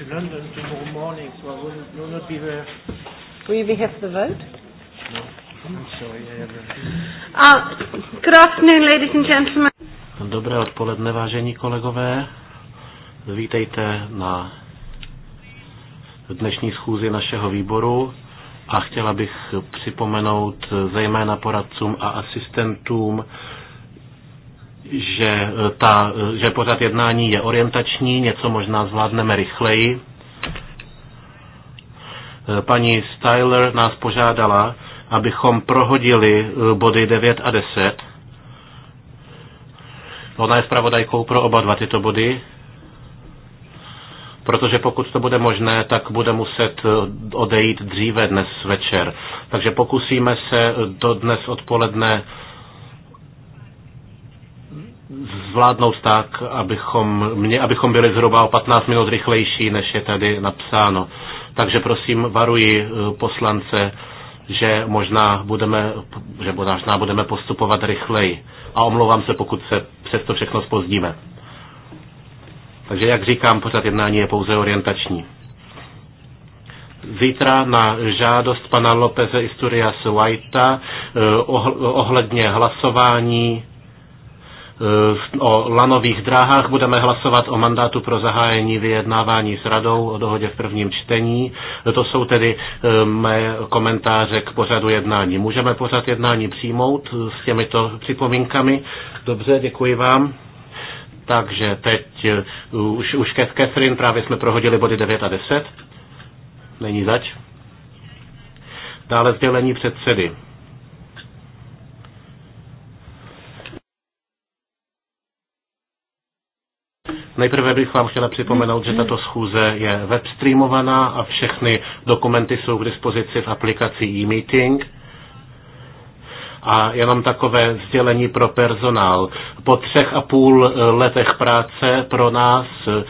to London tomorrow morning, so I will not, will not be there. Will you be here for the vote? No. a... uh, ladies and gentlemen. Dobré odpoledne, vážení kolegové. Vítejte na dnešní schůzi našeho výboru a chtěla bych připomenout zejména poradcům a asistentům že, eh, ta, eh, že pořad jednání je orientační, něco možná zvládneme rychleji. Eh, paní Styler nás požádala, abychom prohodili body 9 a 10. Ona je zpravodajkou pro oba dva tyto body, protože pokud to bude možné, tak bude muset odejít dříve dnes večer. Takže pokusíme se do dnes odpoledne zvládnout tak, abychom, mě, abychom byli zhruba o 15 minut rychlejší, než je tady napsáno. Takže prosím, varuji eh, poslance, že možná budeme, že možná budeme postupovat rychleji. A omlouvám se, pokud se přesto všechno spozdíme. Takže jak říkám, pořád jednání je pouze orientační. Zítra na žádost pana Lópeze Isturias Whitea eh, ohledně hlasování Eh, o lanových dráhách. Budeme hlasovat o mandátu pro zahájení vyjednávání s radou o dohodě v prvním čtení. Eh, to jsou tedy eh, mé komentáře k pořadu jednání. Můžeme pořad jednání přijmout s těmito připomínkami? Dobře, děkuji vám. Takže teď už, už ke Catherine právě jsme prohodili body 9 a 10. Není zač. Dále sdělení předsedy. Nejprve bych vám chtěla připomenout, že tato schůze je webstreamovaná a všechny dokumenty jsou k dispozici v aplikaci e-meeting. A jenom takové sdělení pro personál. Po třech a půl eh, letech práce pro nás eh,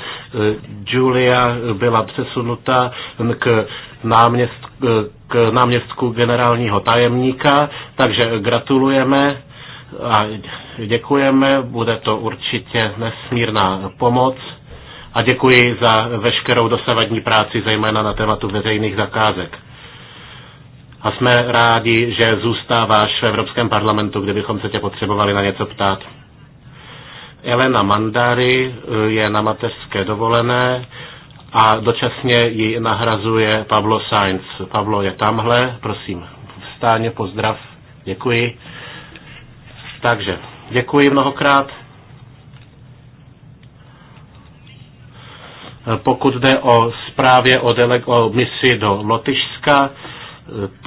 Julia byla přesunuta k, náměstku, eh, k náměstku generálního tajemníka, takže gratulujeme a děkujeme, bude to určitě nesmírná pomoc. A děkuji za veškerou dosavadní práci, zejména na tématu veřejných zakázek. A jsme rádi, že zůstáváš v Evropském parlamentu, kdybychom se tě potřebovali na něco ptát. Elena Mandary eh, je na mateřské dovolené a dočasně ji nahrazuje Pablo Sainz. Pablo je tamhle, prosím, vstáň, pozdrav, děkuji. Takže děkuji mnohokrát. Pokud jde o zprávě o, dele- o misi do Lotyšska,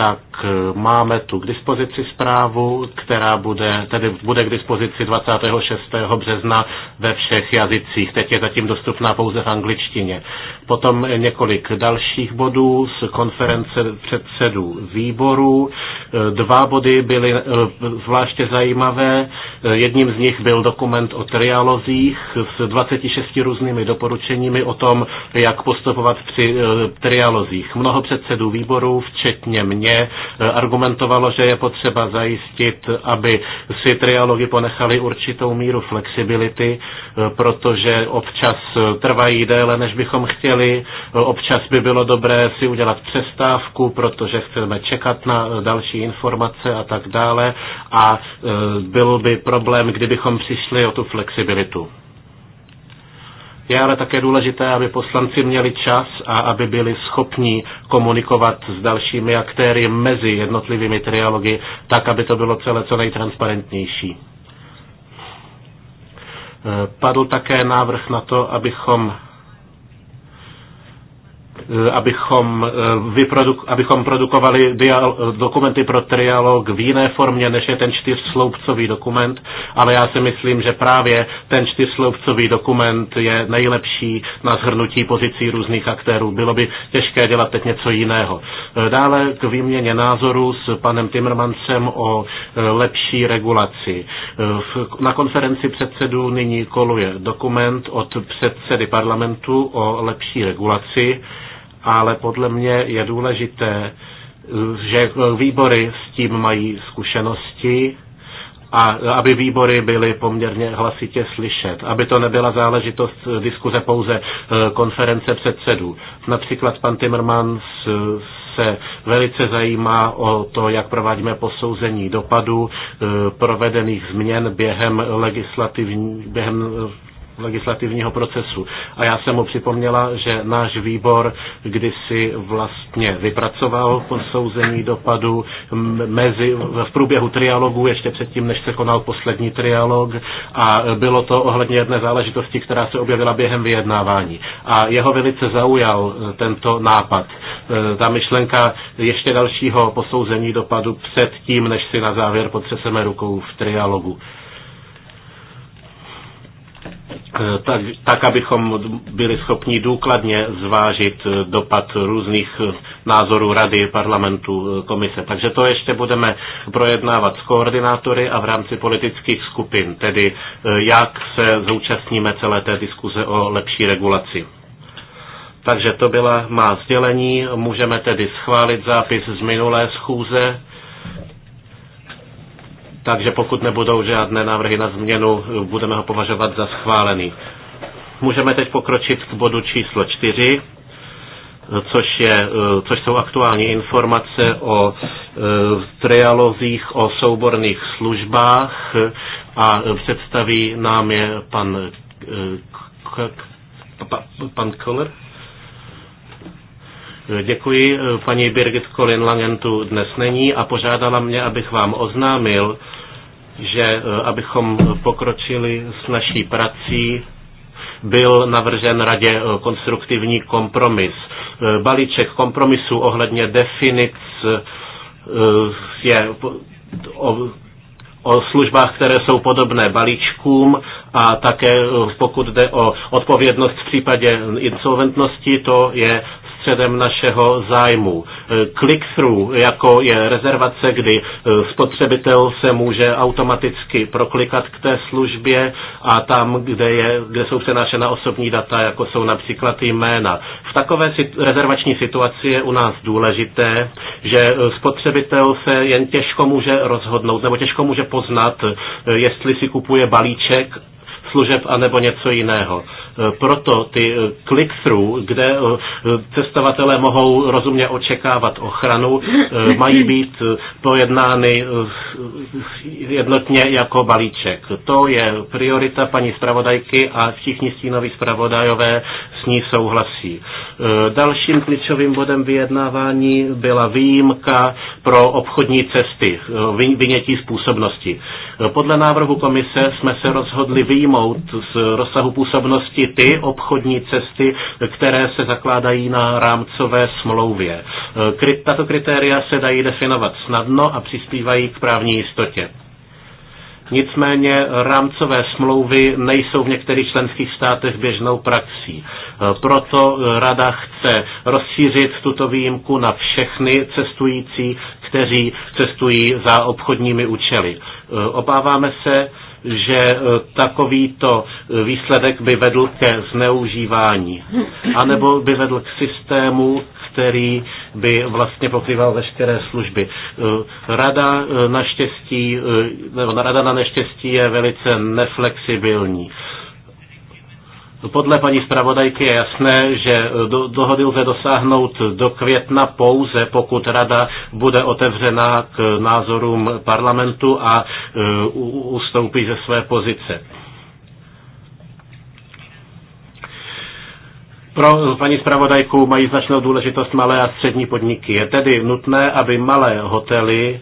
tak Eh, máme tu k dispozici zprávu, která bude, tedy bude k dispozici 26. března ve všech jazycích. Teď je zatím dostupná pouze v angličtině. Potom několik dalších bodů z konference předsedů výborů. Eh, dva body byly eh, zvláště zajímavé. Jedním z nich byl dokument o trialozích s 26 různými doporučeními o tom, jak postupovat při trialozích. Mnoho předsedů výborů, včetně mě, Eh, argumentovalo, že je potřeba zajistit, aby si triálogy ponechali určitou míru flexibility, eh, protože občas eh, trvají déle, než bychom chtěli. Občas by bylo dobré si udělat přestávku, protože chceme čekat na další informace a tak dále. A byl by problém, kdybychom přišli o tu flexibilitu. Je ale také důležité, aby poslanci měli čas a aby byli schopni komunikovat s dalšími aktéry mezi jednotlivými trialogy, tak, aby to bylo celé co nejtransparentnější. Eh, padl také návrh na to, abychom Eh, abychom, eh, vyproduk, abychom produkovali dial, dokumenty pro trialog v jiné formě, než je ten čtyřsloupcový dokument, ale já si myslím, že právě ten čtyřsloupcový dokument je nejlepší na zhrnutí pozicí různých aktérů. Bylo by těžké dělat teď něco jiného. Eh, dále k výměně názorů s panem Timmermansem o lepší regulaci. Na konferenci předsedů nyní koluje dokument od předsedy parlamentu o lepší regulaci ale podle mě je důležité, že výbory s tím mají zkušenosti a aby výbory byly poměrně hlasitě slyšet, aby to nebyla záležitost diskuze pouze e, konference předsedů. Například pan Timmermans e, se velice zajímá o to, jak provádíme posouzení dopadu e, provedených změn během legislativní, během legislativního procesu. A já jsem mu připomněla, že náš výbor kdysi vlastně vypracoval posouzení dopadu mezi, v průběhu trialogu, ještě předtím, než se konal poslední trialog a bylo to ohledně jedné záležitosti, která se objevila během vyjednávání. A jeho velice zaujal e, tento nápad, e, ta myšlenka ještě dalšího posouzení dopadu před tím, než si na závěr potřeseme rukou v trialogu. Eh, tak, tak, abychom byli schopni důkladně zvážit eh, dopad různých eh, názorů Rady, parlamentu, komise. Takže to ještě budeme projednávat s koordinátory a v rámci politických skupin, tedy jak se zúčastníme celé té diskuze o lepší regulaci. Takže to byla má sdělení. Můžeme tedy schválit zápis z minulé schůze takže pokud nebudou žádné návrhy na změnu, budeme ho považovat za schválený. Můžeme teď pokročit k bodu číslo 4, což, je, eh, což jsou aktuální informace o eh, trialozích, o souborných službách a představí nám je pan, eh, pan Koller. Děkuji. Paní Birgit Colin Langen tu dnes není a požádala mě, abych vám oznámil, že e, abychom pokročili s naší prací, byl navržen radě e, konstruktivní kompromis. E, balíček kompromisů ohledně definic je o, o službách, které jsou podobné balíčkům a také pokud jde o odpovědnost v případě insolventnosti, to je středem našeho zájmu. E, click-through, jako je rezervace, kdy e, spotřebitel se může automaticky proklikat k té službě a tam, kde, je, kde jsou přenášena osobní data, jako jsou například jména. V takové rezervační situaci je u nás důležité, že e, spotřebitel se jen těžko může rozhodnout nebo těžko může poznat, jestli si kupuje balíček služeb anebo něco jiného. Eh, proto ty eh, click-through, kde eh, cestovatelé mohou rozumně očekávat ochranu, mají být pojednány jednotně jako balíček. To je priorita paní zpravodajky a všichni stínoví zpravodajové s ní souhlasí. Dalším klíčovým bodem vyjednávání byla výjimka pro obchodní cesty, vynětí způsobnosti. Podle návrhu komise jsme se rozhodli výjmout z rozsahu působnosti i ty obchodní cesty, které se zakládají na rámcové smlouvě. E, tato kritéria se dají definovat snadno a přispívají k právní jistotě. Nicméně rámcové smlouvy nejsou v některých členských státech běžnou praxí. E, proto Rada chce rozšířit tuto výjimku na všechny cestující, kteří cestují za obchodními účely. E, obáváme se, že e, takovýto výsledek by vedl ke zneužívání, anebo by vedl k systému, který by vlastně pokrýval veškeré služby. E, rada e, naštěstí, nebo rada na neštěstí je velice neflexibilní. No, podle paní zpravodajky je jasné, že eh, do, dohody lze dosáhnout do května pouze, pokud rada bude otevřená k názorům parlamentu a uh, ustoupí ze své pozice. Pro paní zpravodajku mají značnou důležitost malé a střední podniky. Je tedy nutné, aby malé hotely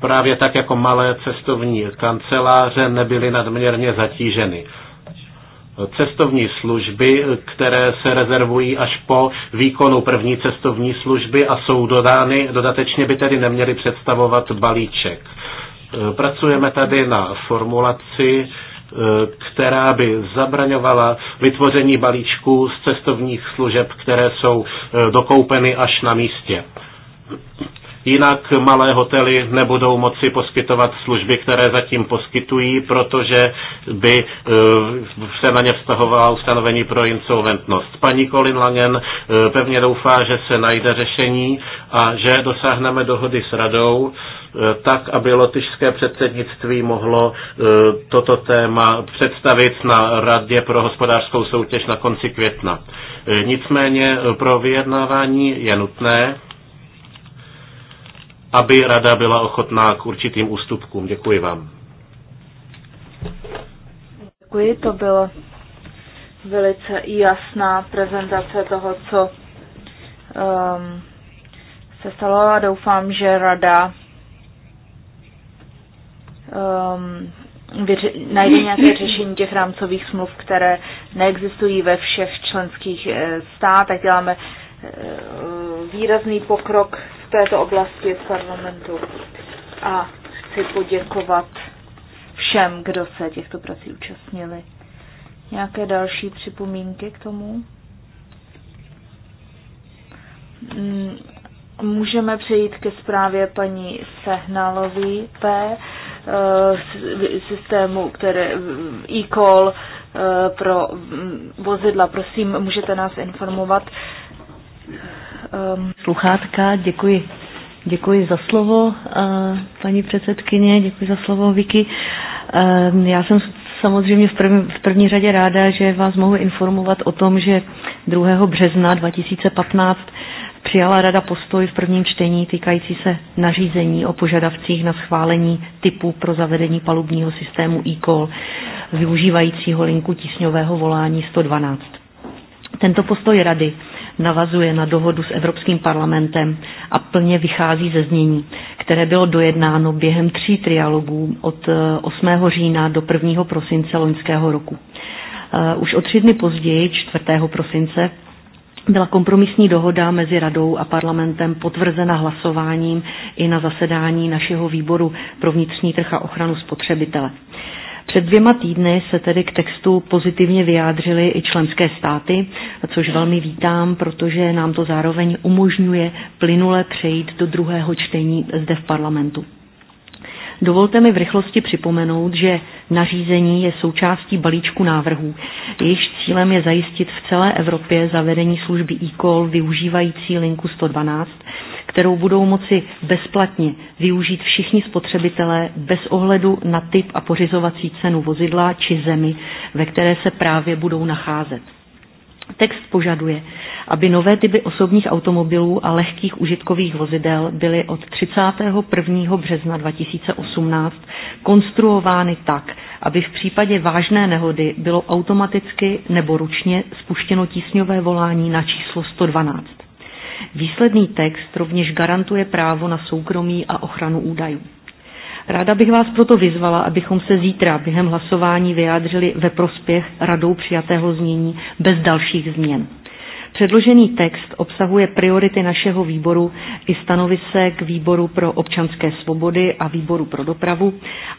právě tak jako malé cestovní kanceláře nebyly nadměrně zatíženy cestovní služby, které se rezervují až po výkonu první cestovní služby a jsou dodány, dodatečně by tedy neměly představovat balíček. E, pracujeme tady na formulaci, e, která by zabraňovala vytvoření balíčků z cestovních služeb, které jsou e, dokoupeny až na místě. Jinak malé hotely nebudou moci poskytovat služby, které zatím poskytují, protože by eh, se na ně vztahovala ustanovení pro insolventnost. Paní Colin Langen eh, pevně doufá, že se najde řešení a že dosáhneme dohody s radou, eh, tak, aby lotyšské předsednictví mohlo toto téma představit na Radě pro hospodářskou soutěž na konci května. Nicméně pro vyjednávání je nutné, aby rada byla ochotná k určitým ústupkům. Děkuji vám. Děkuji, to bylo velice jasná prezentace toho, co um, se stalo a doufám, že rada um, vyři- najde nějaké řešení těch rámcových smluv, které neexistují ve všech členských eh, státech. Děláme Eh, výrazný pokrok v této oblasti v parlamentu a chci poděkovat všem, kdo se těchto prací účastnili. Nějaké další připomínky k tomu? Mm, můžeme přejít ke zprávě paní Sehnalový P. Eh, systému, které e-call eh, pro mm, vozidla. Prosím, můžete nás informovat Um, sluchátka, děkuji. Děkuji za slovo, uh, paní předsedkyně, děkuji za slovo, Vicky. Um, já jsem samozřejmě v první, v první řadě ráda, že vás mohu informovat o tom, že 2. března 2015 přijala Rada postoj v prvním čtení týkající se nařízení o požadavcích na schválení typu pro zavedení palubního systému e-call využívajícího linku tísňového volání 112. Tento postoj Rady navazuje na dohodu s Evropským parlamentem a plně vychází ze znění, které bylo dojednáno během tří trialogů od 8. Eh, října do 1. prosince loňského roku. Eh, už o tři dny později, 4. prosince, byla kompromisní dohoda mezi radou a parlamentem potvrzena hlasováním i na zasedání našeho výboru pro vnitřní trh a ochranu spotřebitele. Před dvěma týdny se tedy k textu pozitivně vyjádřily i členské státy, což velmi vítám, protože nám to zároveň umožňuje plynule přejít do druhého čtení zde v parlamentu. Dovolte mi v rychlosti připomenout, že nařízení je součástí balíčku návrhů. Jejich cílem je zajistit v celé Evropě zavedení služby e-call využívající linku 112 kterou budou moci bezplatně využít všichni spotřebitelé bez ohledu na typ a pořizovací cenu vozidla či zemi, ve které se právě budou nacházet. Text požaduje, aby nové typy osobních automobilů a lehkých užitkových vozidel byly od 31. března 2018 konstruovány tak, aby v případě vážné nehody bylo automaticky nebo ručně spuštěno tísňové volání na číslo 112. Výsledný text rovněž garantuje právo na soukromí a ochranu údajů. Ráda bych vás proto vyzvala, abychom se zítra během hlasování vyjádřili ve prospěch radou přijatého znění bez dalších změn. Předložený text obsahuje priority našeho výboru i stanovisek výboru pro občanské svobody a výboru pro dopravu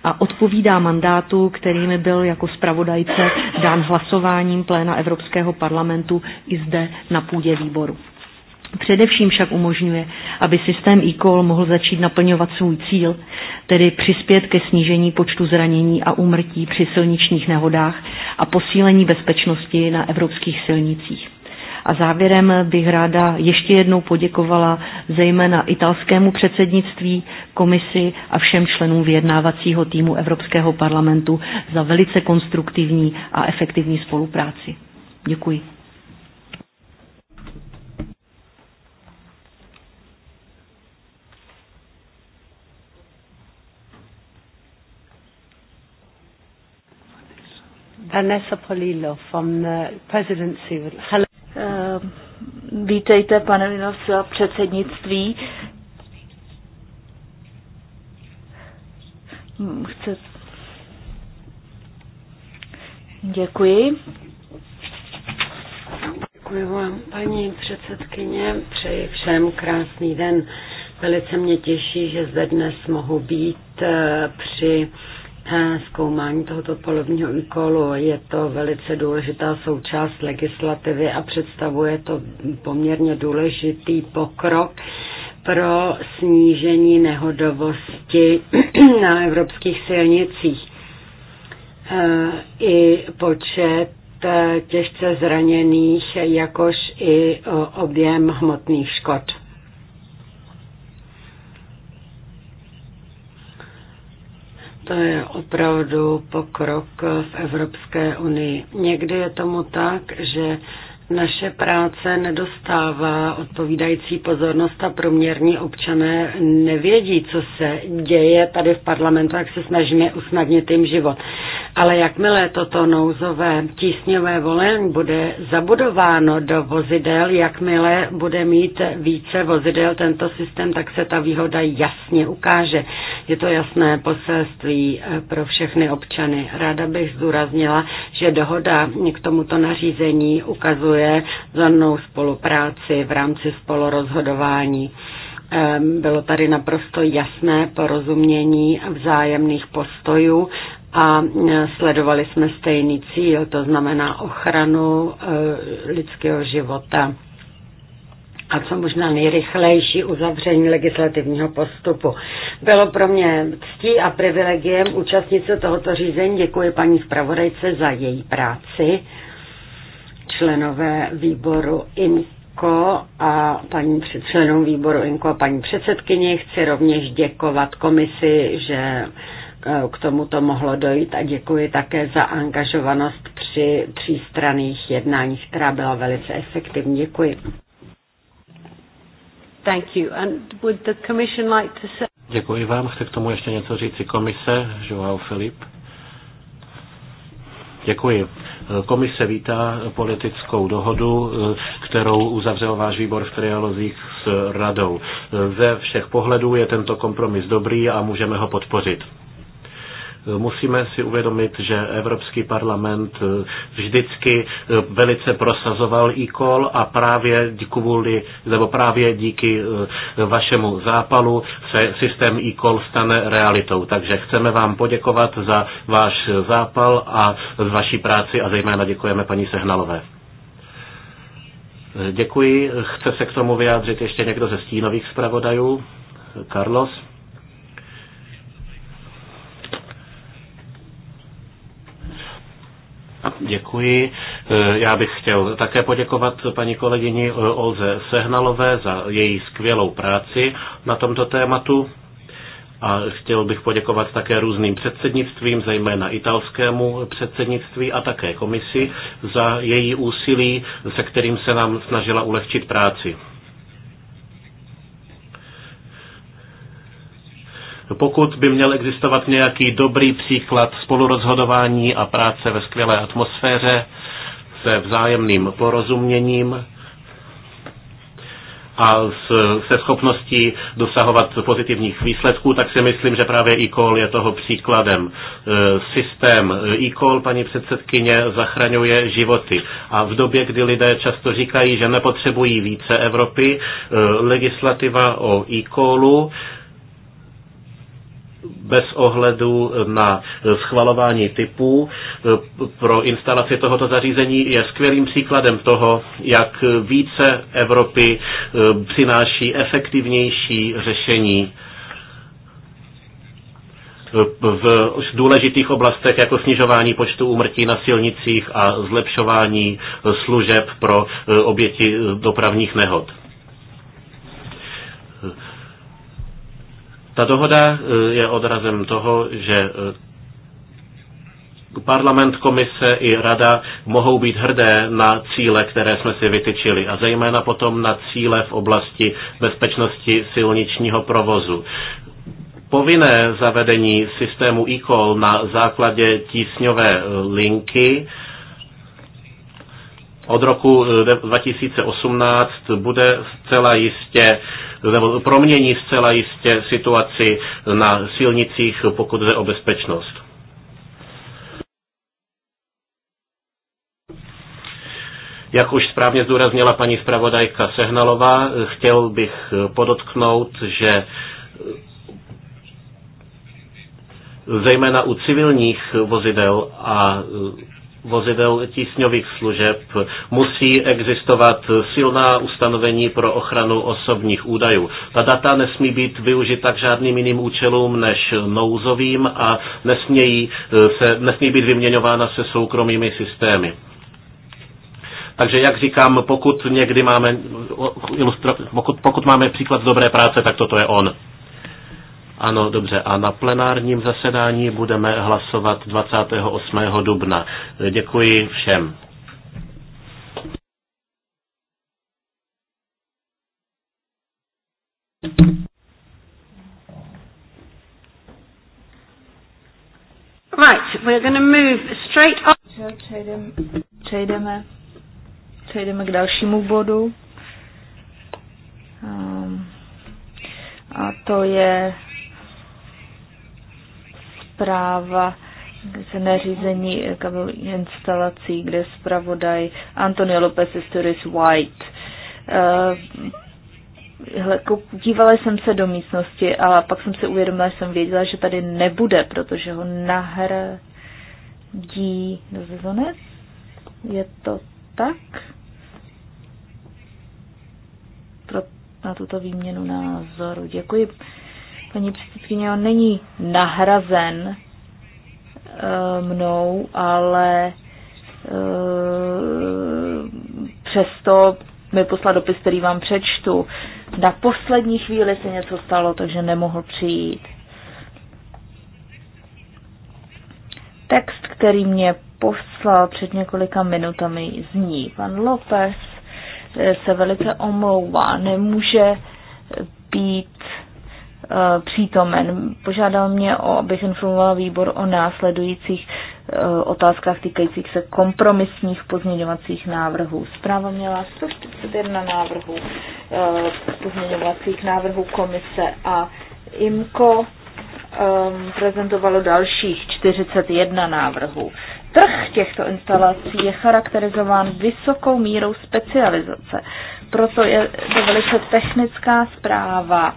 a odpovídá mandátu, který mi byl jako zpravodajce dán hlasováním pléna Evropského parlamentu i zde na půdě výboru. Především však umožňuje, aby systém e mohl začít naplňovat svůj cíl, tedy přispět ke snížení počtu zranění a úmrtí při silničních nehodách a posílení bezpečnosti na evropských silnicích. A závěrem bych ráda ještě jednou poděkovala zejména italskému předsednictví, komisi a všem členům vyjednávacího týmu Evropského parlamentu za velice konstruktivní a efektivní spolupráci. Děkuji. Vanessa Polillo from the presidency. Hello. Uh, vítejte, pane Vino, předsednictví. Hmm, chce... Děkuji. Děkuji vám, paní předsedkyně. Přeji všem krásný den. Velice mě těší, že zde dnes mohu být eh, při zkoumání tohoto polovního úkolu. Je to velice důležitá součást legislativy a představuje to poměrně důležitý pokrok pro snížení nehodovosti na evropských silnicích. E, I počet e, těžce zraněných, jakož i objem hmotných škod. to je opravdu pokrok v Evropské unii. Někdy je tomu tak, že naše práce nedostává odpovídající pozornost a proměrní občané nevědí, co se děje tady v parlamentu, jak se snažíme usnadnit jim život. Ale jakmile toto nouzové tísňové volení bude zabudováno do vozidel, jakmile bude mít více vozidel tento systém, tak se ta výhoda jasně ukáže. Je to jasné poselství eh, pro všechny občany. Ráda bych zdůraznila, že dohoda k tomuto nařízení ukazuje, děkuje za mnou spolupráci v rámci spolorozhodování. Bylo tady naprosto jasné porozumění vzájemných postojů a e, sledovali jsme stejný cíl, to znamená ochranu e, lidského života a co možná nejrychlejší uzavření legislativního postupu. Bylo pro mě ctí a privilegiem účastnit se tohoto řízení. Děkuji paní zpravodajce za její práci členové výboru INKO a paní členům výboru INKO a paní předsedkyně. Chci rovněž děkovat komisi, že e, k tomuto mohlo dojít a děkuji také za angažovanost při třístraných jednáních, která byla velice efektivní. Děkuji. Thank you. And would the commission like to say... Děkuji vám. Chce k tomu ještě něco říci komise, Joao Filip. Děkuji. Komise vítá politickou dohodu, kterou uzavřel váš výbor v trialozích s radou. Ze všech pohledů je tento kompromis dobrý a můžeme ho podpořit. Musíme si uvědomit, že Evropský parlament eh, vždycky eh, velice prosazoval e-call a právě kvůli, nebo právě díky eh, vašemu zápalu se systém e-call stane realitou. Takže chceme vám poděkovat za váš zápal a z vaší práci a zejména děkujeme paní Sehnalové. Děkuji. Chce se k tomu vyjádřit ještě někdo ze stínových zpravodajů? Carlos? Děkuji. E, já bych chtěl také poděkovat paní kolegyni e, Olze Sehnalové za její skvělou práci na tomto tématu. A chtěl bych poděkovat také různým předsednictvím, zejména italskému předsednictví a také komisi za její úsilí, se kterým se nám snažila ulehčit práci. No pokud by měl existovat nějaký dobrý příklad spolurozhodování a práce ve skvělé atmosféře se vzájemným porozuměním, a se schopností dosahovat pozitivních výsledků, tak si myslím, že právě e-call je toho příkladem. E, systém e-call, paní předsedkyně, zachraňuje životy. A v době, kdy lidé často říkají, že nepotřebují více Evropy, e, legislativa o e-callu bez ohledu na schvalování typů eh, pro instalaci tohoto zařízení je skvělým příkladem toho, jak více Evropy eh, přináší efektivnější řešení eh, v důležitých oblastech jako snižování počtu úmrtí na silnicích a zlepšování služeb pro oběti dopravních nehod. Ta dohoda e, je odrazem toho, že e, parlament, komise i rada mohou být hrdé na cíle, které jsme si vytyčili a zejména potom na cíle v oblasti bezpečnosti silničního provozu. Povinné zavedení systému e na základě tísňové linky od roku 2018 eh, bude zcela jistě, nebo promění zcela jistě situaci na silnicích, pokud jde o bezpečnost. Jak už správně zdůraznila paní zpravodajka Sehnalová, chtěl bych eh, podotknout, že eh, zejména u civilních vozidel a vozidel tísňových služeb musí existovat silná ustanovení pro ochranu osobních údajů. Ta data nesmí být využita k žádným jiným účelům než nouzovým a nesmějí, e, se, nesmí být vyměňována se soukromými systémy. Takže jak říkám, pokud někdy máme, pokud, pokud máme příklad dobré práce, tak toto je on. Ano, dobře. A na plenárním zasedání budeme hlasovat 28. dubna. Děkuji všem. Right, we're going to move straight on. Přejdeme, přejdeme, přejdeme k dalšímu bodu. Um, a to je zpráva k nařízení instalací, kde zpravodaj Antonio Lopez Istoris White. Eh, dívala jsem se do místnosti a pak jsem si uvědomila, že jsem věděla, že tady nebude, protože ho nahradí no, Zones. Je to tak? Pro, na tuto výměnu názoru. Děkuji paní předsedkyně, on není nahrazen eh, mnou, ale eh, přesto mi poslal dopis, který vám přečtu. Na poslední chvíli se něco stalo, takže nemohl přijít. Text, který mě poslal před několika minutami, zní. Pan López eh, se velice omlouvá, nemůže být Eh, přítomen. Požádal mě, o, abych informoval výbor o následujících eh, otázkách týkajících se kompromisních pozměňovacích návrhů. Zpráva měla 131 návrhů eh, pozměňovacích návrhů komise a IMCO prezentovalo dalších 41 návrhů. Trh těchto instalací je charakterizován vysokou mírou specializace, proto je to velice technická zpráva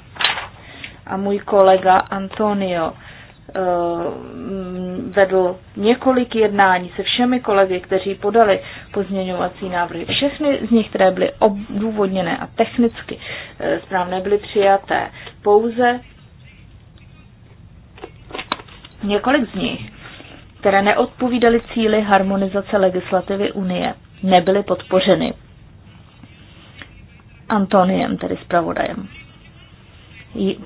a můj kolega Antonio eh, vedl několik jednání se všemi kolegy, kteří podali pozměňovací návrhy. Všechny z nich, které byly obdůvodněné a technicky eh, správné, byly přijaté. Pouze několik z nich, které neodpovídaly cíli harmonizace legislativy Unie, nebyly podpořeny. Antoniem, tedy zpravodajem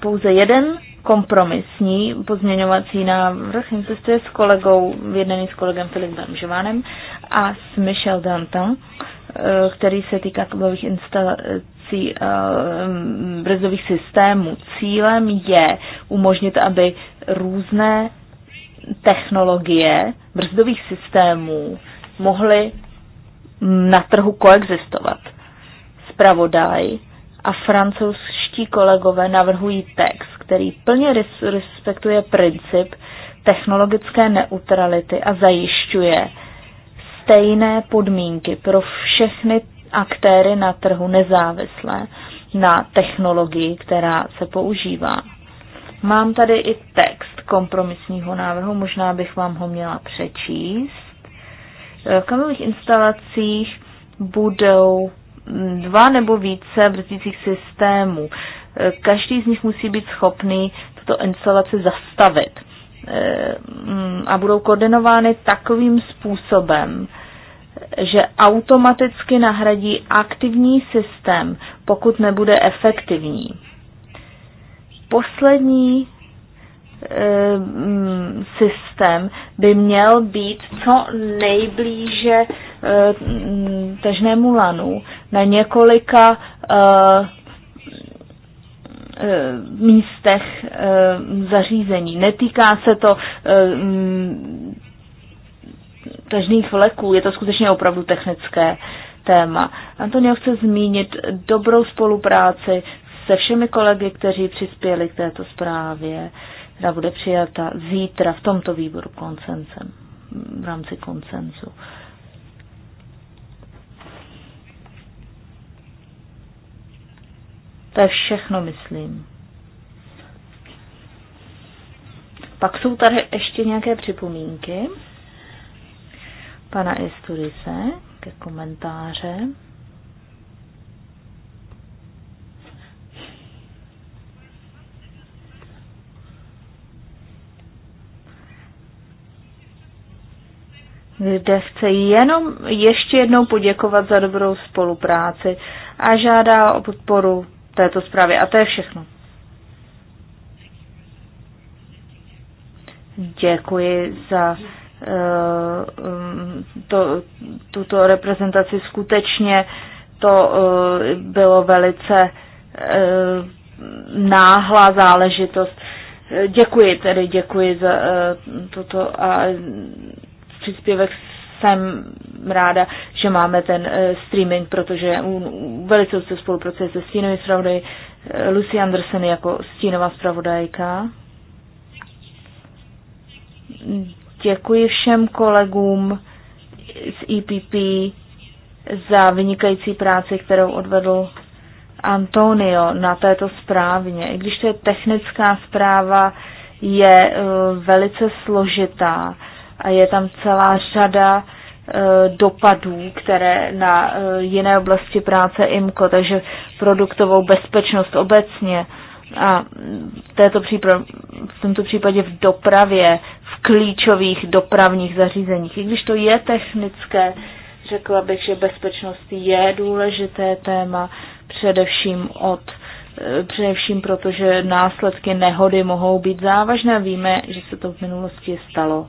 pouze jeden kompromisní pozměňovací návrh, existuje s kolegou, jednaný s kolegem Filipem Živánem a s Michel Danton, eh, který se týká kablových instalací eh, mm, brzových systémů. Cílem je umožnit, aby různé technologie brzdových systémů mohly na trhu koexistovat. Spravodaj a francouz Čeští kolegové navrhují text, který plně respektuje princip technologické neutrality a zajišťuje stejné podmínky pro všechny aktéry na trhu nezávislé na technologii, která se používá. Mám tady i text kompromisního návrhu, možná bych vám ho měla přečíst. V kamerových instalacích budou dva nebo více brzdících systémů. Každý z nich musí být schopný tuto instalaci zastavit eh, a budou koordinovány takovým způsobem, že automaticky nahradí aktivní systém, pokud nebude efektivní. Poslední eh, systém by měl být co nejblíže eh, mm, tažnému lanu, na několika uh, místech eh, zařízení. Netýká se to mm, tažných vleků, je to skutečně opravdu technické téma. Antonio chce zmínit dobrou spolupráci se všemi kolegy, kteří přispěli k této zprávě, která bude přijata zítra v tomto výboru koncencem, v rámci koncenzu. Uh, To je všechno, myslím. Pak jsou tady ještě nějaké připomínky pana Esturice ke komentáře. kde chce jenom ještě jednou poděkovat za dobrou spolupráci a žádá o podporu této zprávě. A to je všechno. Děkuji za eh, to, tuto reprezentaci. Skutečně to eh, bylo velice eh, náhlá záležitost. Děkuji tedy, děkuji za toto a příspěvek jsem ráda, že máme ten eh, streaming, protože velice se spolupracuje se stínovým zpravodají eh, Lucy Anderson jako stínová zpravodajka. Děkuji všem kolegům z EPP za vynikající práci, kterou odvedl Antonio na této správně. I když to je technická zpráva, je eh, velice složitá a je tam celá řada Eh, dopadů, které na eh, jiné oblasti práce IMCO, takže produktovou bezpečnost obecně a v, této přípra- v tomto případě v dopravě, v klíčových dopravních zařízeních. I když to je technické, řekla bych, že bezpečnost je důležité téma, především od eh, především proto, že následky nehody mohou být závažné. Víme, že se to v minulosti stalo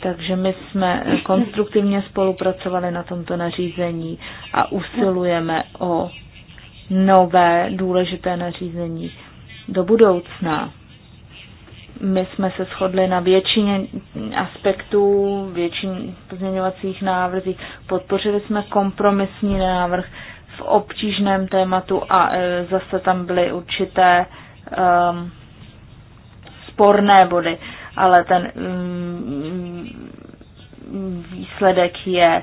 takže my jsme konstruktivně spolupracovali na tomto nařízení a usilujeme o nové důležité nařízení do budoucna. My jsme se shodli na většině aspektů, většině pozměňovacích návrzích. Podpořili jsme kompromisní návrh v obtížném tématu a e, zase tam byly určité e, sporné body. E, ale ten mm, mm, výsledek je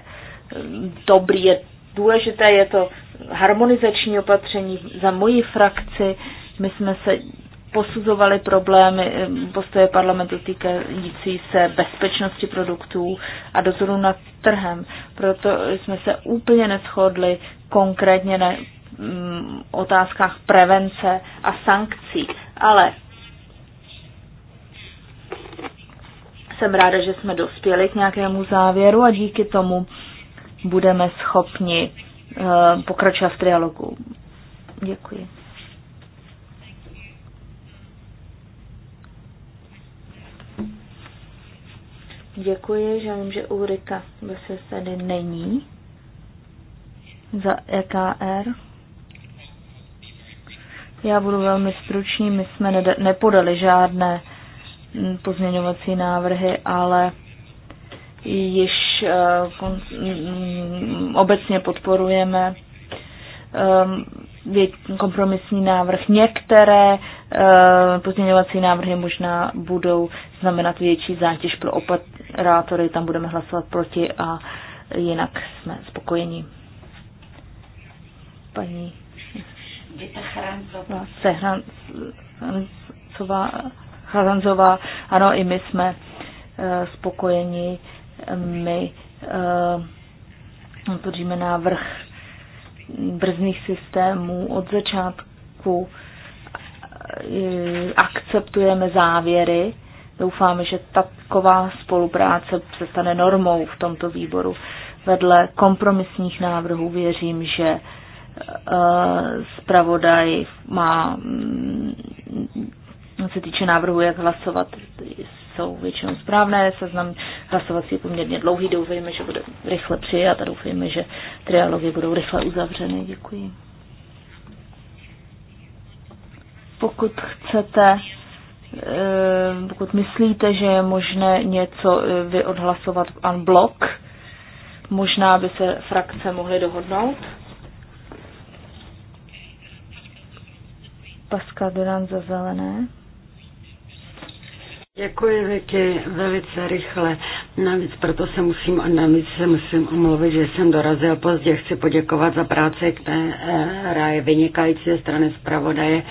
mm, dobrý, je důležité, je to harmonizační opatření. Za moji frakci my jsme se posuzovali problémy postoje parlamentu týkající se bezpečnosti produktů a dozoru nad trhem. Proto jsme se úplně neschodli konkrétně na otázkách prevence a sankcí. Ale jsem ráda, že jsme dospěli k nějakému závěru a díky tomu budeme schopni eh, pokračovat v dialogu. Děkuji. Děkuji, že vím, že Ulrika Veses tady není za EKR. Já budu velmi stručný, my jsme nepodali žádné Mm, pozměňovací návrhy, ale již eh, mm, obecně podporujeme ehm, kompromisní návrh. Některé eh, pozměňovací návrhy možná budou znamenat větší zátěž pro operátory, tam budeme hlasovat proti a jinak jsme spokojení. Paní Sehrancová Chazanzová, ano, i my jsme eh, spokojeni, my eh, podříme návrh brzných systémů od začátku, eh, akceptujeme závěry, doufáme, že taková spolupráce se stane normou v tomto výboru. Vedle kompromisních návrhů věřím, že zpravodaj má mm, No, se týče návrhu, jak hlasovat, jsou většinou správné. Seznam hlasovací je poměrně dlouhý. Doufejme, že bude rychle přijat a doufejme, že trialogy budou rychle uzavřeny. Děkuji. Pokud chcete, eh, pokud myslíte, že je možné něco eh, vyodhlasovat odhlasovat unblock, možná by se frakce mohly dohodnout. Pascal Duran za zelené. Děkuji, Vicky, velice rychle. Navíc proto se musím, navíc se musím omluvit, že jsem dorazil pozdě. Chci poděkovat za práci, která je vynikající ze strany zpravodaje.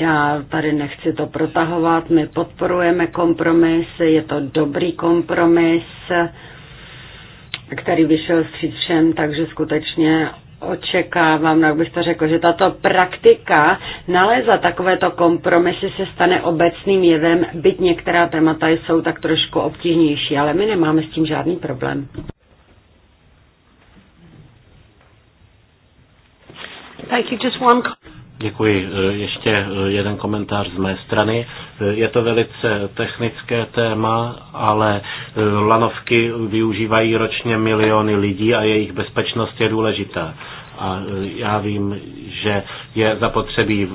Já tady nechci to protahovat. My podporujeme kompromis, je to dobrý kompromis, který vyšel vstříc všem, takže skutečně očekávám, no, jak bych to řekl, že tato praktika naléza takovéto kompromisy se stane obecným jevem, byť některá témata jsou tak trošku obtížnější, ale my nemáme s tím žádný problém. Thank you. Just one... Děkuji. E, ještě e, jeden komentář z mé strany. E, je to velice technické téma, ale lanovky využívají ročně miliony lidí a jejich bezpečnost je důležitá. A já vím, že je zapotřebí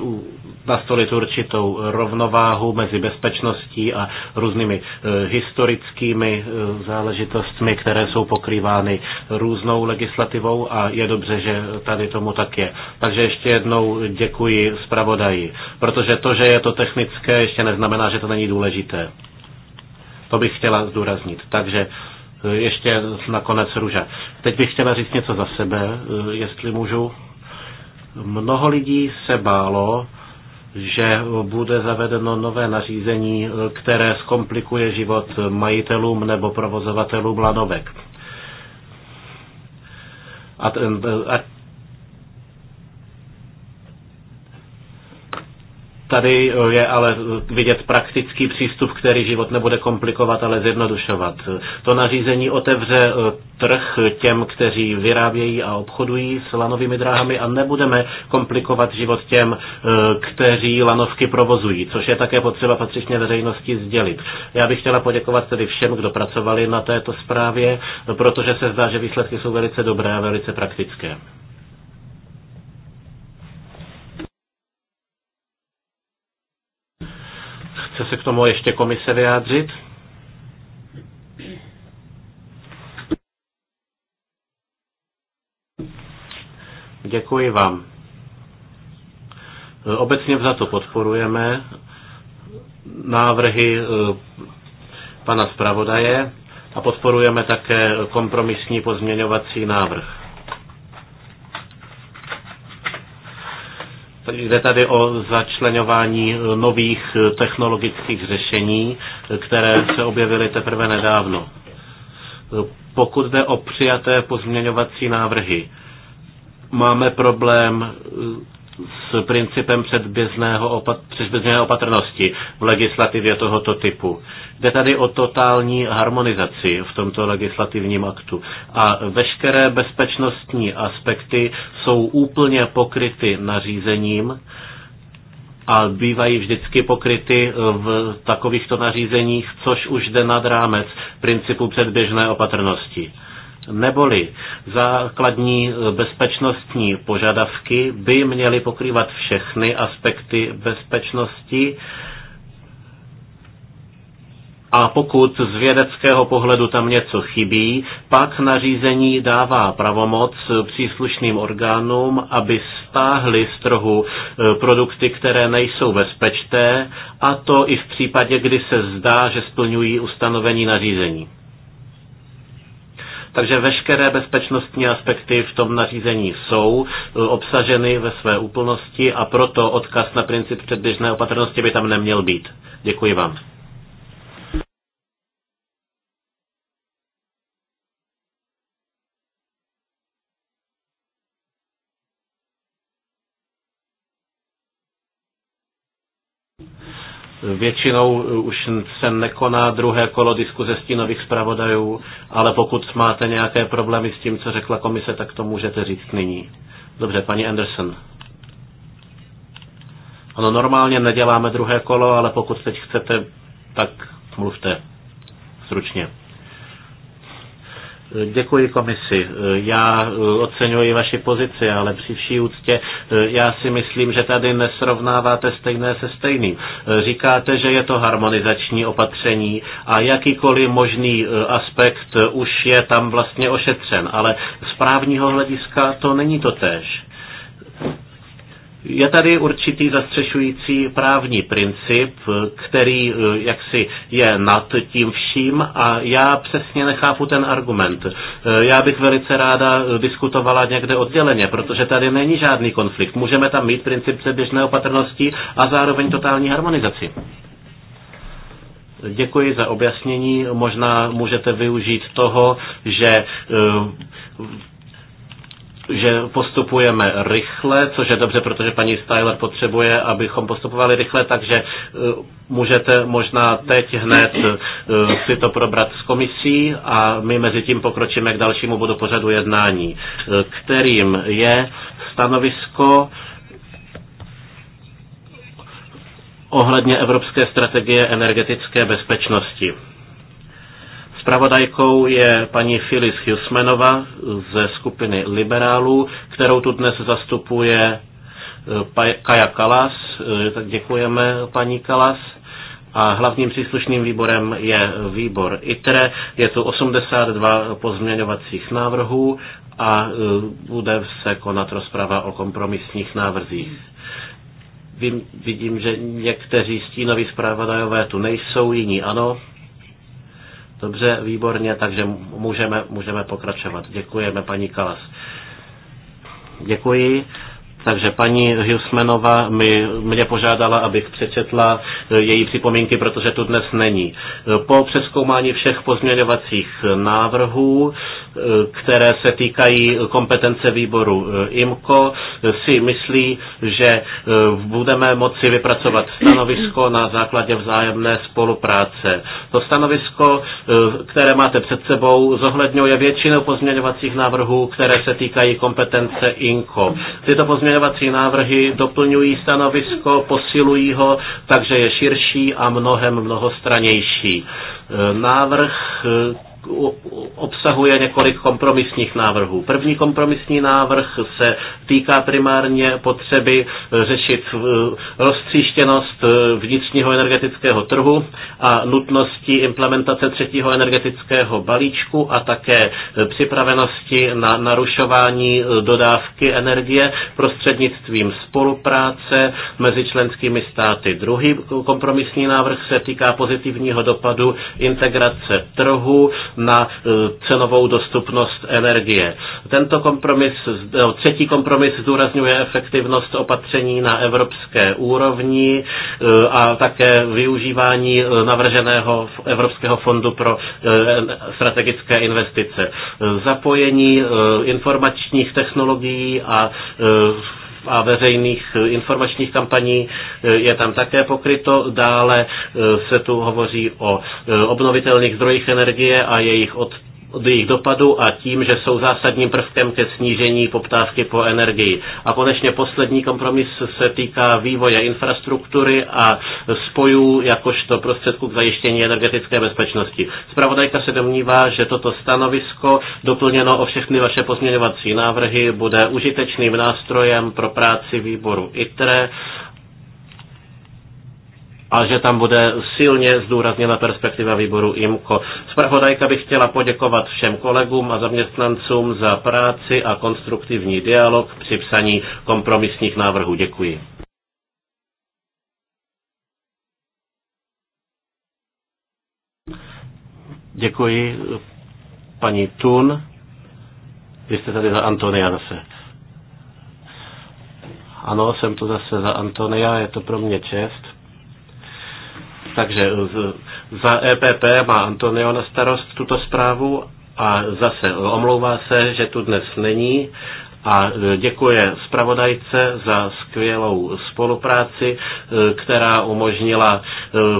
nastolit určitou rovnováhu mezi bezpečností a různými eh, historickými eh, záležitostmi, které jsou pokrývány různou legislativou a je dobře, že tady tomu tak je. Takže ještě jednou děkuji zpravodaji, protože to, že je to technické, ještě neznamená, že to není důležité. To bych chtěla zdůraznit. Takže eh, ještě nakonec Růža. Teď bych chtěla říct něco za sebe, jestli můžu. Mnoho lidí se bálo, že bude zavedeno nové nařízení, které zkomplikuje život majitelům nebo provozovatelům lanovek. A, a Tady eh, je ale eh, vidět praktický přístup, který život nebude komplikovat, ale zjednodušovat. To nařízení otevře eh, trh těm, kteří vyrábějí a obchodují s lanovými dráhami a nebudeme komplikovat život těm, kteří lanovky provozují, což je také potřeba patřičně veřejnosti sdělit. Já bych chtěla poděkovat tedy všem, kdo pracovali na této zprávě, protože se zdá, že výsledky jsou velice dobré a velice praktické. Chce se k tomu ještě komise vyjádřit? Děkuji vám. Obecně za to podporujeme návrhy eh, pana zpravodaje a podporujeme také kompromisní pozměňovací návrh. Jde tady o začlenování eh, nových eh, technologických řešení, eh, které se objevily teprve nedávno. Pokud jde o přijaté pozměňovací návrhy, máme problém s principem předběžného opat- opatrnosti v legislativě tohoto typu. Jde tady o totální harmonizaci v tomto legislativním aktu. A veškeré bezpečnostní aspekty jsou úplně pokryty nařízením a bývají vždycky pokryty v takovýchto nařízeních, což už jde nad rámec principu předběžné opatrnosti. Neboli základní eh, bezpečnostní požadavky by měly pokrývat všechny aspekty bezpečnosti, a pokud z vědeckého pohledu tam něco chybí, pak nařízení dává pravomoc eh, příslušným orgánům, aby stáhly z trhu eh, produkty, které nejsou bezpečné, a to i v případě, kdy se zdá, že splňují ustanovení nařízení. Takže veškeré bezpečnostní aspekty v tom nařízení jsou e, obsaženy ve své úplnosti a proto odkaz na princip předběžné opatrnosti by tam neměl být. Děkuji vám. Většinou eh, už se nekoná druhé kolo diskuze stínových zpravodajů, ale pokud máte nějaké problémy s tím, co řekla komise, tak to můžete říct nyní. Dobře, paní Anderson. Ano, normálně neděláme druhé kolo, ale pokud teď chcete, tak mluvte stručně. Děkuji komisi. Já eh, oceňuji vaši pozici, ale při vší úctě eh, já si myslím, že tady nesrovnáváte stejné se stejným. Eh, říkáte, že je to harmonizační opatření a jakýkoliv možný aspekt už je tam vlastně ošetřen, ale z právního hlediska to není to též. Je tady určitý zastřešující právní princip, který eh, jaksi je nad tím vším a já přesně nechápu ten argument. Eh, já bych velice ráda eh, diskutovala někde odděleně, protože tady není žádný konflikt. Můžeme tam mít princip předběžné opatrnosti a zároveň totální harmonizaci. Děkuji za objasnění. Možná můžete využít toho, že že postupujeme rychle, což je dobře, protože paní Styler potřebuje, abychom postupovali rychle, takže eh, můžete možná teď hned si eh, to probrat s komisí a my mezi tím pokročíme k dalšímu bodu pořadu jednání, eh, kterým je stanovisko ohledně Evropské strategie energetické bezpečnosti. Spravodajkou je paní Filis Husmanova ze skupiny liberálů, kterou tu dnes zastupuje eh, Kaja Kalas. Eh, tak děkujeme paní Kalas. A hlavním příslušným výborem je výbor ITRE. Je tu 82 pozměňovacích návrhů a eh, bude se konat rozprava o kompromisních návrzích. Vím, vidím, že někteří stínoví zpravodajové tu nejsou, jiní ano. Dobře, výborně, takže můžeme, můžeme pokračovat. Děkujeme, paní Kalas. Děkuji. Takže paní Husmanova mi, mě požádala, abych přečetla eh, její připomínky, protože tu dnes není. Eh, po přeskoumání všech pozměňovacích návrhů, eh, které se týkají kompetence výboru IMCO, si myslí, že budeme moci vypracovat stanovisko na základě vzájemné spolupráce. To stanovisko, které máte před sebou, zohledňuje většinu pozměňovacích návrhů, které se týkají kompetence INCO. Tyto pozměňovací Pozměňovací návrhy doplňují stanovisko, posilují ho, takže je širší a mnohem mnohostranější. E, návrh e, obsahuje několik kompromisních návrhů. První kompromisní návrh se týká primárně potřeby eh, řešit eh, roztříštěnost eh, vnitřního energetického trhu a nutnosti implementace třetího energetického balíčku a také připravenosti na narušování dodávky energie prostřednictvím spolupráce mezi členskými státy. Druhý kompromisní návrh se týká pozitivního dopadu integrace trhu na e, cenovou dostupnost energie. Tento kompromis, e, třetí kompromis zdůrazňuje efektivnost opatření na evropské úrovni e, a také využívání navrženého Evropského fondu pro strategické investice. Zapojení informačních technologií a a veřejných eh, informačních kampaní eh, je tam také pokryto. Dále eh, se tu hovoří o obnovitelných zdrojích energie a jejich od jejich dopadu a tím, že jsou zásadním prvkem ke snížení poptávky po energii. A konečně poslední kompromis se týká vývoje infrastruktury a spojů jakožto prostředku k zajištění energetické bezpečnosti. Spravodajka se domnívá, že toto stanovisko, doplněno o všechny vaše pozměňovací návrhy, bude užitečným nástrojem pro práci výboru ITRE a že tam bude silně zdůrazněna perspektiva výboru IMCO. Spravodajka bych chtěla poděkovat všem kolegům a zaměstnancům za práci a konstruktivní dialog při psaní kompromisních návrhů. Děkuji. Děkuji paní Tun. Vy jste tady za Antonia zase. Ano, jsem tu zase za Antonia, je to pro mě čest. Takže za EPP má Antonio na starost tuto zprávu a zase omlouvá se, že tu dnes není a děkuje zpravodajce za skvělou spolupráci, e, která umožnila e,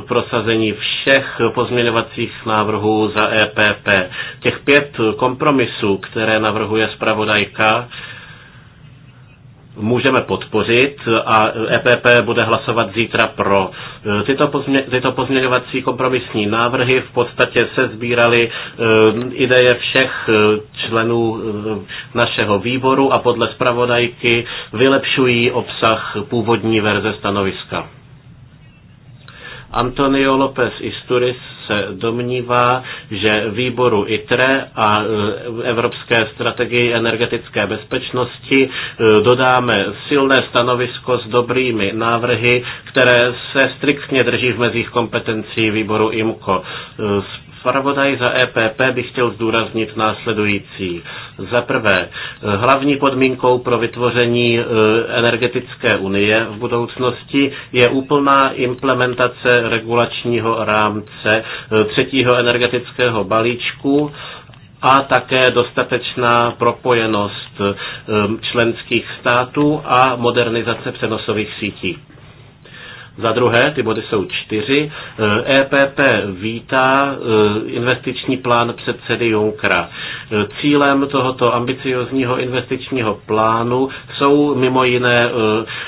prosazení všech pozměňovacích návrhů za EPP. Těch pět kompromisů, které navrhuje zpravodajka, můžeme podpořit a EPP bude hlasovat zítra pro. Tyto, pozmě, tyto pozměňovací kompromisní návrhy v podstatě se sbíraly eh, ideje všech eh, členů eh, našeho výboru a podle zpravodajky vylepšují obsah původní verze stanoviska. Antonio López Isturis se domnívá, že výboru ITRE a e, Evropské strategii energetické bezpečnosti e, dodáme silné stanovisko s dobrými návrhy, které se striktně drží v mezích kompetencí výboru IMCO. E, zpravodaj za EPP bych chtěl zdůraznit následující. Za prvé, hlavní podmínkou pro vytvoření e, energetické unie v budoucnosti je úplná implementace regulačního rámce e, třetího energetického balíčku a také dostatečná propojenost e, členských států a modernizace přenosových sítí. Za druhé, ty body jsou čtyři. EPP eh, e vítá eh, investiční plán předsedy Junkra. Eh, cílem tohoto ambiciozního investičního plánu jsou mimo jiné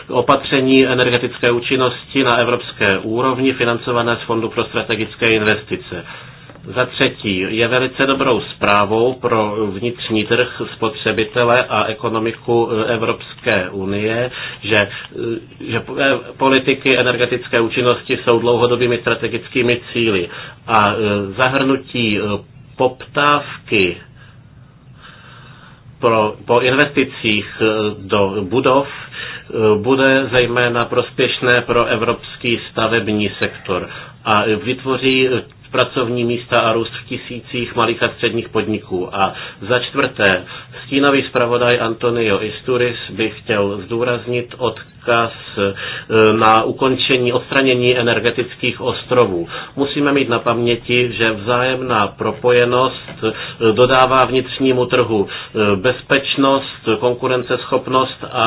opatření energetické účinnosti na evropské úrovni financované z Fondu pro strategické investice. Za třetí, je velice dobrou zprávou pro vnitřní trh spotřebitele a ekonomiku e, Evropské unie, že, e, že e, politiky energetické účinnosti jsou dlouhodobými strategickými cíly a zahrnutí poptávky pro, po investicích do budov bude zejména prospěšné pro evropský stavební sektor a vytvoří pracovní místa a růst v tisících malých a středních podniků. A za čtvrté, stínový zpravodaj Antonio Isturis by chtěl zdůraznit odkaz e, na ukončení odstranění energetických ostrovů. Musíme mít na paměti, že vzájemná propojenost e, dodává vnitřnímu trhu e, bezpečnost, konkurenceschopnost a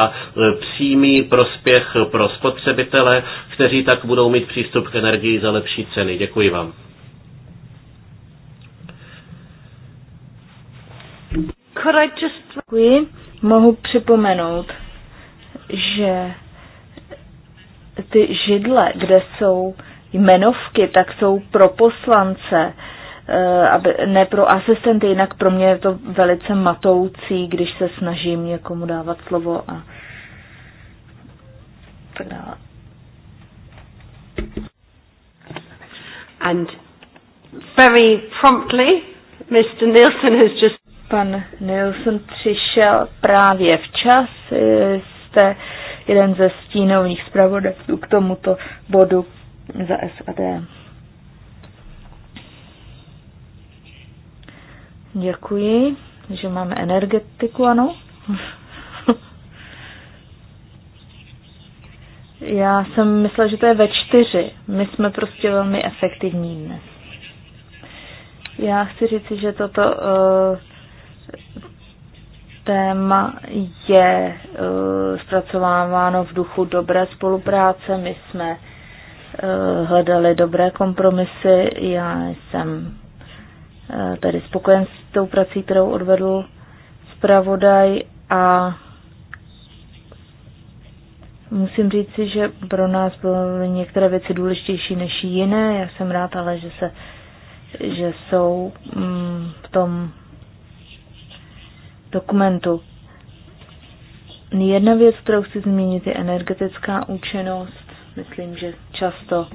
přímý prospěch pro spotřebitele, kteří tak budou mít přístup k energii za lepší ceny. Děkuji vám. Could I just... Děkuji. Mohu připomenout, že ty židle, kde jsou jmenovky, tak jsou pro poslance, eh, aby, ne pro asistenty, jinak pro mě je to velice matoucí, když se snažím někomu dávat slovo a tak dále. And very promptly, Mr. Nielsen has just Pan Nilsson přišel právě včas. Eh, jste jeden ze stínových zpravodajů k tomuto bodu za SAD. Děkuji, že máme energetiku, ano. Já jsem myslela, že to je ve čtyři. My jsme prostě velmi efektivní dnes. Já chci říct, že toto uh, téma je eh, zpracováváno v duchu dobré spolupráce. My jsme eh, hledali dobré kompromisy. Já jsem eh, tedy spokojen s tou prací, kterou odvedl zpravodaj a musím říci, že pro nás byly některé věci důležitější než jiné. Já jsem rád ale, že, se, že jsou mm, v tom dokumentu. Jedna věc, kterou chci zmínit, je energetická účinnost. Myslím, že často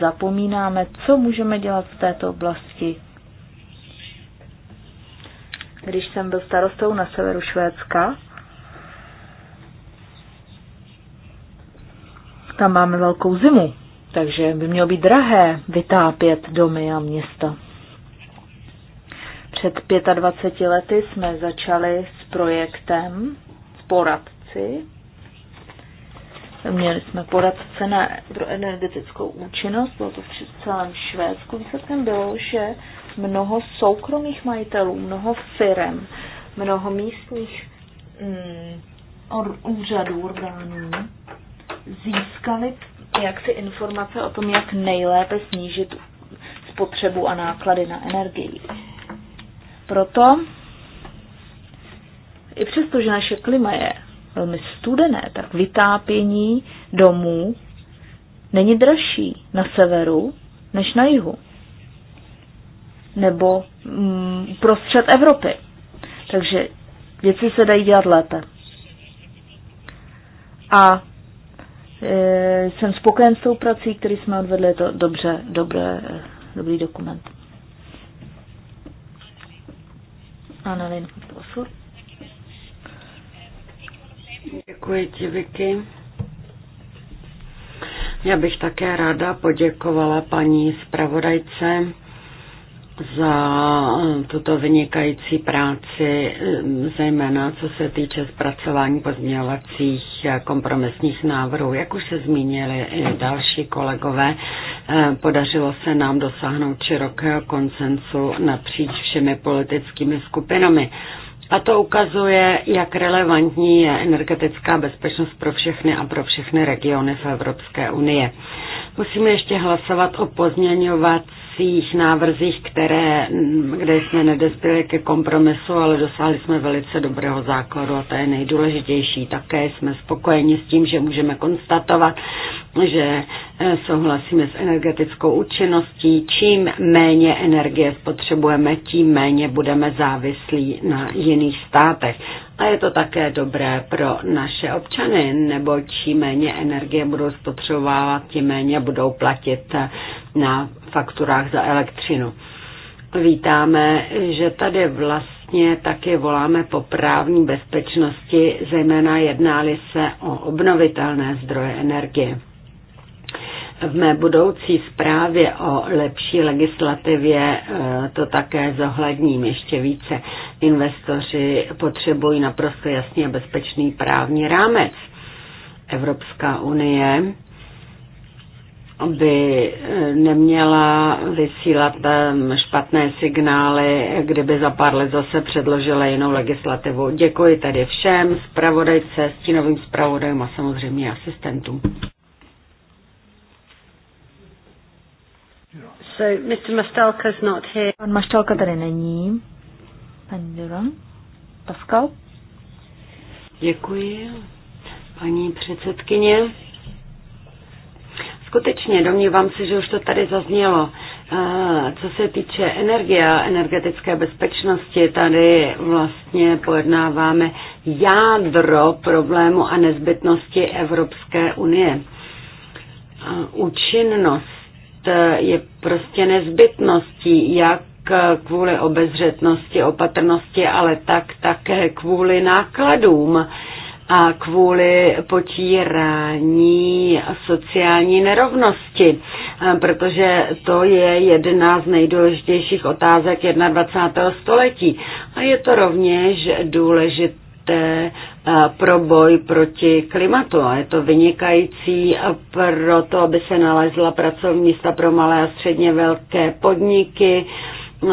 zapomínáme, co můžeme dělat v této oblasti. Když jsem byl starostou na severu Švédska, tam máme velkou zimu, takže by mělo být drahé vytápět domy a města. Před 25 lety jsme začali s projektem s poradci. Měli jsme poradce na, pro energetickou účinnost, bylo to v celém Švédsku. Výsledkem bylo, že mnoho soukromých majitelů, mnoho firem, mnoho místních mm, or, úřadů, orgánů získali jaksi informace o tom, jak nejlépe snížit spotřebu a náklady na energii. Proto, i přesto, že naše klima je velmi studené, tak vytápění domů není dražší na severu než na jihu. Nebo mm, prostřed Evropy. Takže věci se dají dělat lépe. A e, jsem spokojen s tou prací, který jsme odvedli, je to dobře, dobré, e, dobrý dokument. Annalin Prosur. Děkuji ti, Vicky. Já bych také ráda poděkovala paní zpravodajce za tuto vynikající práci, zejména co se týče zpracování pozměňovacích kompromisních návrhů. Jak už se zmínili i další kolegové, Eh, podařilo se nám dosáhnout širokého konsensu napříč všemi politickými skupinami. A to ukazuje, jak relevantní je energetická bezpečnost pro všechny a pro všechny regiony v Evropské unie. Musíme ještě hlasovat o pozměňovacích návrzích, které, kde jsme nedospěli ke kompromisu, ale dosáhli jsme velice dobrého základu a to je nejdůležitější. Také jsme spokojeni s tím, že můžeme konstatovat, že eh, souhlasíme s energetickou účinností. Čím méně energie spotřebujeme, tím méně budeme závislí na jiných státech. A je to také dobré pro naše občany, nebo čím méně energie budou spotřebovávat, tím méně budou platit na fakturách za elektřinu. Vítáme, že tady vlastně taky voláme po právní bezpečnosti, zejména jednáli se o obnovitelné zdroje energie. V mé budoucí zprávě o lepší legislativě eh, to také zohledním ještě více. Investoři potřebují naprosto jasně bezpečný právní rámec. Evropská unie by eh, neměla vysílat eh, špatné signály, kdyby za pár let zase předložila jinou legislativu. Děkuji tedy všem, zpravodajce, stínovým zpravodajům a samozřejmě asistentům. So Mr. Mastalka's not here. Pan Mastalka tady není. Pan Duran. Pascal. Děkuji, paní předsedkyně. Skutečně, domnívám se, že už to tady zaznělo. Eh, co se týče energie a energetické bezpečnosti, tady vlastně pojednáváme jádro problému a nezbytnosti Evropské unie. Účinnost Eh, je prostě nezbytností, jak eh, kvůli obezřetnosti, opatrnosti, ale tak také kvůli nákladům a kvůli potírání sociální nerovnosti, eh, protože to je jedna z nejdůležitějších otázek 21. století. A je to rovněž důležité té eh, pro boj proti klimatu a je to vynikající pro to, aby se nalezla pracovní místa pro malé a středně velké podniky,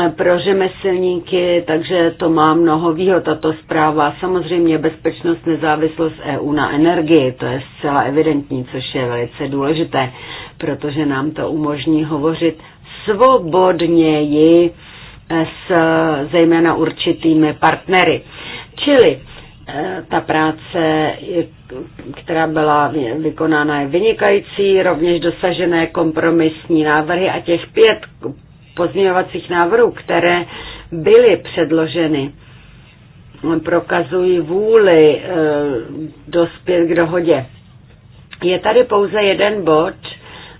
eh, pro řemeslníky, takže to má mnoho výhod tato zpráva. Samozřejmě bezpečnost, nezávislost EU na energii, to je zcela evidentní, což je velice důležité, protože nám to umožní hovořit svobodněji eh, s zejména určitými partnery. Čili ta práce, která byla vykonána, je vynikající, rovněž dosažené kompromisní návrhy a těch pět pozměňovacích návrhů, které byly předloženy, prokazují vůli eh, dospět k dohodě. Je tady pouze jeden bod,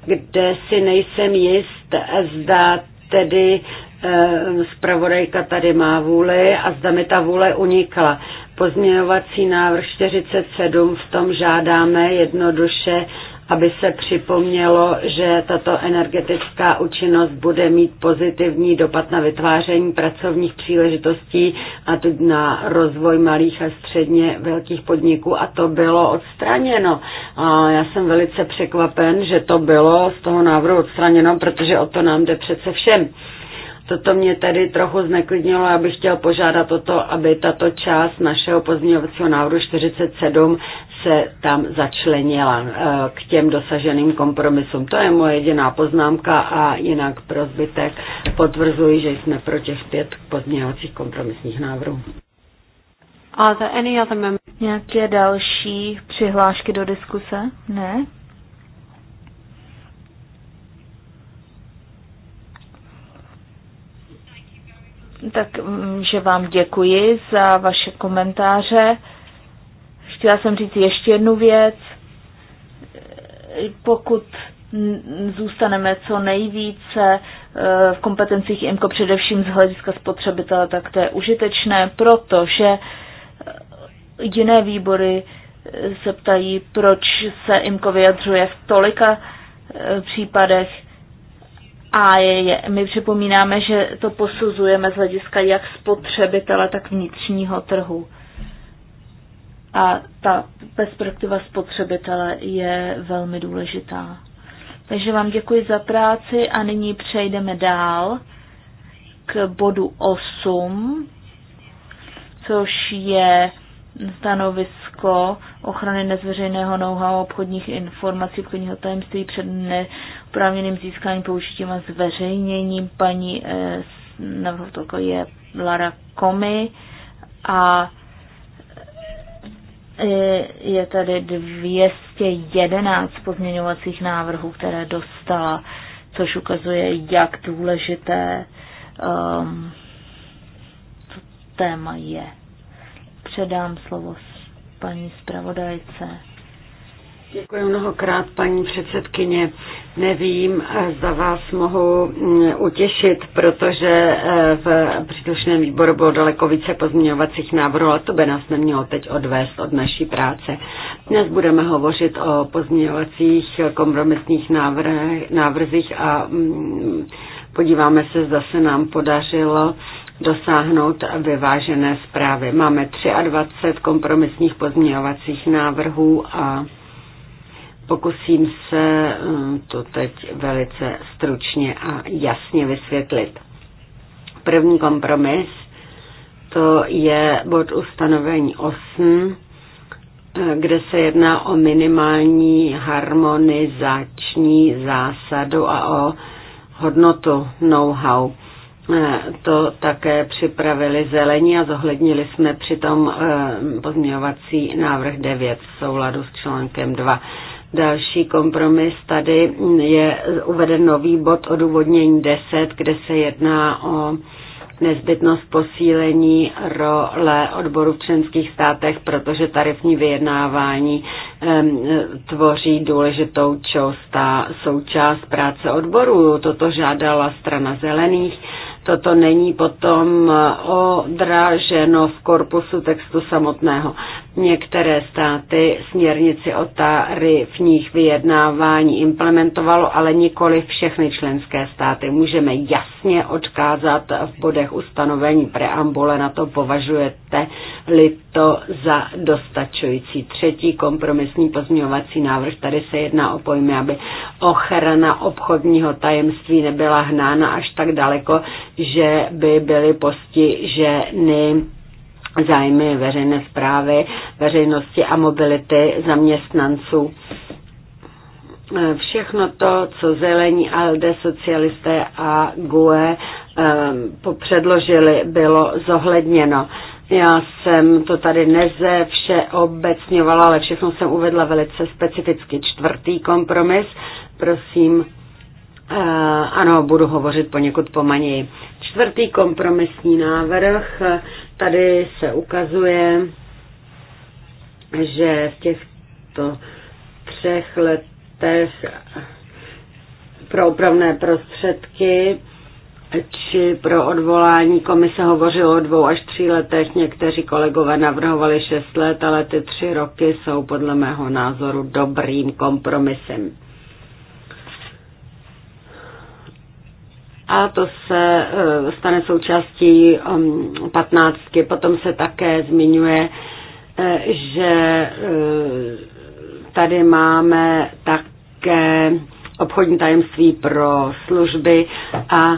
kde si nejsem jist, zda tedy eh, zpravodajka tady má vůli a zda mi ta vůle unikla. Pozměňovací návrh 47 v tom žádáme jednoduše, aby se připomnělo, že tato energetická účinnost bude mít pozitivní dopad na vytváření pracovních příležitostí a tudy na rozvoj malých a středně velkých podniků a to bylo odstraněno. A já jsem velice překvapen, že to bylo z toho návrhu odstraněno, protože o to nám jde přece všem. Toto mě tady trochu zneklidnilo, já bych chtěl požádat o to, aby tato část našeho pozměňovacího návrhu 47 se tam začlenila eh, k těm dosaženým kompromisům. To je moje jediná poznámka a jinak pro zbytek potvrzuji, že jsme pro těch pět pozměňovacích kompromisních návrhů. Are there any other Nějaké další přihlášky do diskuse? Ne? Takže mm, vám děkuji za vaše komentáře. Chtěla jsem říct ještě jednu věc. Pokud zůstaneme co nejvíce e, v kompetencích IMCO, především z hlediska spotřebitele, tak to je užitečné, protože e, jiné výbory e, se ptají, proč se IMCO vyjadřuje v tolika případech a je, my připomínáme, že to posuzujeme z hlediska jak spotřebitele, tak vnitřního trhu. A ta perspektiva spotřebitele je velmi důležitá. Takže vám děkuji za práci a nyní přejdeme dál k bodu 8, což je stanovisko ochrany nezveřejného know-how obchodních informací obchodního tajemství před ne- oprávněným získáním, použitím a zveřejněním paní eh, navrhovatelko je Lara Komi a eh, je tady 211 pozměňovacích návrhů, které dostala, což ukazuje, jak důležité um, to téma je. Předám slovo paní zpravodajce. Děkuji mnohokrát, paní předsedkyně. Nevím, zda vás mohu mm, utěšit, protože eh, v příslušném výboru bylo daleko více pozměňovacích návrhů, ale to by nás nemělo teď odvést od naší práce. Dnes budeme hovořit o pozměňovacích kompromisních návrh, návrzích a mm, podíváme se, zda se nám podařilo dosáhnout vyvážené zprávy. Máme 23 kompromisních pozměňovacích návrhů a Pokusím se mm, to teď velice stručně a jasně vysvětlit. První kompromis, to je bod ustanovení 8, eh, kde se jedná o minimální harmonizační zásadu a o hodnotu know-how. Eh, to také připravili zelení a zohlednili jsme přitom eh, pozměňovací návrh 9 v souladu s článkem 2. Další kompromis tady je uveden nový bod odůvodnění 10, kde se jedná o nezbytnost posílení role odboru v členských státech, protože tarifní vyjednávání tvoří důležitou část a součást práce odboru. Toto žádala strana zelených toto není potom eh, odráženo v korpusu textu samotného. Některé státy směrnici o tarifních vyjednávání implementovalo, ale nikoli všechny členské státy. Můžeme jasně odkázat v bodech ustanovení preambule, na to považujete lito za dostačující. Třetí kompromisní pozměňovací návrh, tady se jedná o pojmy, aby ochrana obchodního tajemství nebyla hnána až tak daleko, že by byly postiženy zájmy veřejné zprávy, veřejnosti a mobility zaměstnanců. Všechno to, co zelení ALDE, socialisté a GUE eh, předložili, bylo zohledněno. Já jsem to tady neze vše obecňovala, ale všechno jsem uvedla velice specificky. Čtvrtý kompromis, prosím, eh, ano, budu hovořit poněkud pomaněji. Čtvrtý kompromisní návrh, tady se ukazuje, že v těchto třech letech pro opravné prostředky či pro odvolání komise hovořilo o dvou až tří letech, někteří kolegové navrhovali šest let, ale ty tři roky jsou podle mého názoru dobrým kompromisem. A to se eh, stane součástí mm, patnáctky. Potom se také zmiňuje, eh, že eh, tady máme také obchodní tajemství pro služby a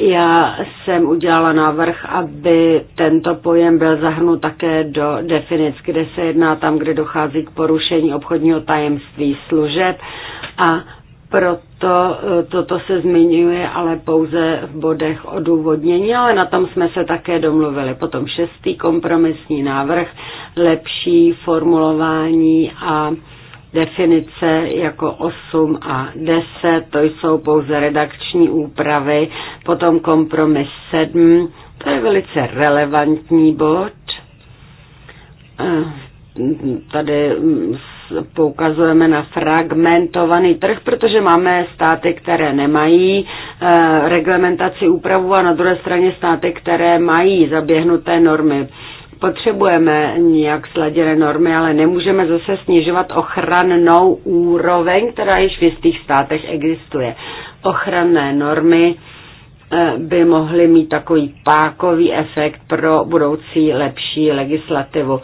já jsem udělala návrh, aby tento pojem byl zahrnut také do definic, kde se jedná tam, kde dochází k porušení obchodního tajemství služeb a proto e, toto se zmiňuje, ale pouze v bodech odůvodnění, ale na tom jsme se také domluvili. Potom šestý kompromisní návrh, lepší formulování a definice jako 8 a 10, to jsou pouze redakční úpravy, potom kompromis 7, to je velice relevantní bod. Eh, tady poukazujeme na fragmentovaný trh, protože máme státy, které nemají eh, reglementaci úpravu a na druhé straně státy, které mají zaběhnuté normy potřebujeme nějak sladěné normy, ale nemůžeme zase snižovat ochrannou úroveň, která již v jistých státech existuje. Ochranné normy eh, by mohly mít takový pákový efekt pro budoucí lepší legislativu.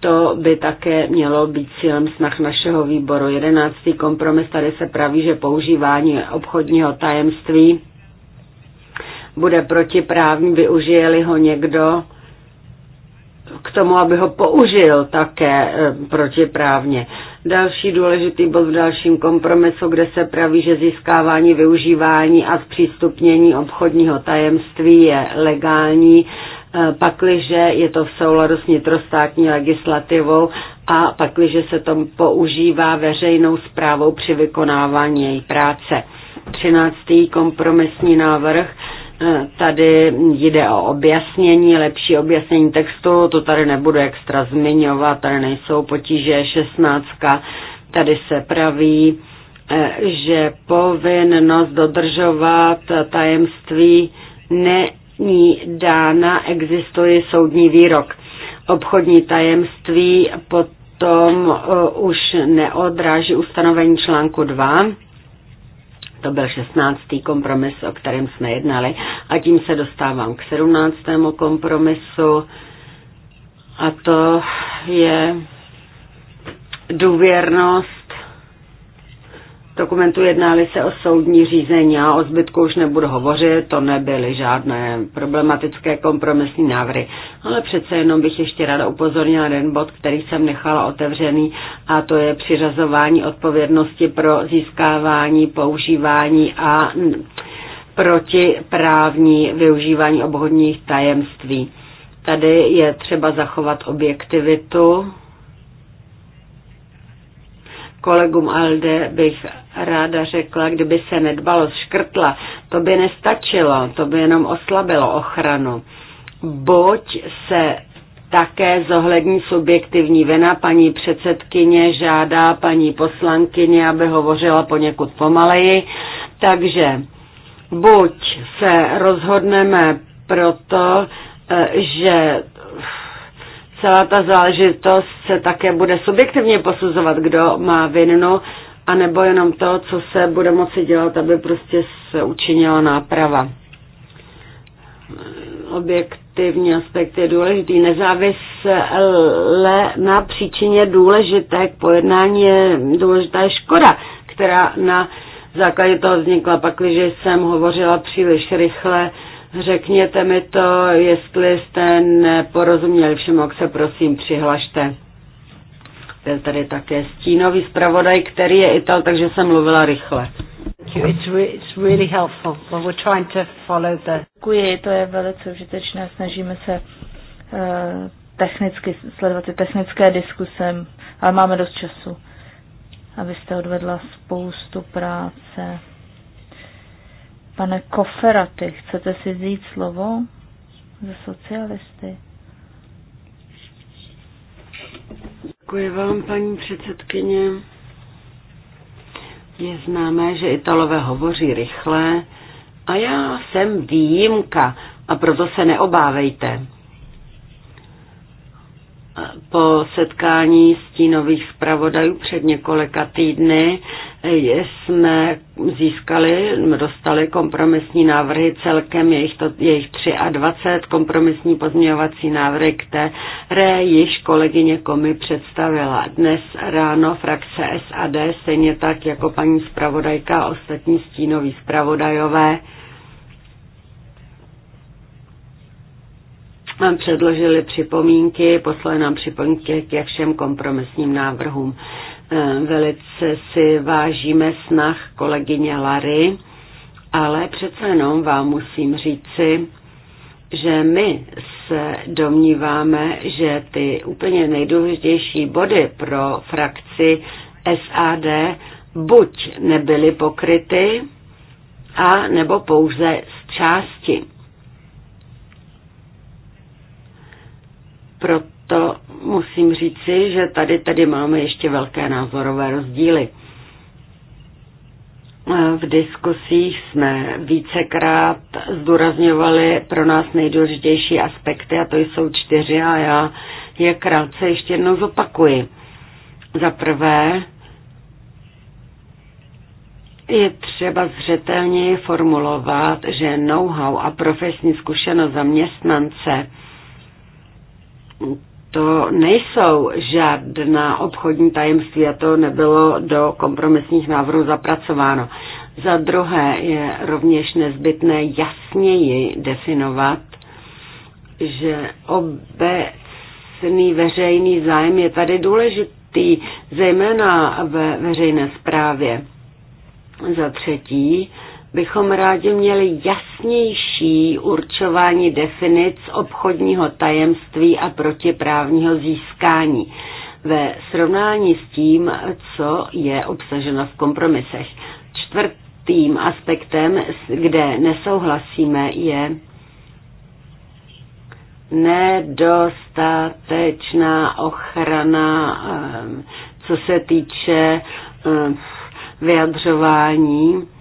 To by také mělo být cílem snah našeho výboru. Jedenáctý kompromis tady se praví, že používání obchodního tajemství bude protiprávní, využije-li ho někdo k tomu, aby ho použil také eh, protiprávně. Další důležitý bod v dalším kompromisu, kde se praví, že získávání, využívání a zpřístupnění obchodního tajemství je legální, eh, pakliže je to v souladu s nitrostátní legislativou a pakliže se to používá veřejnou zprávou při vykonávání její práce. 13. kompromisní návrh E, tady jde o objasnění, lepší objasnění textu, to tady nebudu extra zmiňovat, tady nejsou potíže 16. Tady se praví, e, že povinnost dodržovat tajemství není dána, existuje soudní výrok. Obchodní tajemství potom e, už neodráží ustanovení článku 2 to byl 16. kompromis, o kterém jsme jednali. A tím se dostávám k 17. kompromisu. A to je důvěrnost dokumentu jednali se o soudní řízení a o zbytku už nebudu hovořit, to nebyly žádné problematické kompromisní návrhy. Ale přece jenom bych ještě ráda upozornila jeden bod, který jsem nechala otevřený a to je přiřazování odpovědnosti pro získávání, používání a protiprávní využívání obchodních tajemství. Tady je třeba zachovat objektivitu kolegům Alde bych ráda řekla, kdyby se nedbalo škrtla, to by nestačilo, to by jenom oslabilo ochranu. Buď se také zohlední subjektivní vina. Paní předsedkyně žádá paní poslankyně, aby hovořila poněkud pomaleji. Takže buď se rozhodneme proto, eh, že celá ta záležitost se také bude subjektivně posuzovat, kdo má vinu, anebo jenom to, co se bude moci dělat, aby prostě se učinila náprava. Objektivní aspekt je důležitý. Nezávisle na příčině důležité k pojednání je důležitá je škoda, která na základě toho vznikla. Pak, když jsem hovořila příliš rychle, Řekněte mi to, jestli jste neporozuměli všem, jak se prosím přihlašte. Byl tady také stínový zpravodaj, který je Ital, takže jsem mluvila rychle. Děkuji, to je velice užitečné. Snažíme se eh, technicky sledovat ty technické diskuse, ale máme dost času, abyste odvedla spoustu práce. Pane Koferaty, chcete si vzít slovo ze socialisty? Děkuji vám, paní předsedkyně. Je známé, že Italové hovoří rychle a já jsem výjimka a proto se neobávejte po setkání stínových zpravodajů před několika týdny jsme získali, dostali kompromisní návrhy, celkem jejich, to, jejich 23 kompromisní pozměňovací návrhy, které již kolegyně Komi představila. Dnes ráno frakce SAD, stejně tak jako paní zpravodajka a ostatní stínoví zpravodajové, předložili připomínky, poslali nám připomínky ke všem kompromisním návrhům. Eh, velice si vážíme snah kolegyně Lary, ale přece jenom vám musím říci, že my se domníváme, že ty úplně nejdůležitější body pro frakci SAD buď nebyly pokryty, a nebo pouze z části. Proto musím říci, že tady tady máme ještě velké názorové rozdíly. V diskusích jsme vícekrát zdůrazňovali pro nás nejdůležitější aspekty, a to jsou čtyři, a já je krátce ještě jednou zopakuji. Za prvé, je třeba zřetelněji formulovat, že know-how a profesní zkušenost zaměstnance to nejsou žádná obchodní tajemství a to nebylo do kompromisních návrhů zapracováno. Za druhé je rovněž nezbytné jasněji definovat, že obecný veřejný zájem je tady důležitý, zejména ve veřejné správě. Za třetí, bychom rádi měli jasnější určování definic obchodního tajemství a protiprávního získání ve srovnání s tím, co je obsaženo v kompromisech. Čtvrtým aspektem, kde nesouhlasíme, je nedostatečná ochrana, eh, co se týče eh, vyjadřování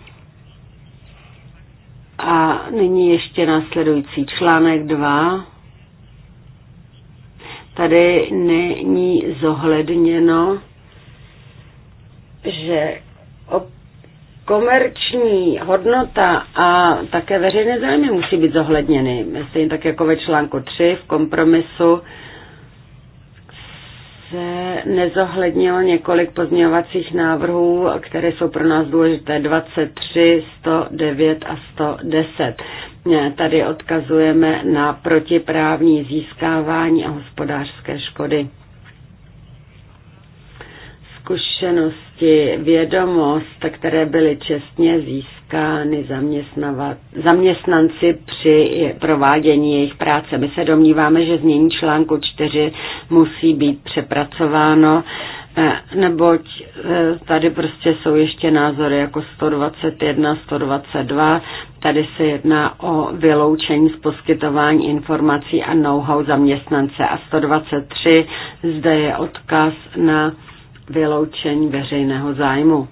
a nyní ještě následující článek 2. Tady není zohledněno, že komerční hodnota a také veřejné zájmy musí být zohledněny. Stejně tak jako ve článku 3 v kompromisu se nezohlednilo několik pozměňovacích návrhů, které jsou pro nás důležité 23, 109 a 110. Tady odkazujeme na protiprávní získávání a hospodářské škody. Zkušenost ty vědomost, které byly čestně získány zaměstnanci při provádění jejich práce. My se domníváme, že změní článku 4 musí být přepracováno, eh, neboť eh, tady prostě jsou ještě názory jako 121, 122. Tady se jedná o vyloučení z poskytování informací a know-how zaměstnance. A 123, zde je odkaz na vyloučení veřejného zájmu.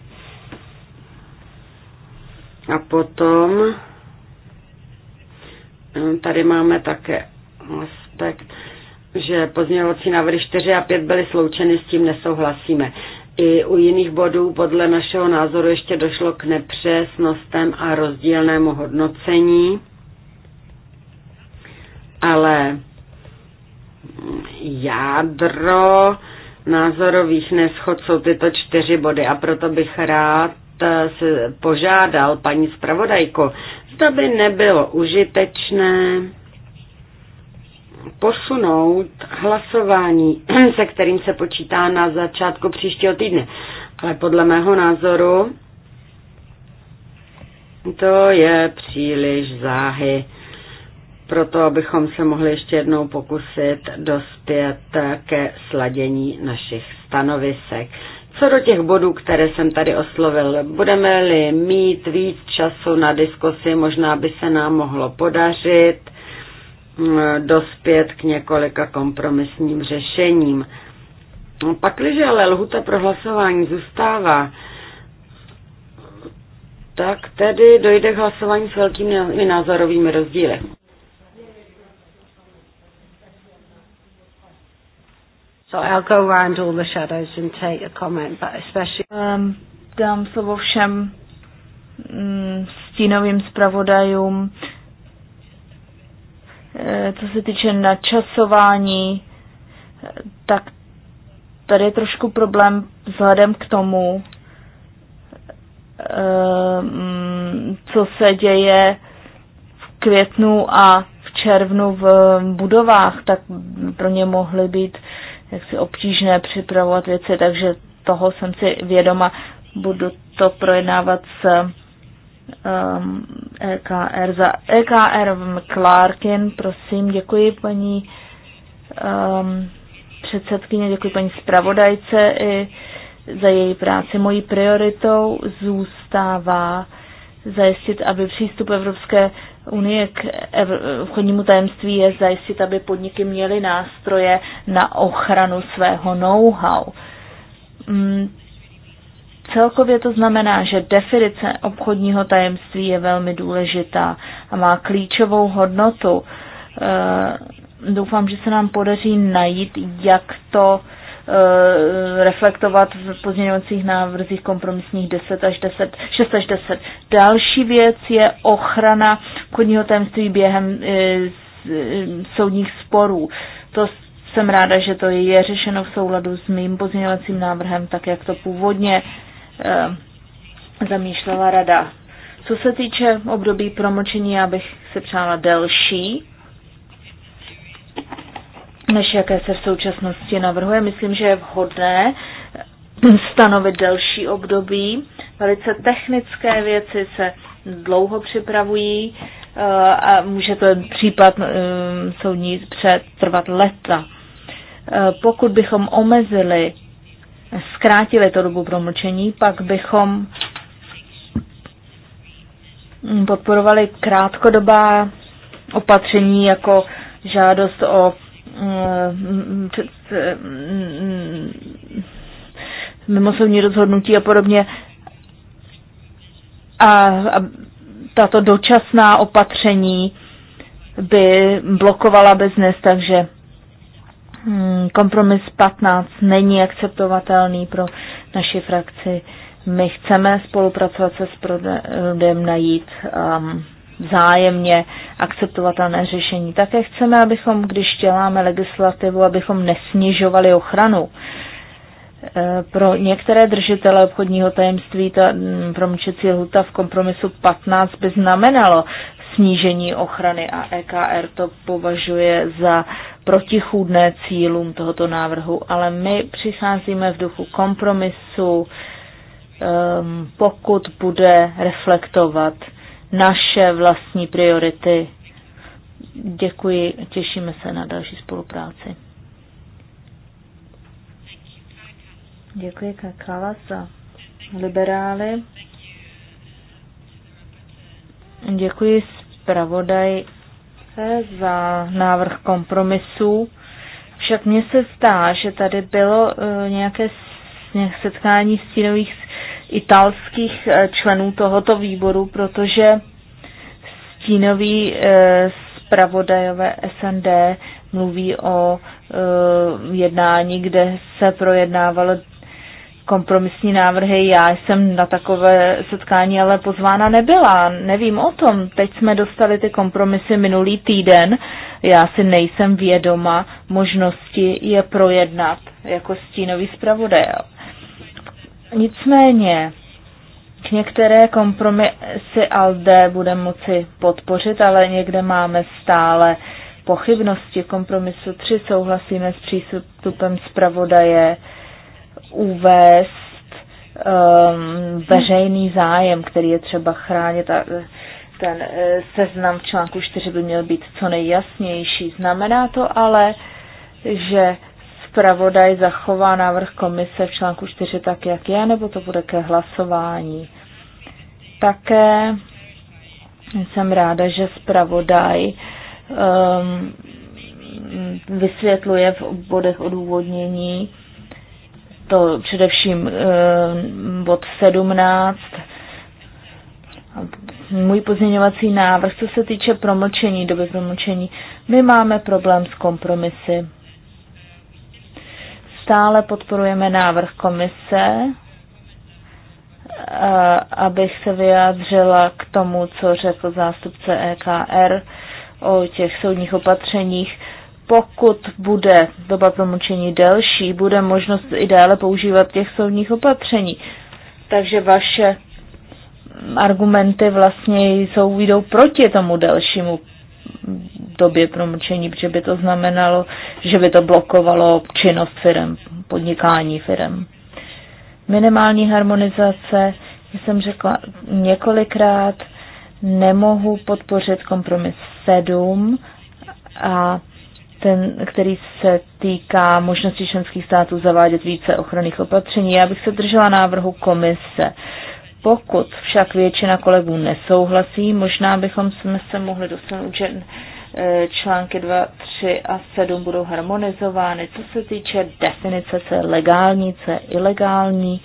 A potom eh, tady máme také aspekt, že pozměňovací návrhy 4 a 5 byly sloučeny, s tím nesouhlasíme. I u jiných bodů podle našeho názoru ještě došlo k nepřesnostem a rozdílnému hodnocení, ale jádro názorových neschod jsou tyto čtyři body a proto bych rád eh, se požádal paní zpravodajko, zda by nebylo užitečné posunout hlasování, se kterým se počítá na začátku příštího týdne. Ale podle mého názoru to je příliš záhy proto abychom se mohli ještě jednou pokusit dospět ke sladění našich stanovisek. Co do těch bodů, které jsem tady oslovil, budeme-li mít víc času na diskusi, možná by se nám mohlo podařit mm, dospět k několika kompromisním řešením. Pakliže ale lhuta pro hlasování zůstává, tak tedy dojde k hlasování s velkými názorovými rozdíly. So I'll go around all the shadows and take a comment, but especially... Um, dám slovo všem mm, stínovým zpravodajům, e, co se týče načasování, tak tady je trošku problém vzhledem k tomu, eh, mm, co se děje v květnu a v červnu v budovách, tak pro ně mohly být jak si obtížné připravovat věci, takže toho jsem si vědoma. Budu to projednávat s um, EKR za EKR Clarkin, prosím, děkuji paní um, předsedkyně, děkuji paní zpravodajce i za její práci. Mojí prioritou zůstává zajistit, aby přístup Evropské Unie k obchodnímu tajemství je zajistit, aby podniky měly nástroje na ochranu svého know-how. Mm, celkově to znamená, že definice obchodního tajemství je velmi důležitá a má klíčovou hodnotu. Eh, doufám, že se nám podaří najít, jak to Eh, reflektovat v pozměňovacích návrzích kompromisních 10 až 10, 6 až 10. Další věc je ochrana kodního tajemství během eh, eh, soudních sporů. To jsem ráda, že to je řešeno v souladu s mým pozměňovacím návrhem, tak jak to původně zamýšlela rada. Co se týče období promlčení, já bych se přála delší, než jaké se v současnosti navrhuje. Myslím, že je vhodné stanovit delší období. Velice technické věci se dlouho připravují eh, a může to případ eh, soudní před trvat leta. Eh, pokud bychom omezili, zkrátili to dobu promlčení, pak bychom podporovali krátkodobá opatření jako žádost o Mm, mm, mimosoudní rozhodnutí a podobně. A, a tato dočasná opatření by blokovala biznes, takže mm, kompromis 15 není akceptovatelný pro naši frakci. My chceme spolupracovat se s prodejem najít um, vzájemně akceptovatelné řešení. Také chceme, abychom, když děláme legislativu, abychom nesnižovali ochranu. E, pro některé držitele obchodního tajemství ta promlčecí lhuta v kompromisu 15 by znamenalo snížení ochrany a EKR to považuje za protichůdné cílům tohoto návrhu, ale my přicházíme v duchu kompromisu, ehm, pokud bude reflektovat naše vlastní priority. Děkuji, těšíme se na další spolupráci. Děkuji Kakala za liberály. Děkuji zpravodaj za návrh kompromisů. Však mně se zdá, že tady bylo eh, nějaké setkání stínových italských eh, členů tohoto výboru, protože stínoví eh, zpravodajové SND mluví o eh, jednání, kde se projednávalo kompromisní návrhy. Já jsem na takové setkání ale pozvána nebyla. Nevím o tom. Teď jsme dostali ty kompromisy minulý týden. Já si nejsem vědoma možnosti je projednat jako stínový zpravodaj. Nicméně některé kompromisy ALDE bude moci podpořit, ale někde máme stále pochybnosti. kompromisu 3 souhlasíme s přístupem zpravodaje uvést um, veřejný zájem, který je třeba chránit a ten eh, seznam v článku 4 by měl být co nejjasnější. Znamená to ale, že zpravodaj zachová návrh komise v článku 4 tak, jak je, nebo to bude ke hlasování. Také jsem ráda, že zpravodaj um, vysvětluje v bodech odůvodnění to především um, bod 17, můj pozměňovací návrh, co se týče promlčení, doby promlčení, my máme problém s kompromisy stále podporujeme návrh komise, eh, abych se vyjádřila k tomu, co řekl zástupce EKR o těch soudních opatřeních. Pokud bude doba promlčení delší, bude možnost i déle používat těch soudních opatření. Takže vaše argumenty vlastně jsou, jdou proti tomu delšímu době promlčení, protože by to znamenalo, že by to blokovalo činnost firm, podnikání firm. Minimální harmonizace, já jsem řekla několikrát, nemohu podpořit kompromis 7, a ten, který se týká možnosti členských států zavádět více ochranných opatření. Já bych se držela návrhu komise. Pokud však většina kolegů nesouhlasí, možná bychom jsme se mohli dostat, že E, články 2, 3 a 7 budou harmonizovány, co se týče definice, co je legální, co je ilegální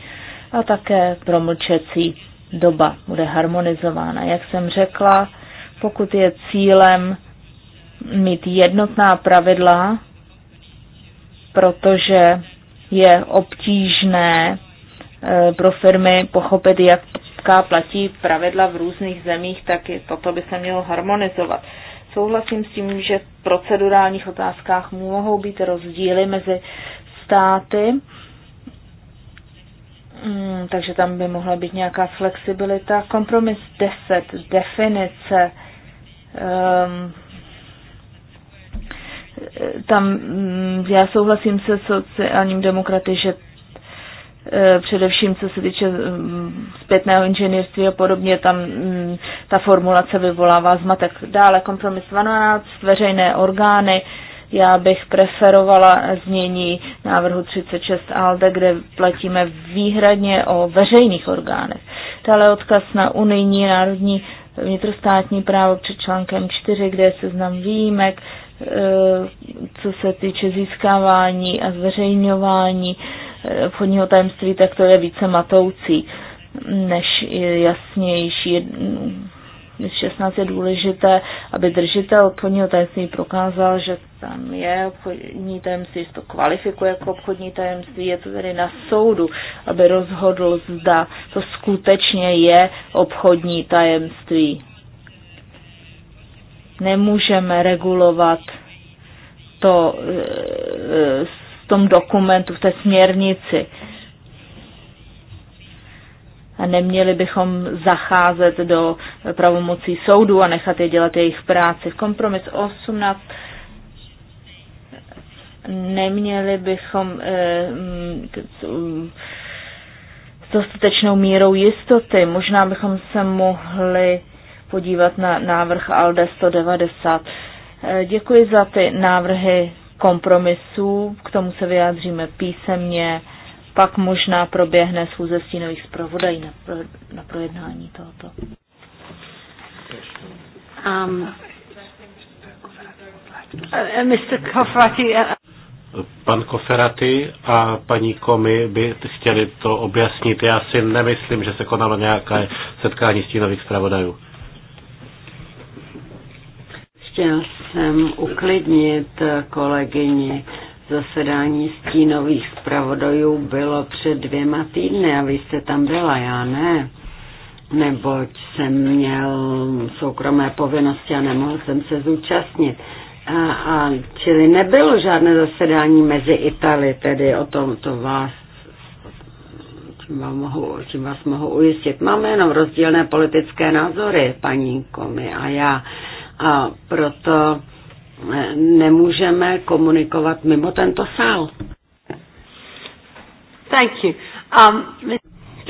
a také promlčecí doba bude harmonizována. Jak jsem řekla, pokud je cílem mít jednotná pravidla, protože je obtížné e, pro firmy pochopit, jaká platí pravidla v různých zemích, tak toto by se mělo harmonizovat souhlasím s tím, že v procedurálních otázkách mohou být rozdíly mezi státy, hmm, takže tam by mohla být nějaká flexibilita. Kompromis 10, definice. Um, tam hmm, já souhlasím se sociálním demokraty, že E, především co se týče mm, zpětného inženýrství a podobně, tam mm, ta formulace vyvolává zmatek. Dále kompromis 12, veřejné orgány, já bych preferovala znění návrhu 36 ALDE, kde platíme výhradně o veřejných orgánech. Dále odkaz na unijní národní vnitrostátní právo před článkem 4, kde je seznam výjimek, e, co se týče získávání a zveřejňování obchodního tajemství, tak to je více matoucí než jasnější. 16 je důležité, aby držitel obchodního tajemství prokázal, že tam je obchodní tajemství, že to kvalifikuje jako obchodní tajemství, je to tedy na soudu, aby rozhodl, zda to skutečně je obchodní tajemství. Nemůžeme regulovat to eh, eh, tom dokumentu, v té směrnici. A neměli bychom zacházet do pravomocí soudu a nechat je dělat jejich práci. Kompromis 18. Neměli bychom eh, mm, s dostatečnou mírou jistoty. Možná bychom se mohli podívat na návrh ALDE 190. Eh, děkuji za ty návrhy kompromisů, k tomu se vyjádříme písemně, pak možná proběhne schůze stínových zpravodají na, pro, na projednání tohoto. Um, uh, Mr. Kofrati, uh, pan Koferaty a paní Komi by chtěli to objasnit. Já si nemyslím, že se konalo nějaké setkání stínových zpravodajů. Chtěl jsem uklidnit kolegyni. Zasedání stínových zpravodajů bylo před dvěma týdny a vy jste tam byla, já ne. Neboť jsem měl soukromé povinnosti a nemohl jsem se zúčastnit. A, a, čili nebylo žádné zasedání mezi Italy, tedy o tom to vás čím, vás, mohu, čím vás mohu ujistit. Máme jenom rozdílné politické názory, paní Komi a já a proto eh, nemůžeme komunikovat mimo tento sál. Thank you. Um,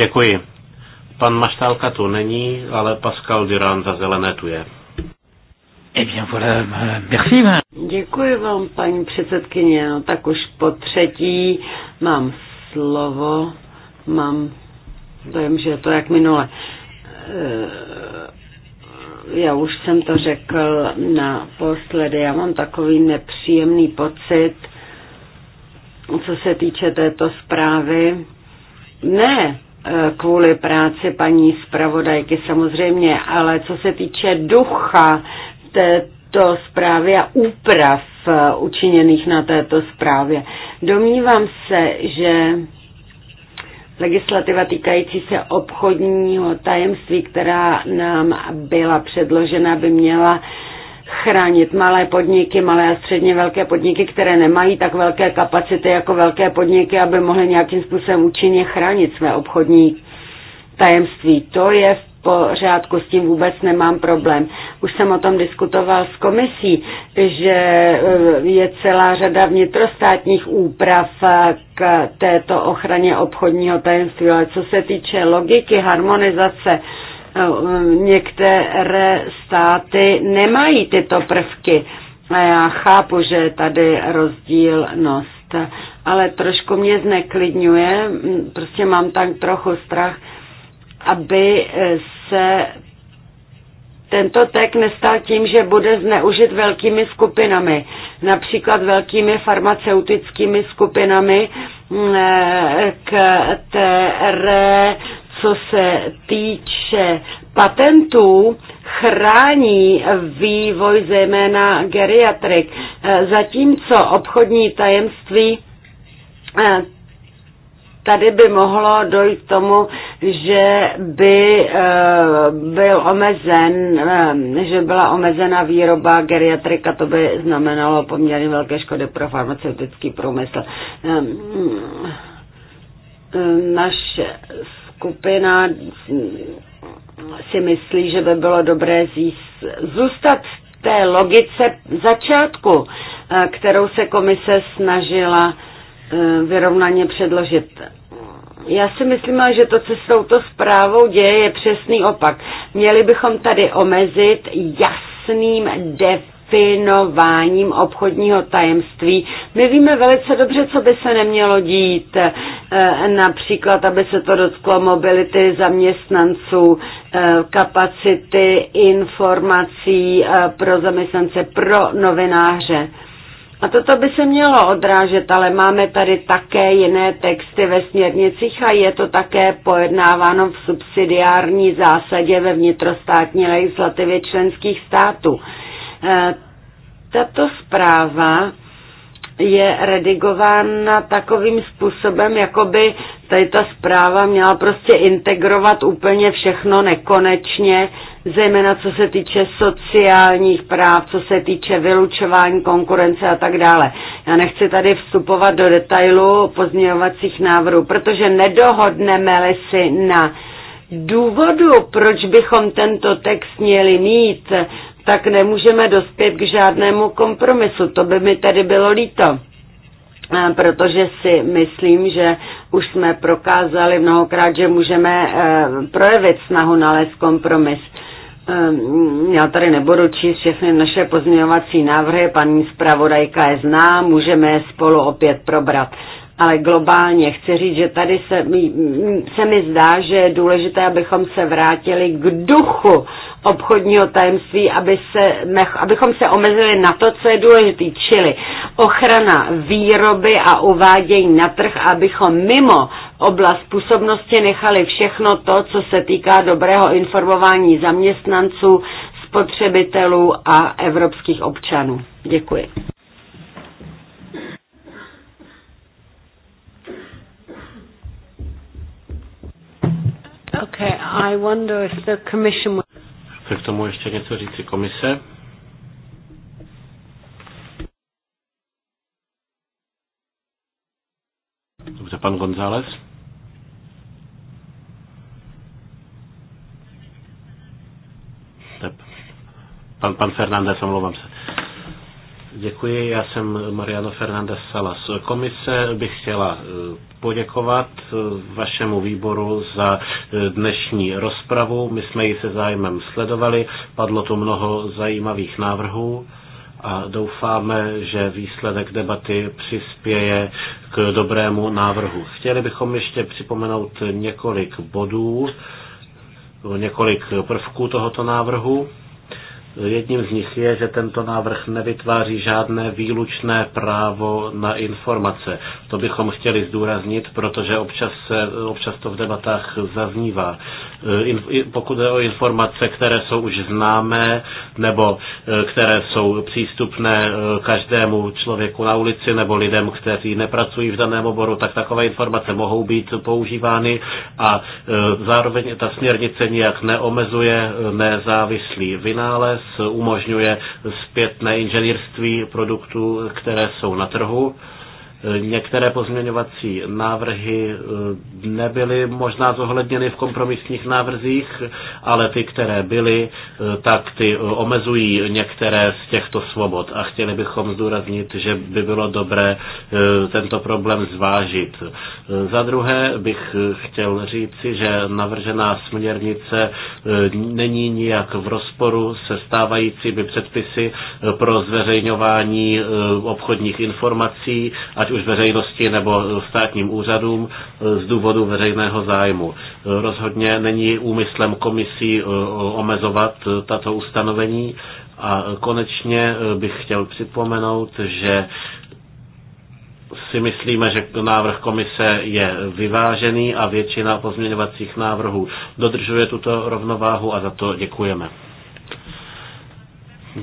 Děkuji. Pan Maštálka tu není, ale Pascal Duran za zelené tu je. Eh bien voilà, euh, merci. Děkuji vám, paní předsedkyně. No, tak už po třetí mám slovo, mám dojem, že je to jak minule. Eh, já už jsem to řekl naposledy, já mám takový nepříjemný pocit, co se týče této zprávy. Ne eh, kvůli práci paní zpravodajky samozřejmě, ale co se týče ducha této zprávy a úprav eh, učiněných na této zprávě. Domnívám se, že legislativa týkající se obchodního tajemství, která nám byla předložena, by měla chránit malé podniky, malé a středně velké podniky, které nemají tak velké kapacity jako velké podniky, aby mohly nějakým způsobem účinně chránit své obchodní tajemství. To je v pořádku, s tím vůbec nemám problém. Už jsem o tom diskutoval s komisí, že eh, je celá řada vnitrostátních úprav eh, k této ochraně obchodního tajemství, ale co se týče logiky harmonizace, eh, některé státy nemají tyto prvky. A já chápu, že je tady rozdílnost, ale trošku mě zneklidňuje, prostě mám tak trochu strach, aby eh, se tento tek nestal tím, že bude zneužit velkými skupinami, například velkými farmaceutickými skupinami, mm, eh, které, co se týče patentů, chrání vývoj zejména geriatrik, eh, zatímco obchodní tajemství tady by mohlo dojít k tomu, že by eh, byl omezen, eh, že byla omezena výroba geriatrika, to by znamenalo poměrně velké škody pro farmaceutický průmysl. Ehm, ehm, Naše skupina si myslí, že by bylo dobré zůstat v té logice začátku, eh, kterou se komise snažila vyrovnaně předložit. Já si myslím, že to, co s touto zprávou děje, je přesný opak. Měli bychom tady omezit jasným definováním obchodního tajemství. My víme velice dobře, co by se nemělo dít, e, například, aby se to dotklo mobility zaměstnanců, e, kapacity informací e, pro zaměstnance, pro novináře a toto by se mělo odrážet, ale máme tady také jiné texty ve směrnicích a je to také pojednáváno v subsidiární zásadě ve vnitrostátní legislativě členských států. E, tato zpráva je redigována takovým způsobem, jako by tady ta zpráva měla prostě integrovat úplně všechno nekonečně, zejména co se týče sociálních práv, co se týče vylučování konkurence a tak dále. Já nechci tady vstupovat do detailu pozměňovacích návrhů, protože nedohodneme-li si na důvodu, proč bychom tento text měli mít, tak nemůžeme dospět k žádnému kompromisu. To by mi tedy bylo líto, eh, protože si myslím, že už jsme prokázali mnohokrát, že můžeme eh, projevit snahu nalézt kompromis. Eh, já tady nebudu číst všechny naše pozměňovací návrhy, paní zpravodajka je zná, můžeme je spolu opět probrat ale globálně chci říct, že tady se, se mi zdá, že je důležité, abychom se vrátili k duchu obchodního tajemství, aby se, abychom se omezili na to, co je důležité, čili ochrana výroby a uvádění na trh, abychom mimo oblast působnosti nechali všechno to, co se týká dobrého informování zaměstnanců, spotřebitelů a evropských občanů. Děkuji. Okay, I wonder if the commission... Chce k tomu ještě něco říci komise? Dobře, pan González. Pan, pan Fernández, omlouvám se. Děkuji, já jsem Mariano Fernández Salas. Komise bych chtěla eh, poděkovat eh, vašemu výboru za eh, dnešní rozpravu. My jsme ji se zájmem sledovali, padlo tu mnoho zajímavých návrhů a doufáme, že výsledek debaty přispěje k dobrému návrhu. Chtěli bychom ještě připomenout několik bodů, několik prvků tohoto návrhu. Jedním z nich je, že tento návrh nevytváří žádné výlučné právo na informace. To bychom chtěli zdůraznit, protože občas, se, občas to v debatách zaznívá. E, pokud je o informace, které jsou už známé nebo e, které jsou přístupné e, každému člověku na ulici nebo lidem, kteří nepracují v daném oboru, tak takové informace mohou být používány a zároveň ta směrnice nijak neomezuje nezávislý vynález umožňuje zpětné inženýrství produktů, které jsou na trhu Některé pozměňovací návrhy eh, nebyly možná zohledněny v kompromisních návrzích, ale ty, které byly, eh, tak ty eh, omezují některé z těchto svobod. A chtěli bychom zdůraznit, že by bylo dobré tento problém zvážit. Za druhé bych chtěl říci, že navržená směrnice není nijak v rozporu se stávajícími předpisy pro zveřejňování obchodních informací, ať už veřejnosti nebo státním úřadům e, z důvodu veřejného zájmu. E, rozhodně není úmyslem komisí e, omezovat tato ustanovení a konečně bych chtěl připomenout, že si myslíme, že návrh komise je vyvážený a většina pozměňovacích návrhů dodržuje tuto rovnováhu a za to děkujeme.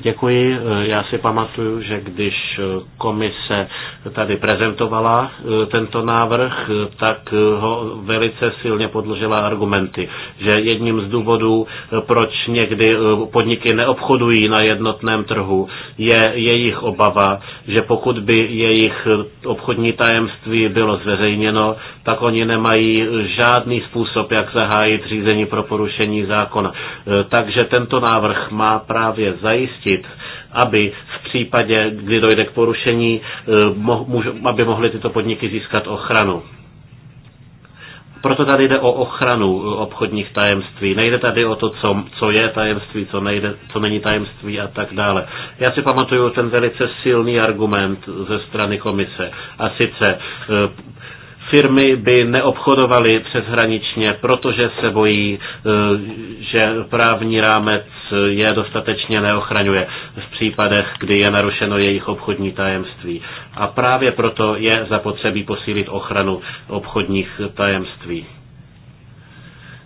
Děkuji. Já si pamatuju, že když komise tady prezentovala eh, tento návrh, eh, tak eh, ho velice silně podložila argumenty, že jedním z důvodů, proč někdy podniky neobchodují na jednotném trhu, je jejich obava, že pokud by jejich obchodní tajemství bylo zveřejněno, tak oni nemají žádný způsob, jak zahájit řízení pro porušení zákona. Takže tento návrh má právě zajistit, zajistit, aby v případě, kdy dojde k porušení, eh, aby mohly tyto podniky získat ochranu. Proto tady jde o ochranu eh, obchodních tajemství. Nejde tady o to, co, co je tajemství, co, nejde, co není tajemství a tak dále. Já si pamatuju ten velice silný argument ze strany komise. A sice eh, firmy by neobchodovaly přeshraničně, protože se bojí, že právní rámec je dostatečně neochraňuje v případech, kdy je narušeno jejich obchodní tajemství. A právě proto je zapotřebí posílit ochranu obchodních tajemství.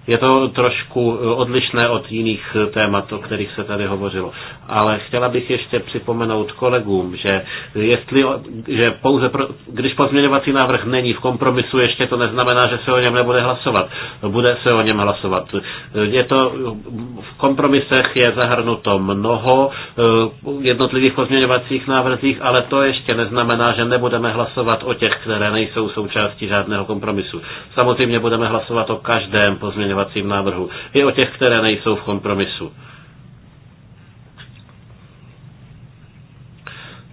Je to trošku eh, odlišné od jiných eh, témat, o kterých se tady hovořilo. Ale chtěla bych ještě připomenout kolegům, že, jestli, že pouze pro, když pozměňovací návrh není v kompromisu, ještě to neznamená, že se o něm nebude hlasovat. Bude se o něm hlasovat. Eh, je to, v kompromisech je zahrnuto mnoho jednotlivých pozměňovacích návrzích, ale to ještě neznamená, že nebudeme hlasovat o těch, které nejsou součástí žádného kompromisu. Samozřejmě budeme hlasovat o každém pozměňovacím pozměňovacím návrhu. I o těch, které nejsou v kompromisu.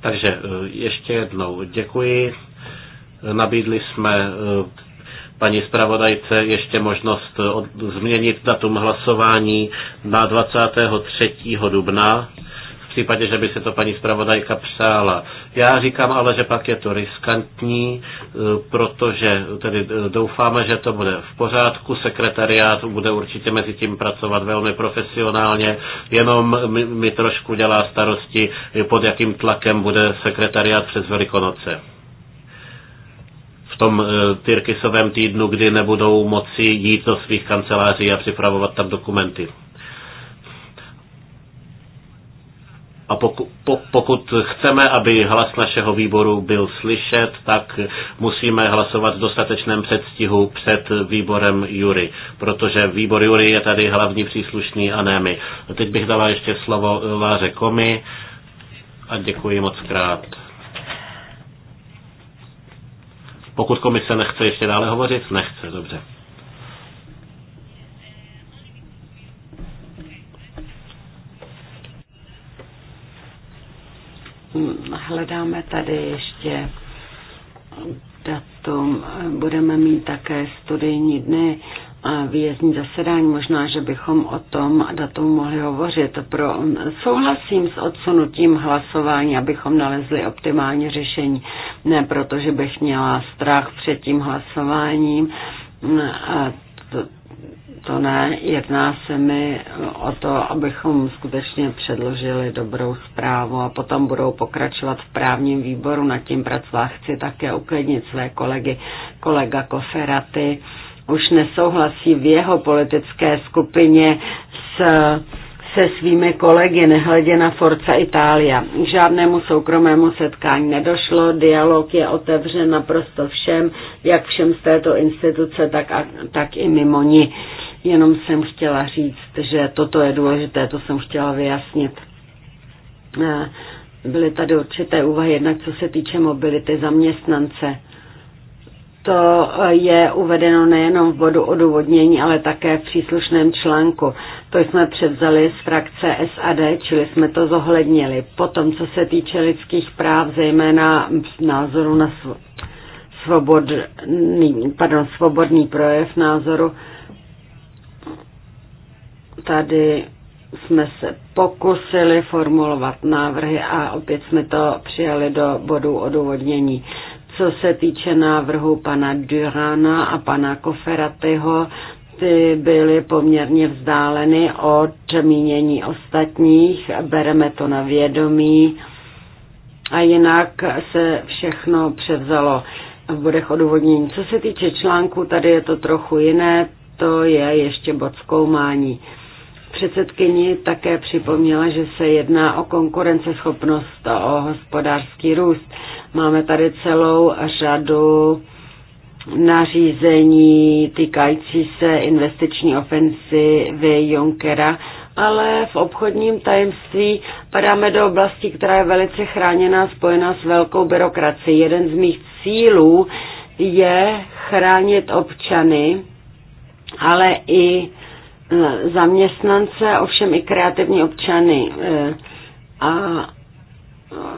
Takže e, ještě jednou děkuji. Nabídli jsme e, paní zpravodajce ještě možnost od, změnit datum hlasování na 23. dubna případě, že by se to paní zpravodajka přála. Já říkám ale, že pak je to riskantní, e, protože tedy e, doufáme, že to bude v pořádku. Sekretariát bude určitě mezi tím pracovat velmi profesionálně, jenom mi, trošku dělá starosti, pod jakým tlakem bude sekretariát přes Velikonoce v tom e, Tyrkisovém týdnu, kdy nebudou moci jít do svých kanceláří a připravovat tam dokumenty. A poku, po, pokud chceme, aby hlas našeho výboru byl slyšet, tak musíme hlasovat v dostatečném předstihu před výborem Jury, protože výbor Jury je tady hlavní příslušný a ne my. A teď bych dala ještě slovo Láře Komi a děkuji moc krát. Pokud komise nechce ještě dále hovořit, nechce, dobře. Hm, hledáme tady ještě datum. Budeme mít také studijní dny a výjezdní zasedání. Možná, že bychom o tom datum mohli hovořit. Pro, souhlasím s odsunutím hlasování, abychom nalezli optimální řešení. Ne proto, že bych měla strach před tím hlasováním. A to, to ne. Jedná se mi o to, abychom skutečně předložili dobrou zprávu a potom budou pokračovat v právním výboru nad tím pracovat. Chci také uklidnit své kolegy, kolega Koferaty už nesouhlasí v jeho politické skupině s se svými kolegy, nehledě na Forza Italia. K žádnému soukromému setkání nedošlo, dialog je otevřen naprosto všem, jak všem z této instituce, tak, a, tak i mimo ní. Jenom jsem chtěla říct, že toto je důležité, to jsem chtěla vyjasnit. Eh, byly tady určité úvahy, jednak co se týče mobility zaměstnance. To eh, je uvedeno nejenom v bodu odůvodnění, ale také v příslušném článku. To jsme převzali z frakce SAD, čili jsme to zohlednili. Potom, co se týče lidských práv, zejména názoru na svobodný, pardon, svobodný projev názoru, Tady jsme se pokusili formulovat návrhy a opět jsme to přijali do bodu odůvodnění. Co se týče návrhu pana Durana a pana Koferatyho, ty byly poměrně vzdáleny od mínění ostatních, bereme to na vědomí a jinak se všechno převzalo v bodech odůvodnění. Co se týče článku, tady je to trochu jiné, to je ještě bod zkoumání. Předsedkyni také připomněla, že se jedná o konkurenceschopnost a o hospodářský růst. Máme tady celou řadu nařízení týkající se investiční ofensivy Junckera, ale v obchodním tajemství padáme do oblasti, která je velice chráněná, spojená s velkou byrokracií. Jeden z mých cílů je chránit občany, ale i zaměstnance, ovšem i kreativní občany. E, a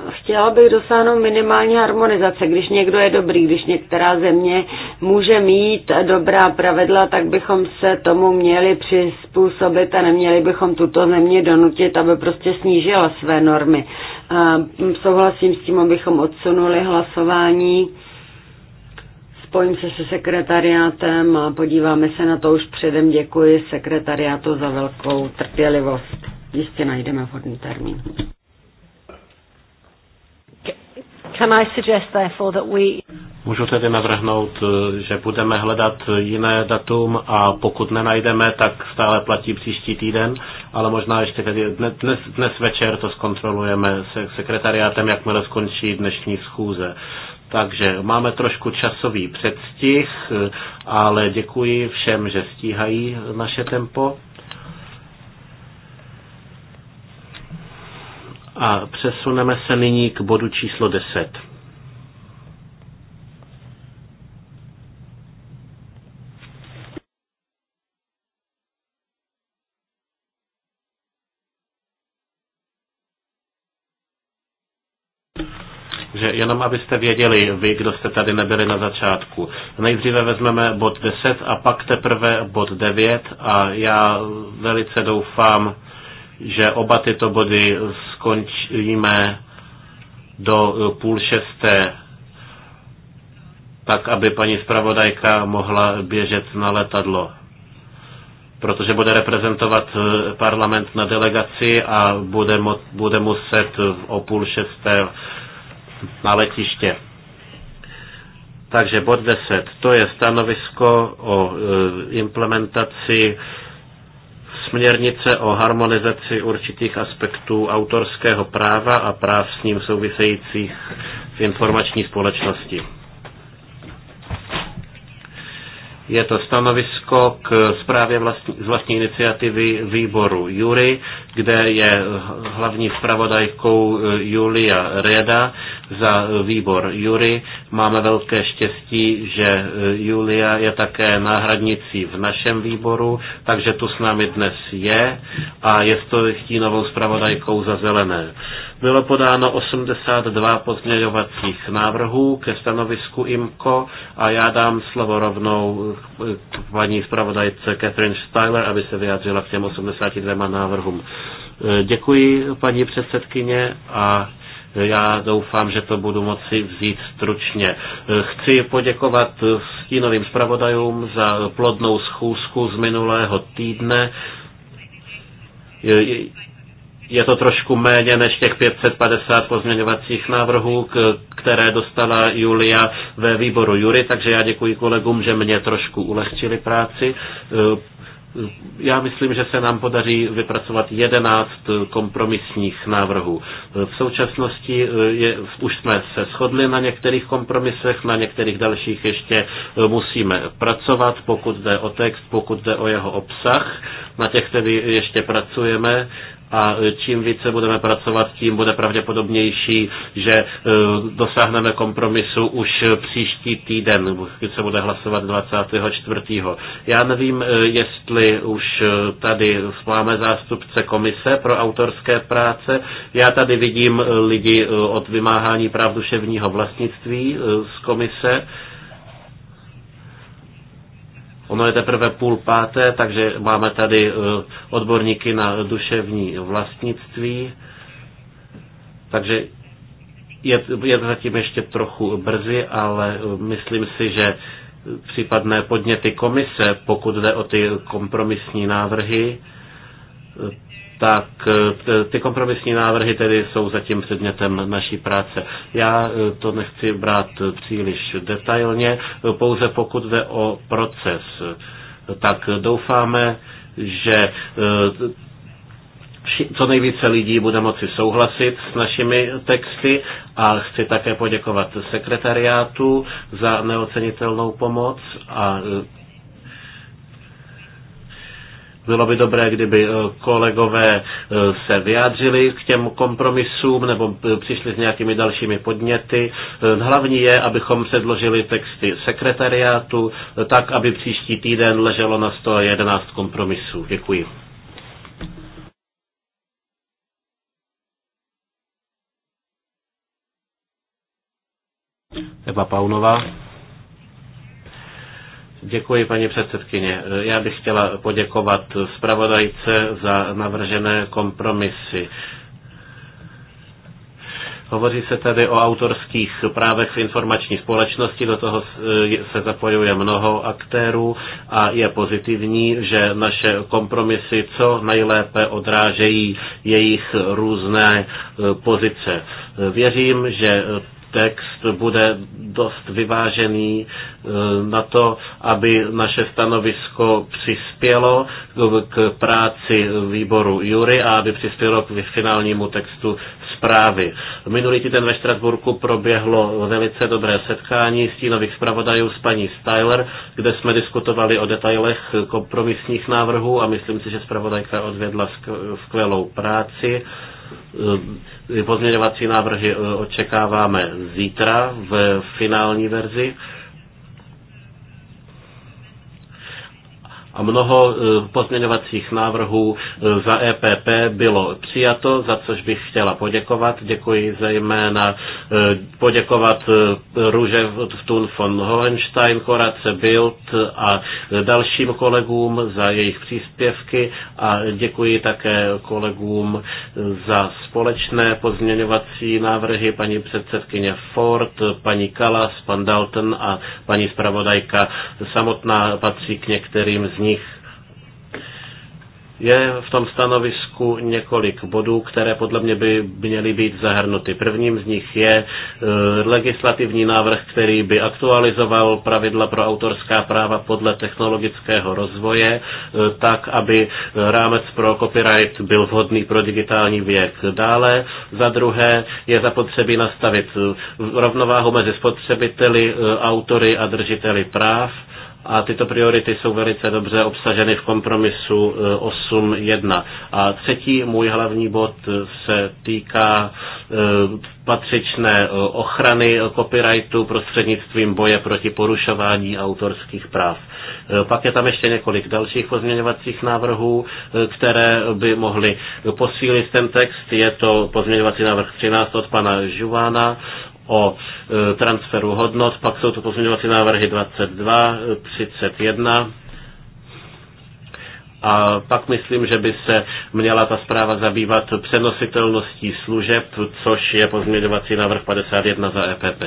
chtěla bych dosáhnout minimální harmonizace. Když někdo je dobrý, když některá země může mít dobrá pravidla, tak bychom se tomu měli přizpůsobit a neměli bychom tuto země donutit, aby prostě snížila své normy. A souhlasím s tím, abychom odsunuli hlasování spojím se se sekretariátem a podíváme se na to už předem. Děkuji sekretariátu za velkou trpělivost. Jistě najdeme vhodný termín. Can I suggest therefore that we... Můžu tedy navrhnout, eh, že budeme hledat jiné datum a pokud nenajdeme, tak stále platí příští týden, ale možná ještě tedy dnes, dnes večer to zkontrolujeme se sekretariátem, jakmile skončí dnešní schůze. Takže máme trošku časový předstih, ale děkuji všem, že stíhají naše tempo. A přesuneme se nyní k bodu číslo 10. Takže jenom abyste věděli, vy, kdo jste tady nebyli na začátku. Nejdříve vezmeme bod 10 a pak teprve bod 9 a já velice doufám, že oba tyto body skončíme do eh, půl šesté, tak aby paní zpravodajka mohla běžet na letadlo protože bude reprezentovat eh, parlament na delegaci a bude, mo- bude muset o půl šesté na letiště. Takže bod 10, to je stanovisko o e, implementaci směrnice o harmonizaci určitých aspektů autorského práva a práv s ním souvisejících v informační společnosti. Je to stanovisko k zprávě vlastní, z vlastní iniciativy výboru Jury, kde je hlavní zpravodajkou eh, Julia Reda za výbor Jury. Máme velké štěstí, že eh, Julia je také náhradnicí v našem výboru, takže tu s námi dnes je a je to stínovou zpravodajkou za zelené. Bylo podáno 82 pozměňovacích návrhů ke stanovisku IMCO a já dám slovo rovnou eh, paní zpravodajce Catherine Styler, aby se vyjádřila k těm 82 návrhům. Eh, děkuji, paní předsedkyně, a já doufám, že to budu moci vzít stručně. Eh, chci poděkovat stínovým zpravodajům za plodnou schůzku z minulého týdne je to trošku méně než těch 550 pozměňovacích návrhů, které dostala Julia ve výboru Jury, takže já děkuji kolegům, že mě trošku ulehčili práci. E, e, já myslím, že se nám podaří vypracovat 11 kompromisních návrhů. E, v současnosti je, už jsme se shodli na některých kompromisech, na některých dalších ještě musíme pracovat, pokud jde o text, pokud jde o jeho obsah. Na těch tedy ještě pracujeme a čím více budeme pracovat, tím bude pravděpodobnější, že e, dosáhneme kompromisu už příští týden, když se bude hlasovat 24. Já nevím, e, jestli už e, tady máme zástupce komise pro autorské práce. Já tady vidím lidi od vymáhání práv duševního vlastnictví z komise. Ono je teprve půl páté, takže máme tady eh, odborníky na duševní vlastnictví. Takže je, je to zatím ještě trochu brzy, ale eh, myslím si, že případné podněty komise, pokud jde o ty kompromisní návrhy, eh, tak e, ty kompromisní návrhy tedy jsou zatím předmětem naší práce. Já e, to nechci brát příliš detailně, e, pouze pokud jde o proces, tak doufáme, že co nejvíce lidí bude moci souhlasit s našimi texty a chci také poděkovat sekretariátu za neocenitelnou pomoc a bylo by dobré, kdyby eh, kolegové eh, se vyjádřili k těm kompromisům nebo eh, přišli s nějakými dalšími podněty. Hlavní je, abychom předložili texty sekretariátu tak, aby příští týden leželo na 111 kompromisů. Děkuji. Eva Paunová. Děkuji, paní předsedkyně. Já bych chtěla poděkovat zpravodajce za navržené kompromisy. Hovoří se tady o autorských právech v informační společnosti, do toho se zapojuje mnoho aktérů a je pozitivní, že naše kompromisy co nejlépe odrážejí jejich různé eh, pozice. Věřím, že text bude dost vyvážený e, na to, aby naše stanovisko přispělo k práci výboru Jury a aby přispělo k finálnímu textu zprávy. Minulý týden ve Štrasburku proběhlo velice dobré setkání stínových zpravodajů s paní Styler, kde jsme diskutovali o detailech kompromisních návrhů a myslím si, že zpravodajka odvedla skvělou práci Ehm, pozměňovací návrhy eh, očekáváme zítra v finální verzi a mnoho eh, pozměňovacích návrhů eh, za EPP bylo přijato, za což bych chtěla poděkovat. Děkuji zejména eh, poděkovat Růže Thun von Hohenstein, Korace Bild a dalším kolegům za jejich příspěvky a děkuji také kolegům za společné pozměňovací návrhy paní předsedkyně Ford, paní Kalas, pan Dalton a paní zpravodajka samotná patří k některým z nich nich. Je v tom stanovisku několik bodů, které podle mě by měly být zahrnuty. Prvním z nich je e, legislativní návrh, který by aktualizoval pravidla pro autorská práva podle technologického rozvoje, e, tak, aby rámec pro copyright byl vhodný pro digitální věk. Dále za druhé je zapotřebí nastavit rovnováhu mezi spotřebiteli, e, autory a držiteli práv a tyto priority jsou velice dobře obsaženy v kompromisu 8.1. Eh, A třetí můj hlavní bod eh, se týká eh, patřičné ochrany copyrightu prostřednictvím boje proti porušování autorských práv. Pak je tam ještě několik dalších pozměňovacích návrhů, které by mohly posílit ten text. Je to pozměňovací návrh 13 od pana Žuvána o e, transferu hodnot, pak jsou to pozměňovací návrhy 22, 31, a pak myslím, že by se měla ta zpráva zabývat přenositelností služeb, což je pozměňovací návrh 51 za EPP.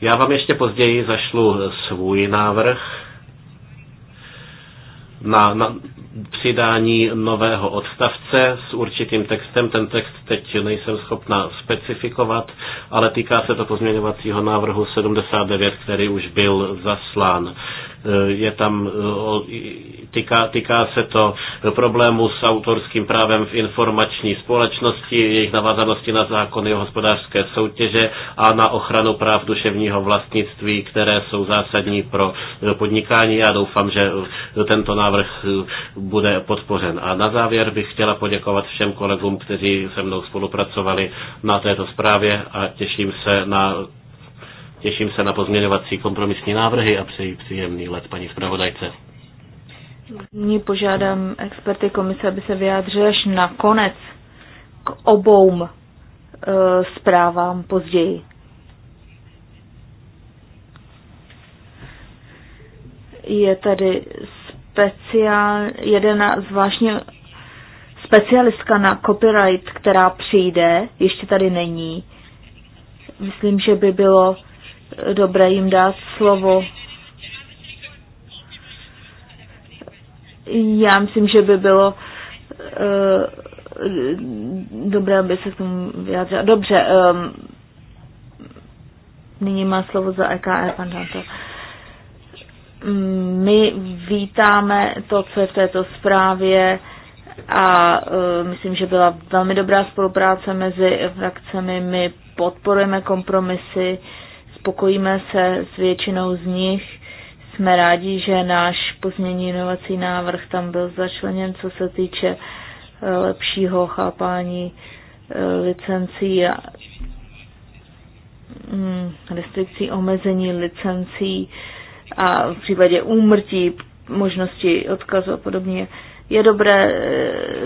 Já vám ještě později zašlu svůj návrh na, na přidání nového odstavce s určitým textem. Ten text teď nejsem schopna specifikovat, ale týká se to pozměňovacího návrhu 79, který už byl zaslán. Eh, je tam, eh, týká, týká se to problému s autorským právem v informační společnosti, jejich navázanosti na zákony o hospodářské soutěže a na ochranu práv duševního vlastnictví, které jsou zásadní pro eh, podnikání. Já doufám, že tento návrh bude podpořen. A na závěr bych chtěla poděkovat všem kolegům, kteří se mnou spolupracovali na této zprávě a těším se na Těším se na pozměňovací kompromisní návrhy a přeji příjemný let paní zpravodajce. Nyní požádám experty komise, aby se vyjádřili až nakonec k obou e, zprávám později. Je tady speciál, jedna zvláštní specialistka na copyright, která přijde, ještě tady není. Myslím, že by bylo dobré jim dát slovo. Já myslím, že by bylo uh, dobré, aby se k tomu vyjádřila. Dobře, um, nyní má slovo za EKR, pan Danto. Mm, my vítáme to, co je v této zprávě a uh, myslím, že byla velmi dobrá spolupráce mezi frakcemi. My podporujeme kompromisy. Uh, spokojíme se s většinou z nich. Jsme rádi, že náš pozměňovací návrh tam byl začleněn, co se týče e, lepšího chápání e, licencí a mm, restrikcí omezení licencí a v případě úmrtí, možnosti odkazu a podobně. Je dobré e,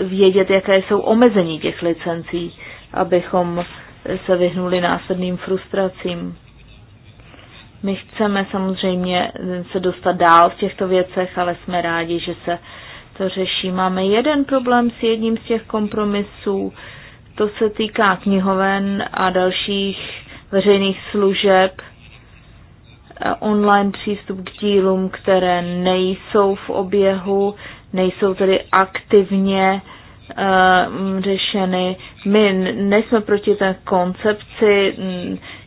vědět, jaké jsou omezení těch licencí, abychom se vyhnuli následným frustracím. My chceme samozřejmě se dostat dál v těchto věcech, ale jsme rádi, že se to řeší. Máme jeden problém s jedním z těch kompromisů. To se týká knihoven a dalších veřejných služeb, online přístup k dílům, které nejsou v oběhu, nejsou tedy aktivně uh, řešeny. My nejsme proti té koncepci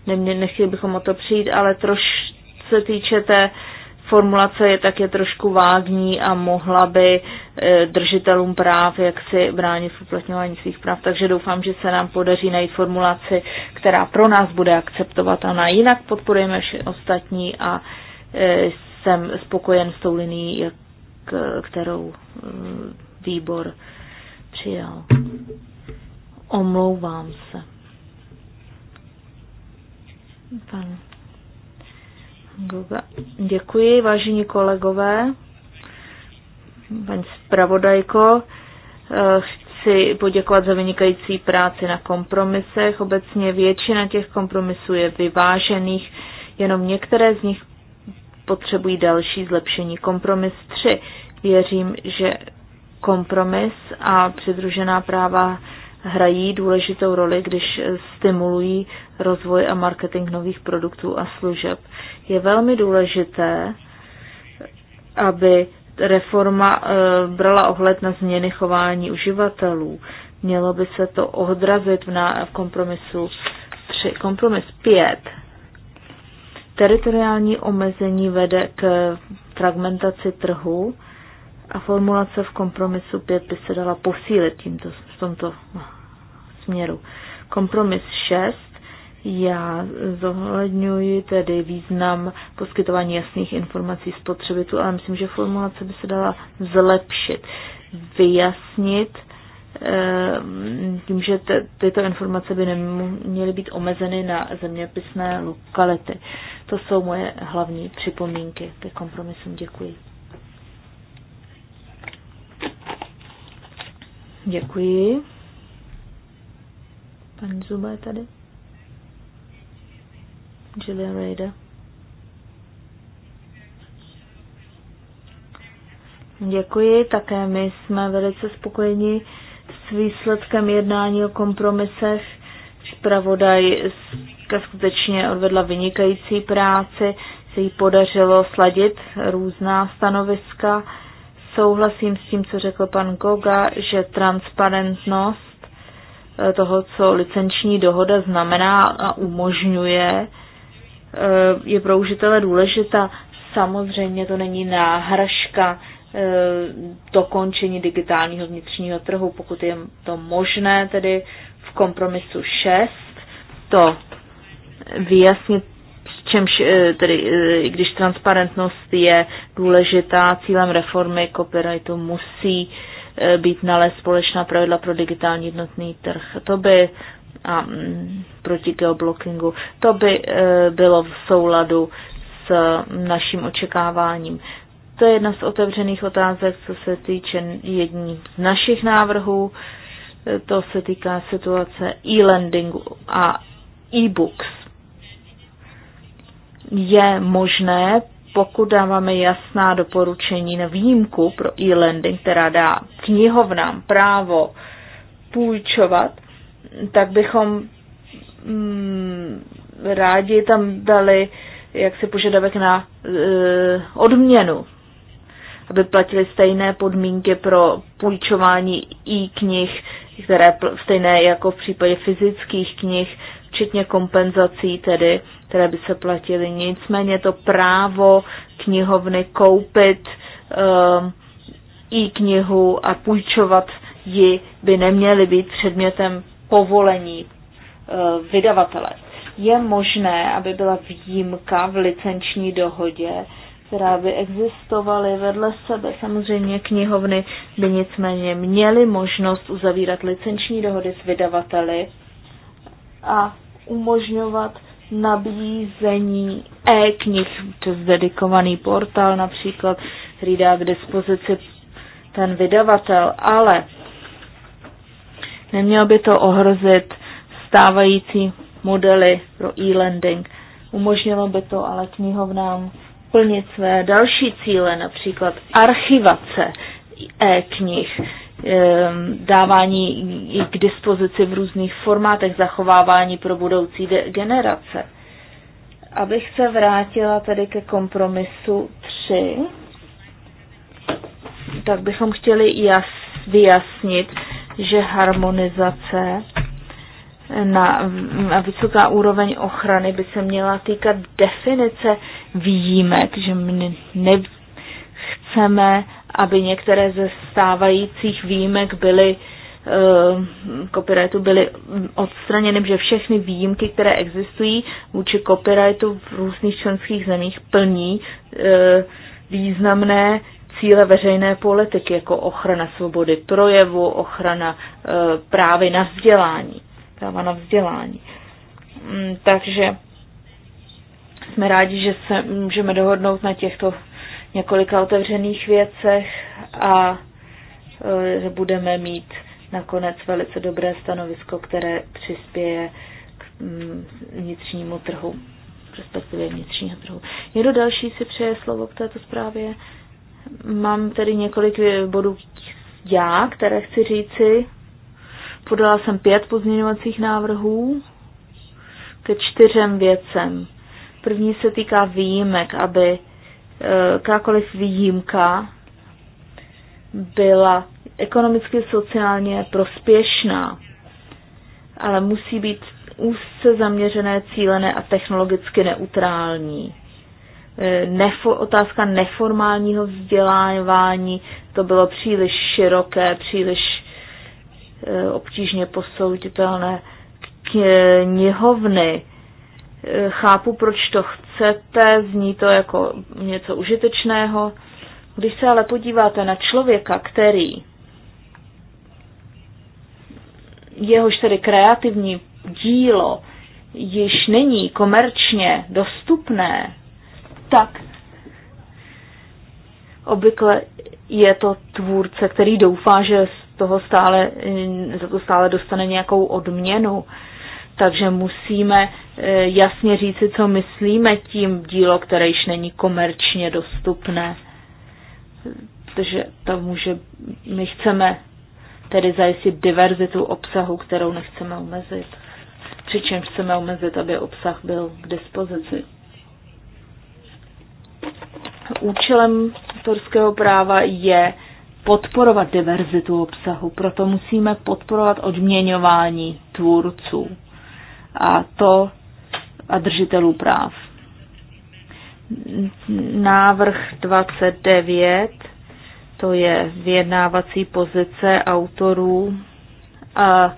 nemě, nechtěli bychom o to přijít, ale troš se týče té formulace je také trošku vágní a mohla by e, držitelům práv jak si bránit v uplatňování svých práv. Takže doufám, že se nám podaří najít formulaci, která pro nás bude akceptovatelná. Jinak podporujeme vše ostatní a e, jsem spokojen s tou linií, jak, e, kterou výbor přijal. Omlouvám se. Pan Goga. Děkuji, vážení kolegové. Paní zpravodajko, eh, chci poděkovat za vynikající práci na kompromisech. Obecně většina těch kompromisů je vyvážených, jenom některé z nich potřebují další zlepšení. Kompromis 3. Věřím, že kompromis a přidružená práva hrají důležitou roli, když stimulují rozvoj a marketing nových produktů a služeb. Je velmi důležité, aby reforma eh, brala ohled na změny chování uživatelů. Mělo by se to odrazit v, na, v kompromisu 3, kompromis 5. Teritoriální omezení vede k fragmentaci trhu a formulace v kompromisu 5 by se dala posílit tímto tomto směru. Kompromis 6. Já zohledňuji tedy význam poskytování jasných informací spotřebitu, ale myslím, že formulace by se dala zlepšit, vyjasnit, eh, tím, že te, tyto informace by neměly být omezeny na zeměpisné lokality. To jsou moje hlavní připomínky ke kompromisům. Děkuji. Děkuji. Pan Zuba je tady. Julia Rada. Děkuji, také my jsme velice spokojeni s výsledkem jednání o kompromisech. Pravodaj skutečně odvedla vynikající práci, se jí podařilo sladit různá stanoviska Souhlasím s tím, co řekl pan Goga, že transparentnost eh, toho, co licenční dohoda znamená a umožňuje, eh, je pro užitele důležitá. Samozřejmě to není náhražka eh, dokončení digitálního vnitřního trhu, pokud je to možné, tedy v kompromisu 6, to vyjasnit čemž eh, tedy, eh, když transparentnost je důležitá, cílem reformy copyrightu musí eh, být nalézt společná pravidla pro digitální jednotný trh. To by a mm, proti geoblockingu. To by bylo v souladu s naším očekáváním. To je jedna z otevřených otázek, co se týče jední z našich návrhů. To se týká situace e-lendingu a e-books je možné, pokud dáváme jasná doporučení na výjimku pro e-lending, která dá knihovnám právo půjčovat, tak bychom mm, rádi tam dali jak se požadavek na e, odměnu, aby platili stejné podmínky pro půjčování i knih, které stejné jako v případě fyzických knih, včetně kompenzací tedy, které by se platily. Nicméně to právo knihovny koupit uh, ehm, i knihu a půjčovat ji by neměly být předmětem povolení uh, vydavatele. Je možné, aby byla výjimka v licenční dohodě, která by existovaly vedle sebe. Samozřejmě knihovny by nicméně měly možnost uzavírat licenční dohody s vydavateli a umožňovat nabízení e-knih je dedikovaný portál například, který dá k dispozici ten vydavatel, ale nemělo by to ohrozit stávající modely pro e-lending. Umožnilo by to ale knihovnám plnit své další cíle, například archivace e-knih, Ehm, dávání k dispozici v různých formátech, zachovávání pro budoucí generace. Abych se vrátila tedy ke kompromisu 3, tak bychom chtěli jas, vyjasnit, že harmonizace na, na vysoká úroveň ochrany by se měla týkat definice výjimek, že my nechceme aby některé ze stávajících výjimek byly eh, copyrightu byly odstraněny, že všechny výjimky, které existují vůči copyrightu v různých členských zemích plní eh, významné cíle veřejné politiky, jako ochrana svobody projevu, ochrana eh, právy na vzdělání, práva na vzdělání. Mm, takže jsme rádi, že se můžeme dohodnout na těchto několika otevřených věcech a e, budeme mít nakonec velice dobré stanovisko, které přispěje k mm, vnitřnímu trhu, respektive vnitřního trhu. Někdo další si přeje slovo k této zprávě? Mám tedy několik e, bodů já, které chci říci. Podala jsem pět pozměňovacích návrhů ke čtyřem věcem. První se týká výjimek, aby jakákoliv výjimka byla ekonomicky, sociálně prospěšná, ale musí být úzce zaměřené, cílené a technologicky neutrální. Eh, nefo, otázka neformálního vzdělávání, to bylo příliš široké, příliš eh, obtížně posouditelné knihovny, chápu, proč to chcete, zní to jako něco užitečného. Když se ale podíváte na člověka, který jehož tedy kreativní dílo již není komerčně dostupné, tak obvykle je to tvůrce, který doufá, že z toho stále, za to stále dostane nějakou odměnu takže musíme eh, jasně říci, co myslíme tím dílo, které již není komerčně dostupné. Takže to může, my chceme tedy zajistit diverzitu obsahu, kterou nechceme omezit. Přičemž chceme omezit, aby obsah byl k dispozici. Účelem autorského práva je podporovat diverzitu obsahu, proto musíme podporovat odměňování tvůrců a to a držitelů práv. Návrh 29, to je vyjednávací pozice autorů a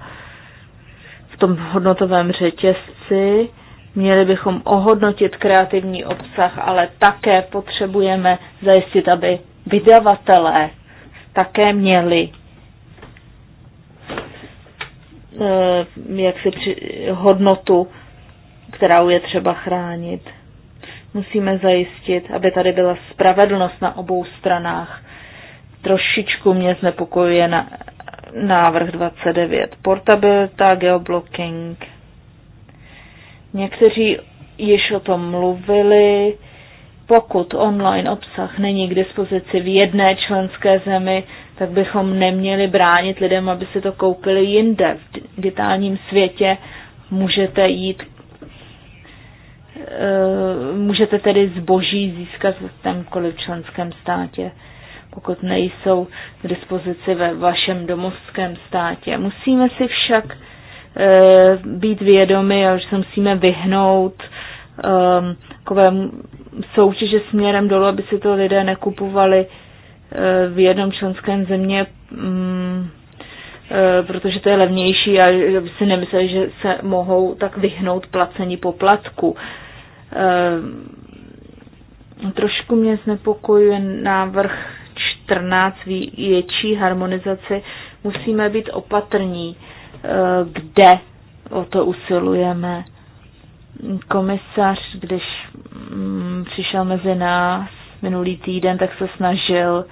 v tom hodnotovém řetězci. Měli bychom ohodnotit kreativní obsah, ale také potřebujeme zajistit, aby vydavatelé také měli Eh, jaksi při, hodnotu, kterou je třeba chránit. Musíme zajistit, aby tady byla spravedlnost na obou stranách. Trošičku mě znepokojuje na, návrh 29. Portabilita, geoblocking. Někteří již o tom mluvili. Pokud online obsah není k dispozici v jedné členské zemi, tak bychom neměli bránit lidem, aby si to koupili jinde. V digitálním světě můžete jít e, můžete tedy zboží získat v kterémkoliv členském státě, pokud nejsou k dispozici ve vašem domovském státě. Musíme si však e, být vědomi, že se musíme vyhnout e, takovému soutěže směrem dolů, aby si to lidé nekupovali v jednom členském země, mm, e, protože to je levnější a si nemysleli, že se mohou tak vyhnout placení poplatku. E, trošku mě znepokojuje návrh 14 větší harmonizace Musíme být opatrní, e, kde o to usilujeme. Komisař, když mm, přišel mezi nás, minulý týden, tak se snažil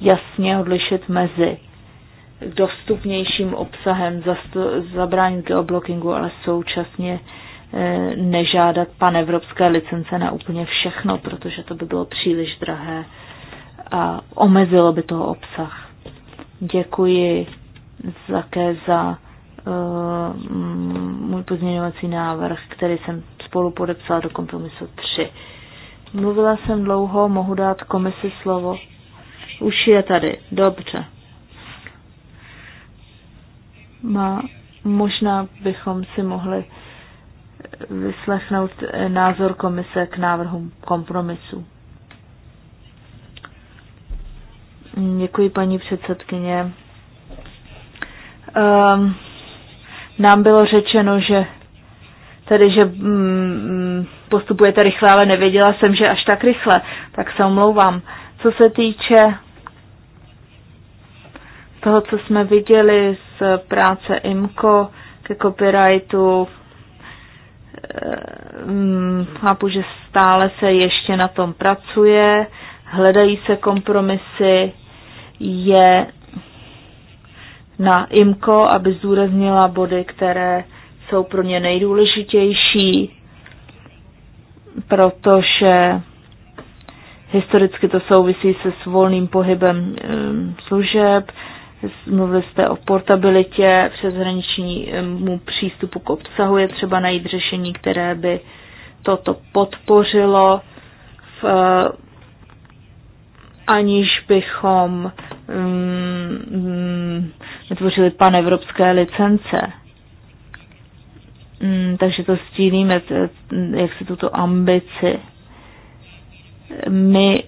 jasně odlišit mezi dostupnějším obsahem, zabránit geoblockingu, ale současně eh, nežádat panevropské licence na úplně všechno, protože to by bylo příliš drahé a omezilo by toho obsah. Děkuji také za uh, můj pozměňovací návrh, který jsem spolu podepsala do kompromisu 3. Mluvila jsem dlouho, mohu dát komisi slovo. Už je tady, dobře. Má, možná bychom si mohli vyslechnout eh, názor komise k návrhům kompromisu. Děkuji, paní předsedkyně. Um, nám bylo řečeno, že tedy, že um, postupujete rychle, ale nevěděla jsem, že až tak rychle, tak se omlouvám. Co se týče toho, co jsme viděli z práce IMCO ke copyrightu, eh, mm, chápu, že stále se ještě na tom pracuje, hledají se kompromisy, je na IMCO, aby zdůraznila body, které jsou pro ně nejdůležitější protože historicky to souvisí se s volným pohybem ehm, služeb. Mluvili jste o portabilitě, přeshraničnímu přístupu k obsahu je třeba najít řešení, které by toto podpořilo, v, eh, aniž bychom um, vytvořili panevropské licence. Mm, takže to sdílíme, jak se tuto ambici. My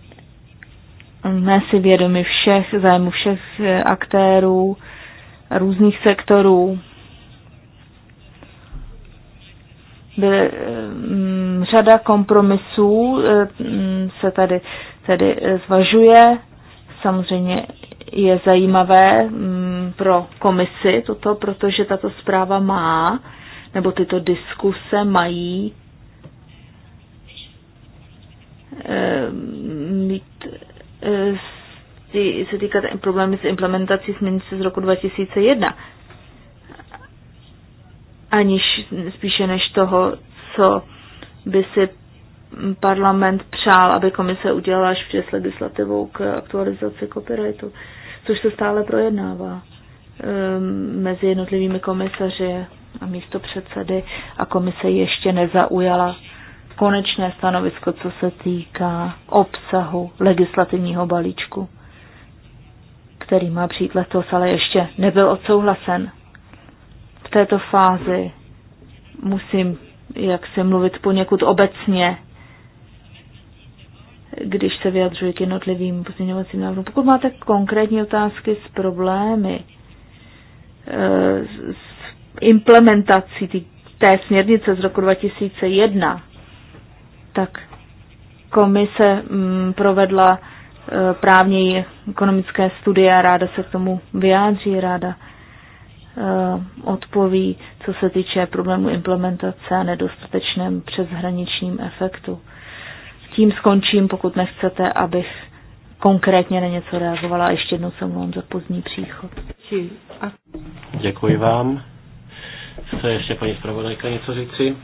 jsme si vědomi všech zájmu všech eh, aktérů, různých sektorů. Byly eh, mm, řada kompromisů eh, mm, se tady, tady zvažuje. Samozřejmě je zajímavé pro komisi toto, protože tato zpráva má nebo tyto diskuse mají eh, mít, eh, se týká problémy s implementací směrnice z roku 2001. Aniž spíše než toho, co by si parlament přál, aby komise udělala až přes legislativou k aktualizaci copyrightu, což se stále projednává eh, mezi jednotlivými komisaři a místo předsedy a komise ještě nezaujala konečné stanovisko, co se týká obsahu legislativního balíčku, který má přijít letos, ale ještě nebyl odsouhlasen. V této fázi musím jak se mluvit poněkud obecně, když se vyjadřuji k jednotlivým pozměňovacím návrhům. Pokud máte konkrétní otázky s problémy, eh, s implementací té směrnice z roku 2001, tak komise mm, provedla e, právně ekonomické studie a ráda se k tomu vyjádří, ráda e, odpoví, co se týče problému implementace a nedostatečném přeshraničním efektu. Tím skončím, pokud nechcete, abych konkrétně na něco reagovala. Ještě jednou se mluvám za pozdní příchod. Děkuji vám. Chce ještě paní zpravodajka něco říci?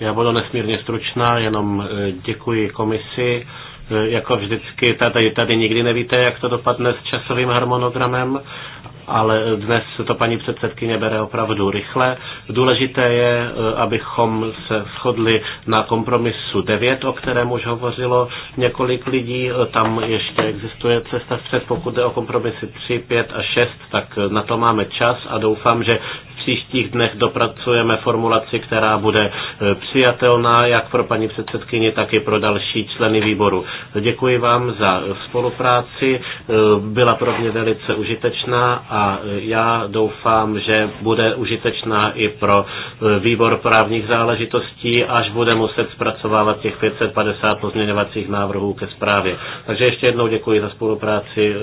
Já budu nesmírně stručná, jenom eh, děkuji komisi. Eh, jako vždycky, tady, tady nikdy nevíte, jak to dopadne s časovým harmonogramem, ale dnes to paní předsedkyně bere opravdu rychle. Důležité je, eh, abychom se shodli na kompromisu 9, o kterém už hovořilo několik lidí. Tam ještě existuje cesta střed, pokud jde o kompromisy 3, 5 a 6, tak eh, na to máme čas a doufám, že příštích dnech dopracujeme formulaci, která bude e, přijatelná jak pro paní předsedkyni, tak i pro další členy výboru. Děkuji vám za spolupráci, e, byla pro mě velice užitečná a e, já doufám, že bude užitečná i pro výbor právních záležitostí, až bude muset zpracovávat těch 550 pozměňovacích návrhů ke zprávě. Takže ještě jednou děkuji za spolupráci,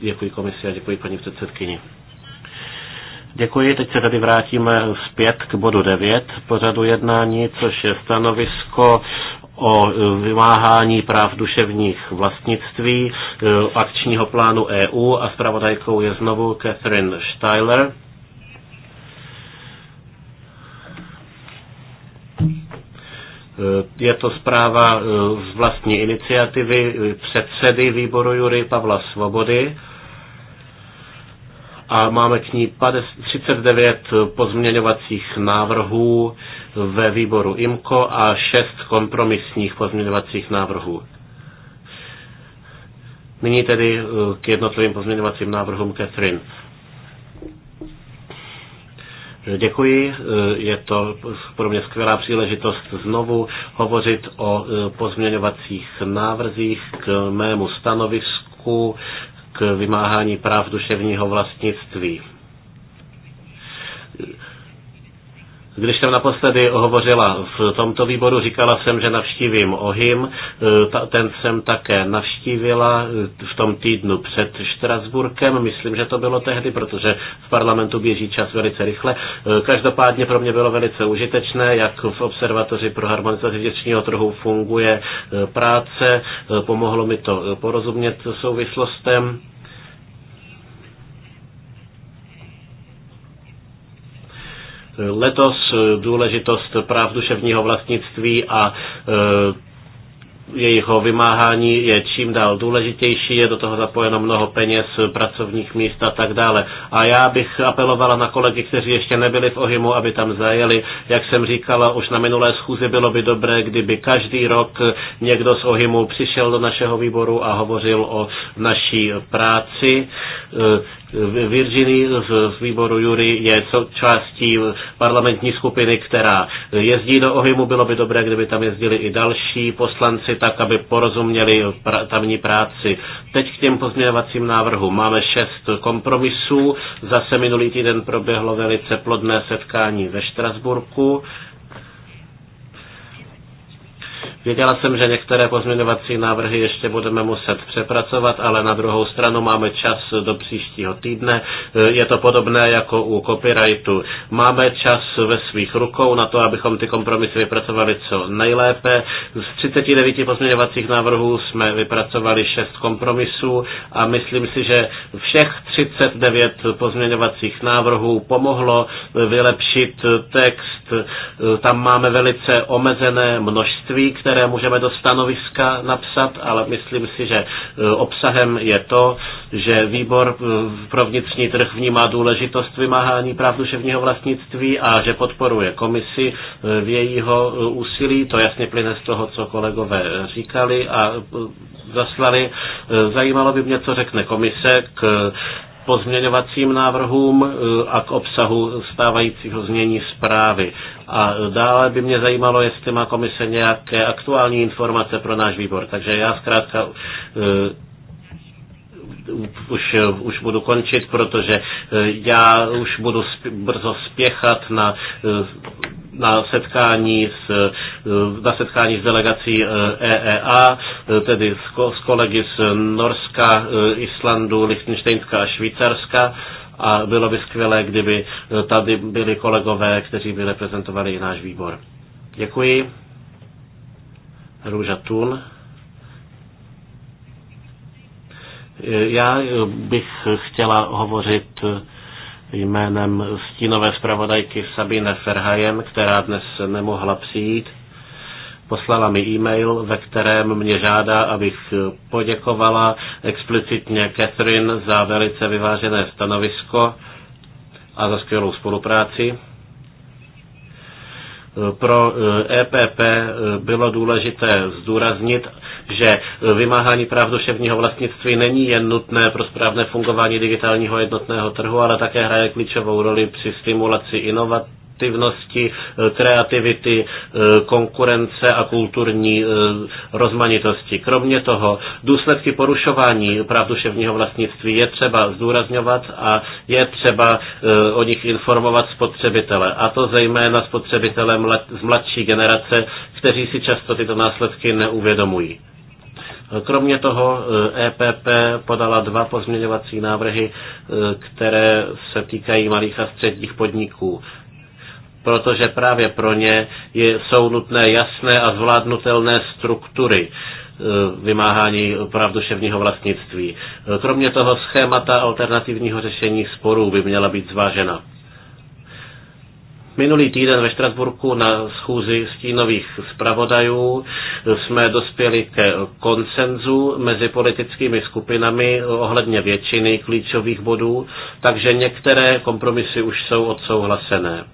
děkuji komisi a děkuji paní předsedkyni. Děkuji, teď se tady vrátíme zpět k bodu 9 pořadu jednání, což je stanovisko o vymáhání práv duševních vlastnictví eh, akčního plánu EU a zpravodajkou je znovu Catherine Steiler. Eh, je to zpráva eh, z vlastní iniciativy předsedy výboru Jury Pavla Svobody a máme k ní 39 pozměňovacích návrhů ve výboru IMCO a 6 kompromisních pozměňovacích návrhů. Nyní tedy eh, k jednotlivým pozměňovacím návrhům Catherine. Děkuji, eh, je to pro mě skvělá příležitost znovu hovořit o eh, pozměňovacích návrzích k mému stanovisku vymáhání práv duševního vlastnictví. Když jsem naposledy hovořila v tomto výboru, říkala jsem, že navštívím OHIM, e, ten jsem také navštívila e, v tom týdnu před Štrasburkem, myslím, že to bylo tehdy, protože v parlamentu běží čas velice rychle. E, každopádně pro mě bylo velice užitečné, jak v observatoři pro harmonizaci vnitřního trhu funguje práce, pomohlo mi to porozumět souvislostem Letos důležitost práv duševního vlastnictví a e, jejich vymáhání je čím dál důležitější, je do toho zapojeno mnoho peněz, pracovních míst a tak dále. A já bych apelovala na kolegy, kteří ještě nebyli v Ohimu, aby tam zajeli. Jak jsem říkala už na minulé schůzi, bylo by dobré, kdyby každý rok někdo z Ohimu přišel do našeho výboru a hovořil o naší práci. E, Virginii z výboru Jury je částí parlamentní skupiny, která jezdí do Ohymu. Bylo by dobré, kdyby tam jezdili i další poslanci, tak aby porozuměli tamní práci. Teď k těm pozměňovacím návrhům. Máme šest kompromisů. Zase minulý týden proběhlo velice plodné setkání ve Štrasburku. Věděla jsem, že některé pozměňovací návrhy ještě budeme muset přepracovat, ale na druhou stranu máme čas do příštího týdne. Je to podobné jako u copyrightu. Máme čas ve svých rukou na to, abychom ty kompromisy vypracovali co nejlépe. Z 39 pozměňovacích návrhů jsme vypracovali 6 kompromisů a myslím si, že všech 39 pozměňovacích návrhů pomohlo vylepšit text E, tam máme velice omezené množství, které můžeme do stanoviska napsat, ale myslím si, že e, obsahem je to, že výbor e, pro vnitřní trh vnímá důležitost vymáhání práv duševního vlastnictví a že podporuje komisi v jejího úsilí. To jasně plyne z toho, co kolegové říkali a zaslali. Zajímalo by mě, co řekne komise k pozměňovacím návrhům e, a k obsahu stávajícího znění zprávy. A e, dále by mě zajímalo, jestli má komise nějaké aktuální informace pro náš výbor. Takže já zkrátka e, už, už budu končit, protože já už budu sp- brzo spěchat na na setkání s, eh, na setkání s delegací EEA, eh, e eh, tedy s kolegy z Norska, Islandu, Lichtensteinska a Švýcarska a bylo by skvělé, kdyby tady byli kolegové, kteří by reprezentovali náš výbor. Děkuji. Růža Tun. Já bych chtěla hovořit jménem stínové zpravodajky Sabine Ferhajen, která dnes nemohla přijít. Poslala mi e-mail, ve kterém mě žádá, abych poděkovala explicitně Catherine za velice vyvážené stanovisko a za skvělou spolupráci. Pro EPP eh, e eh, bylo důležité zdůraznit, že eh, vymáhání práv duševního vlastnictví není jen nutné pro správné fungování digitálního jednotného trhu, ale také hraje klíčovou roli při stimulaci inovací aktivnosti, eh, kreativity, eh, konkurence a kulturní eh, rozmanitosti. Kromě toho, důsledky porušování práv duševního vlastnictví je třeba zdůrazňovat a je třeba o nich informovat spotřebitele. A to zejména spotřebitele z mladší generace, kteří si často tyto následky neuvědomují. Kromě toho EPP e podala dva pozměňovací návrhy, které se týkají malých a středních podniků protože právě pro ně jsou nutné jasné a zvládnutelné struktury e, vymáhání práv duševního vlastnictví. E, kromě toho schémata alternativního řešení sporů by měla být zvážena. Minulý týden ve Štrasburku na schůzi stínových zpravodajů jsme dospěli ke konsenzu mezi politickými skupinami ohledně většiny klíčových bodů, takže některé kompromisy už jsou odsouhlasené.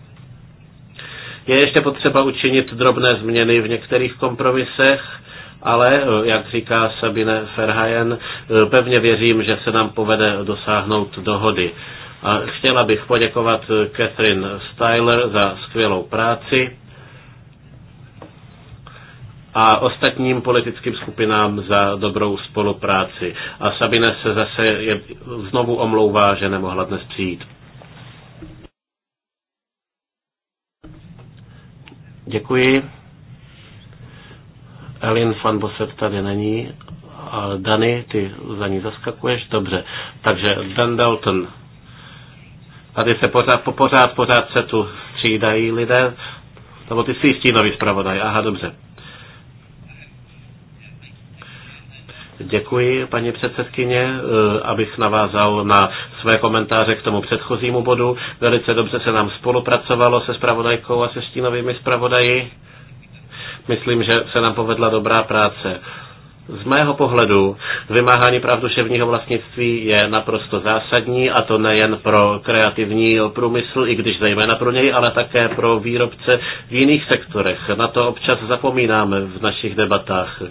Je ještě potřeba učinit drobné změny v některých kompromisech, ale, eh, jak říká Sabine Ferhajen, eh, pevně věřím, že se nám povede dosáhnout dohody. A chtěla bych poděkovat eh, Catherine Styler za skvělou práci a ostatním politickým skupinám za dobrou spolupráci. A Sabine se zase je, znovu omlouvá, že nemohla dnes přijít. Děkuji. Elin van Bosset tady není. A Dany, ty za ní zaskakuješ? Dobře. Takže Dan Dalton. Tady se pořád, pořád, pořád se tu střídají lidé. Nebo ty jsi nový zpravodaj. Aha, dobře. Děkuji, paní předsedkyně, eh, abych navázal na své komentáře k tomu předchozímu bodu. Velice dobře se nám spolupracovalo se spravodajkou a se stínovými spravodaji. Myslím, že se nám povedla dobrá práce. Z mého pohledu vymáhání práv duševního vlastnictví je naprosto zásadní a to nejen pro kreativní průmysl, i když zejména pro něj, ale také pro výrobce v jiných sektorech. Na to občas zapomínáme v našich debatách,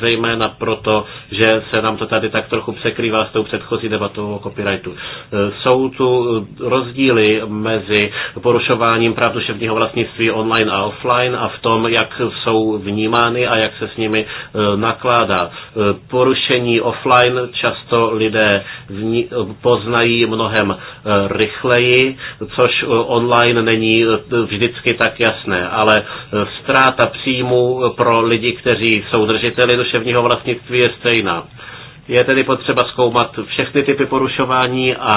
zejména proto, že se nám to tady tak trochu překrývá s tou předchozí debatou o copyrightu. Jsou tu rozdíly mezi porušováním práv duševního vlastnictví online a offline a v tom, jak jsou vnímány a jak se s nimi eh, nakládá. E, porušení offline často lidé e, poznají mnohem e, rychleji, což online není vždycky tak jasné, ale ztráta příjmu pro lidi, kteří jsou držiteli duševního vlastnictví, je stejná. Je tedy potřeba zkoumat všechny typy porušování a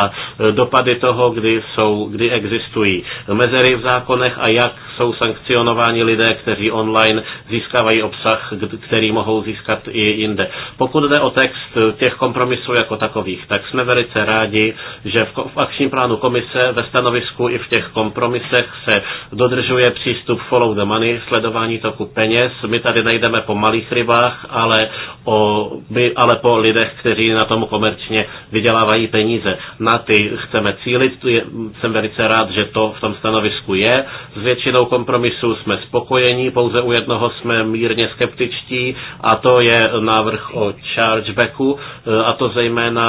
dopady toho, kdy, jsou, kdy existují mezery v zákonech a jak jsou sankcionováni lidé, kteří online získávají obsah, který mohou získat i jinde. Pokud jde o text těch kompromisů jako takových, tak jsme velice rádi, že v akčním plánu komise ve stanovisku i v těch kompromisech se dodržuje přístup follow the money, sledování toku peněz. My tady najdeme po malých rybách, ale, o, my, ale po lidech, kteří na tom komerčně vydělávají peníze. Na ty chceme cílit, tu je, jsem velice rád, že to v tom stanovisku je. S většinou většinou kompromisů jsme spokojení, pouze u jednoho jsme mírně skeptičtí a to je návrh o chargebacku a to zejména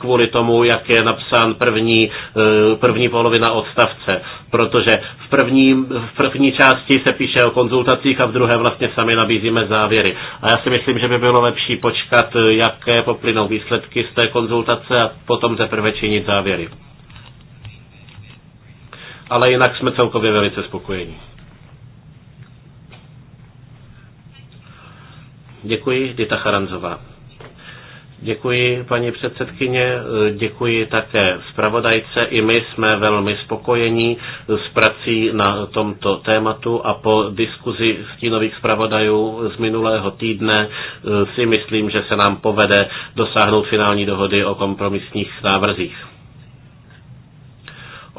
kvůli tomu, jak je napsán první, první polovina odstavce, protože v první, v první části se píše o konzultacích a v druhé vlastně sami nabízíme závěry. A já si myslím, že by bylo lepší počkat, jaké poplynou výsledky z té konzultace a potom teprve činit závěry ale jinak jsme celkově velice spokojeni. Děkuji, Dita Charanzová. Děkuji, paní předsedkyně, děkuji také zpravodajce. I my jsme velmi spokojení s prací na tomto tématu a po diskuzi stínových zpravodajů z minulého týdne si myslím, že se nám povede dosáhnout finální dohody o kompromisních návrzích.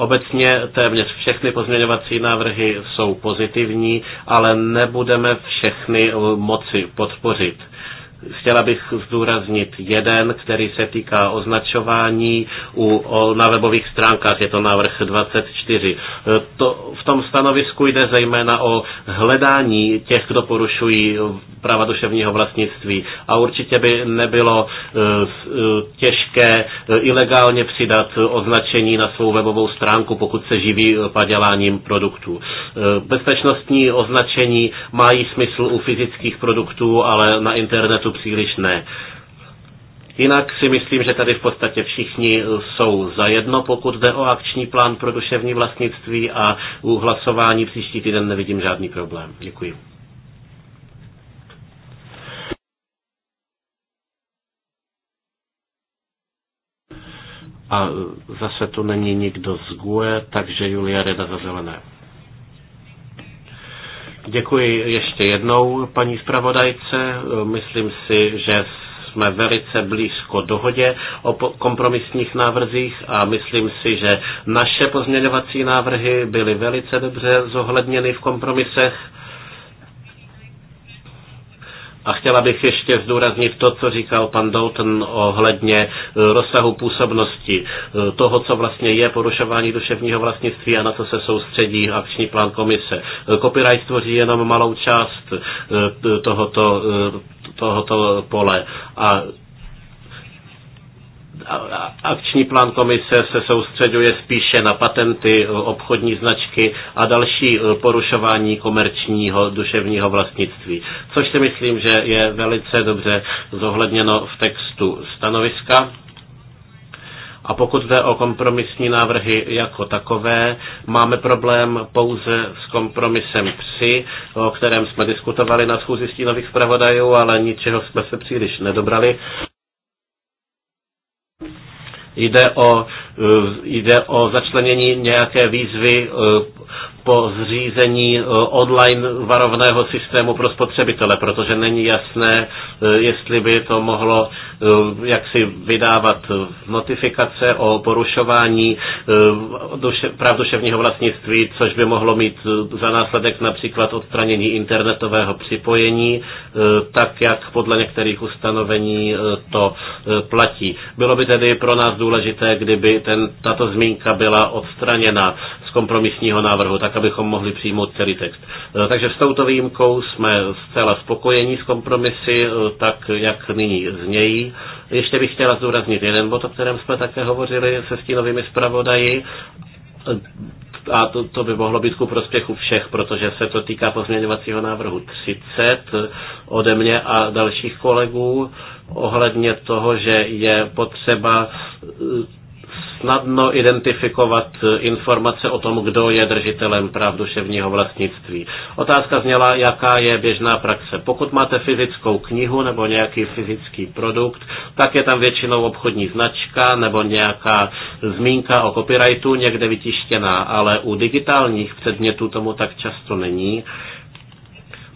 Obecně téměř všechny pozměňovací návrhy jsou pozitivní, ale nebudeme všechny eh, moci podpořit Chtěla bych zdůraznit jeden, který se týká označování u, o, na webových stránkách, je to návrh 24. E, to, v tom stanovisku jde zejména o hledání těch, kdo porušují práva duševního vlastnictví a určitě by nebylo e, e, těžké ilegálně přidat označení na svou webovou stránku, pokud se živí paděláním produktů. Bezpečnostní označení mají smysl u fyzických produktů, ale na internetu příliš ne. Jinak si myslím, že tady v podstatě všichni jsou za pokud jde o akční plán pro duševní vlastnictví a u hlasování příští týden nevidím žádný problém. Děkuji. A zase tu není nikdo z GUE, takže Julia Reda za zelené. Děkuji ještě jednou paní zpravodajce. Myslím si, že jsme velice blízko dohodě o kompromisních návrzích a myslím si, že naše pozměňovací návrhy byly velice dobře zohledněny v kompromisech a chtěla bych ještě zdůraznit to, co říkal pan Dalton ohledně eh, rozsahu působnosti eh, toho, co vlastně je porušování duševního vlastnictví a na co se soustředí akční plán komise. Eh, copyright tvoří jenom malou část tohoto tohoto pole. A Akční plán komise se soustředuje spíše na patenty, obchodní značky a další porušování komerčního duševního vlastnictví, což si myslím, že je velice dobře zohledněno v textu stanoviska. A pokud jde o kompromisní návrhy jako takové, máme problém pouze s kompromisem 3, o kterém jsme diskutovali na schůzi stínových zpravodajů, ale ničeho jsme se příliš nedobrali. Jde o, eh, jde o začlenění nějaké výzvy eh, po zřízení e, online varovného systému pro spotřebitele, protože není jasné, e, jestli by to mohlo e, jaksi vydávat notifikace o porušování práv duševního vlastnictví, což by mohlo mít za následek například odstranění internetového připojení, tak jak podle některých ustanovení to platí. Bylo by tedy pro nás důležité, kdyby ten, tato zmínka byla odstraněna z kompromisního návrhu. Tak tak abychom mohli přijmout celý text. Eh, takže s touto výjimkou jsme zcela spokojení s kompromisy, eh, tak jak nyní znějí. Ještě bych chtěla zdůraznit jeden bod, o kterém jsme také hovořili se stínovými zpravodaji, eh, a to, to by mohlo být ku prospěchu všech, protože se to týká pozměňovacího návrhu 30 ode mě a dalších kolegů ohledně toho, že je potřeba snadno identifikovat eh, informace o tom, kdo je držitelem práv duševního vlastnictví. Otázka zněla, jaká je běžná praxe. Pokud máte fyzickou knihu nebo nějaký fyzický produkt, tak je tam většinou obchodní značka nebo nějaká zmínka o copyrightu někde vytištěná, ale u digitálních předmětů tomu tak často není.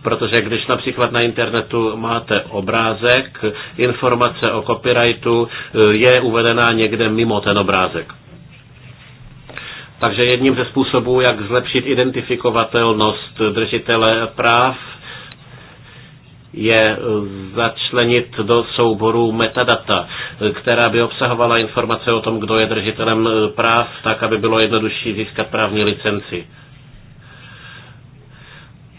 Protože když například na internetu máte obrázek, informace o copyrightu eh, je uvedená někde mimo ten obrázek. Takže jedním ze způsobů, jak zlepšit identifikovatelnost držitele práv, je eh, začlenit do souboru metadata, eh, která by obsahovala informace o tom, kdo je držitelem práv, tak aby bylo jednodušší získat právní licenci.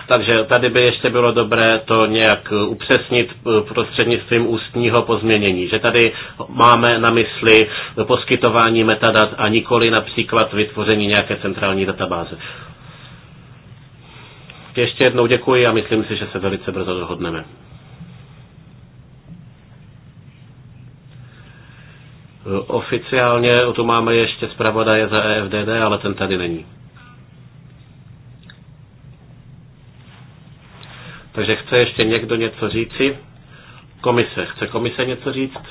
Takže tady by ještě bylo dobré to nějak upřesnit eh, prostřednictvím ústního pozměnění, že tady máme na mysli poskytování metadat a nikoli například vytvoření nějaké centrální databáze. Ještě jednou děkuji a myslím si, že se velice brzo dohodneme. Eh, oficiálně tu máme ještě zpravodaje za EFDD, ale ten tady není. Takže chce ještě někdo něco říci? Komise. Chce komise něco říct?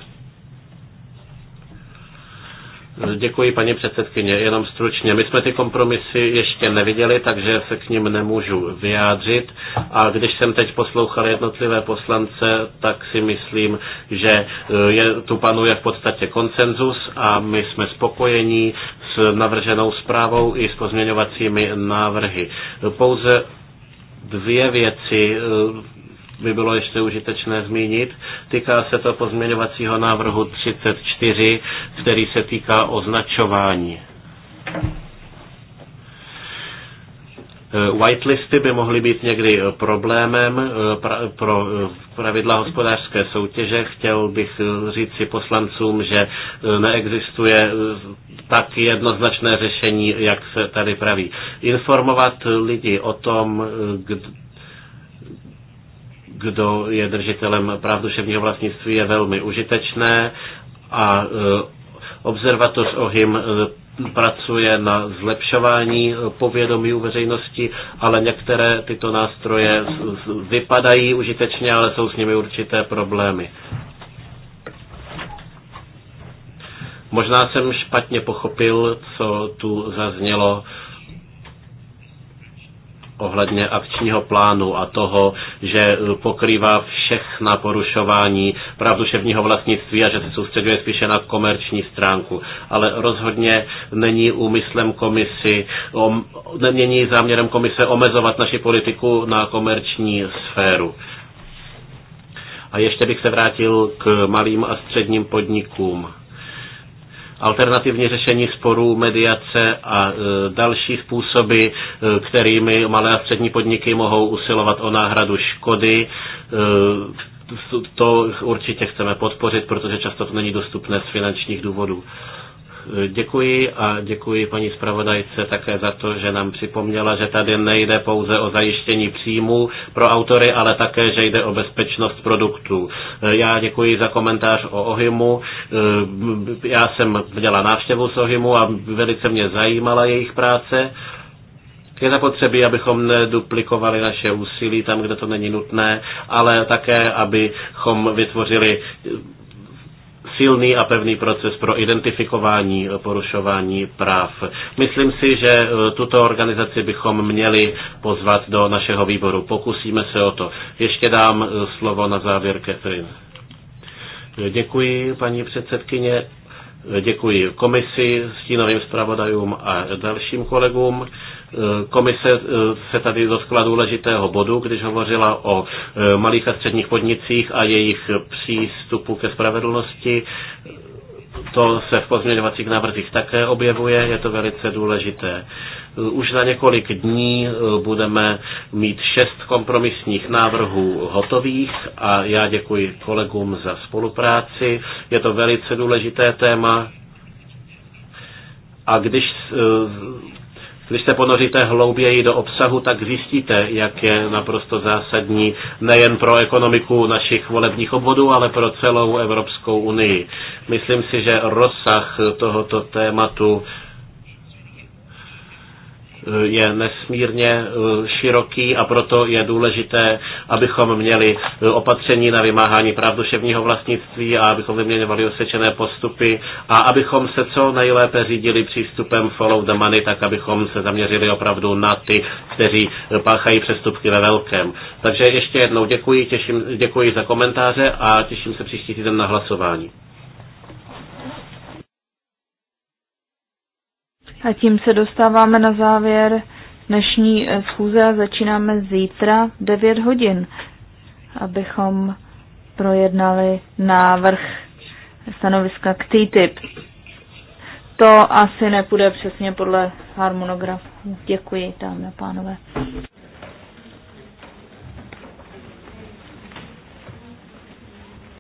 Děkuji, paní předsedkyně. Jenom stručně. My jsme ty kompromisy ještě neviděli, takže se k ním nemůžu vyjádřit. A když jsem teď poslouchal jednotlivé poslance, tak si myslím, že eh, je, tu panuje v podstatě konsenzus a my jsme spokojení s navrženou zprávou i s pozměňovacími návrhy. Pouze Dvě věci eh, by bylo ještě užitečné zmínit. Týká se to pozměňovacího návrhu 34, který se týká označování. Eh, whitelisty by mohly být někdy eh, problémem eh, pro pravidla hospodářské soutěže. Chtěl bych říct si poslancům, že neexistuje tak jednoznačné řešení, jak se tady praví. Informovat lidi o tom, kdo je držitelem práv duševního vlastnictví, je velmi užitečné a observatoř OHIM pracuje na zlepšování povědomí u veřejnosti, ale některé tyto nástroje vypadají užitečně, ale jsou s nimi určité problémy. Možná jsem špatně pochopil, co tu zaznělo ohledně akčního plánu a toho, že eh, pokrývá všechna porušování práv duševního vlastnictví a že se soustředuje spíše na komerční stránku. Ale rozhodně není úmyslem komisi, om, není záměrem komise omezovat naši politiku na komerční sféru. A ještě bych se vrátil k malým a středním podnikům alternativní řešení sporů, mediace a e, další způsoby, e, kterými malé a střední podniky mohou usilovat o náhradu škody. E, to určitě chceme podpořit, protože často to není dostupné z finančních důvodů. Děkuji a děkuji paní zpravodajce také za to, že nám připomněla, že tady nejde pouze o zajištění příjmů pro autory, ale také, že jde o bezpečnost produktů. Já děkuji za komentář o Ohimu. Já jsem dělala návštěvu s Ohimu a velice mě zajímala jejich práce. Je zapotřebí, abychom neduplikovali naše úsilí tam, kde to není nutné, ale také, abychom vytvořili silný a pevný proces pro identifikování porušování práv. Myslím si, že e, tuto organizaci bychom měli pozvat do našeho výboru. Pokusíme se o to. Ještě dám e, slovo na závěr Catherine. Děkuji, paní předsedkyně. Děkuji komisi, stínovým zpravodajům a dalším kolegům. Eh, komise eh, se tady dotkla důležitého bodu, když hovořila o eh, malých a středních podnicích a jejich přístupu ke spravedlnosti. To se v pozměňovacích návrzích také objevuje, je to velice důležité. Už za několik dní budeme mít šest kompromisních návrhů hotových a já děkuji kolegům za spolupráci. Je to velice důležité téma, a když když se ponoříte hlouběji do obsahu, tak zjistíte, jak je naprosto zásadní nejen pro ekonomiku našich volebních obvodů, ale pro celou Evropskou unii. Myslím si, že rozsah tohoto tématu je nesmírně eh, široký a proto je důležité, abychom měli eh, opatření na vymáhání práv duševního vlastnictví a abychom vyměňovali osvědčené postupy a abychom se co nejlépe řídili přístupem follow the money, tak abychom se zaměřili opravdu na ty, kteří eh, páchají přestupky ve velkém. Takže ještě jednou děkuji, těším, děkuji za komentáře a těším se příští týden na hlasování. A tím se dostáváme na závěr dnešní eh, schůze a začínáme zítra 9 hodin, abychom projednali návrh stanoviska k TTIP. To asi nepůjde přesně podle harmonografu. Děkuji, dámy a pánové.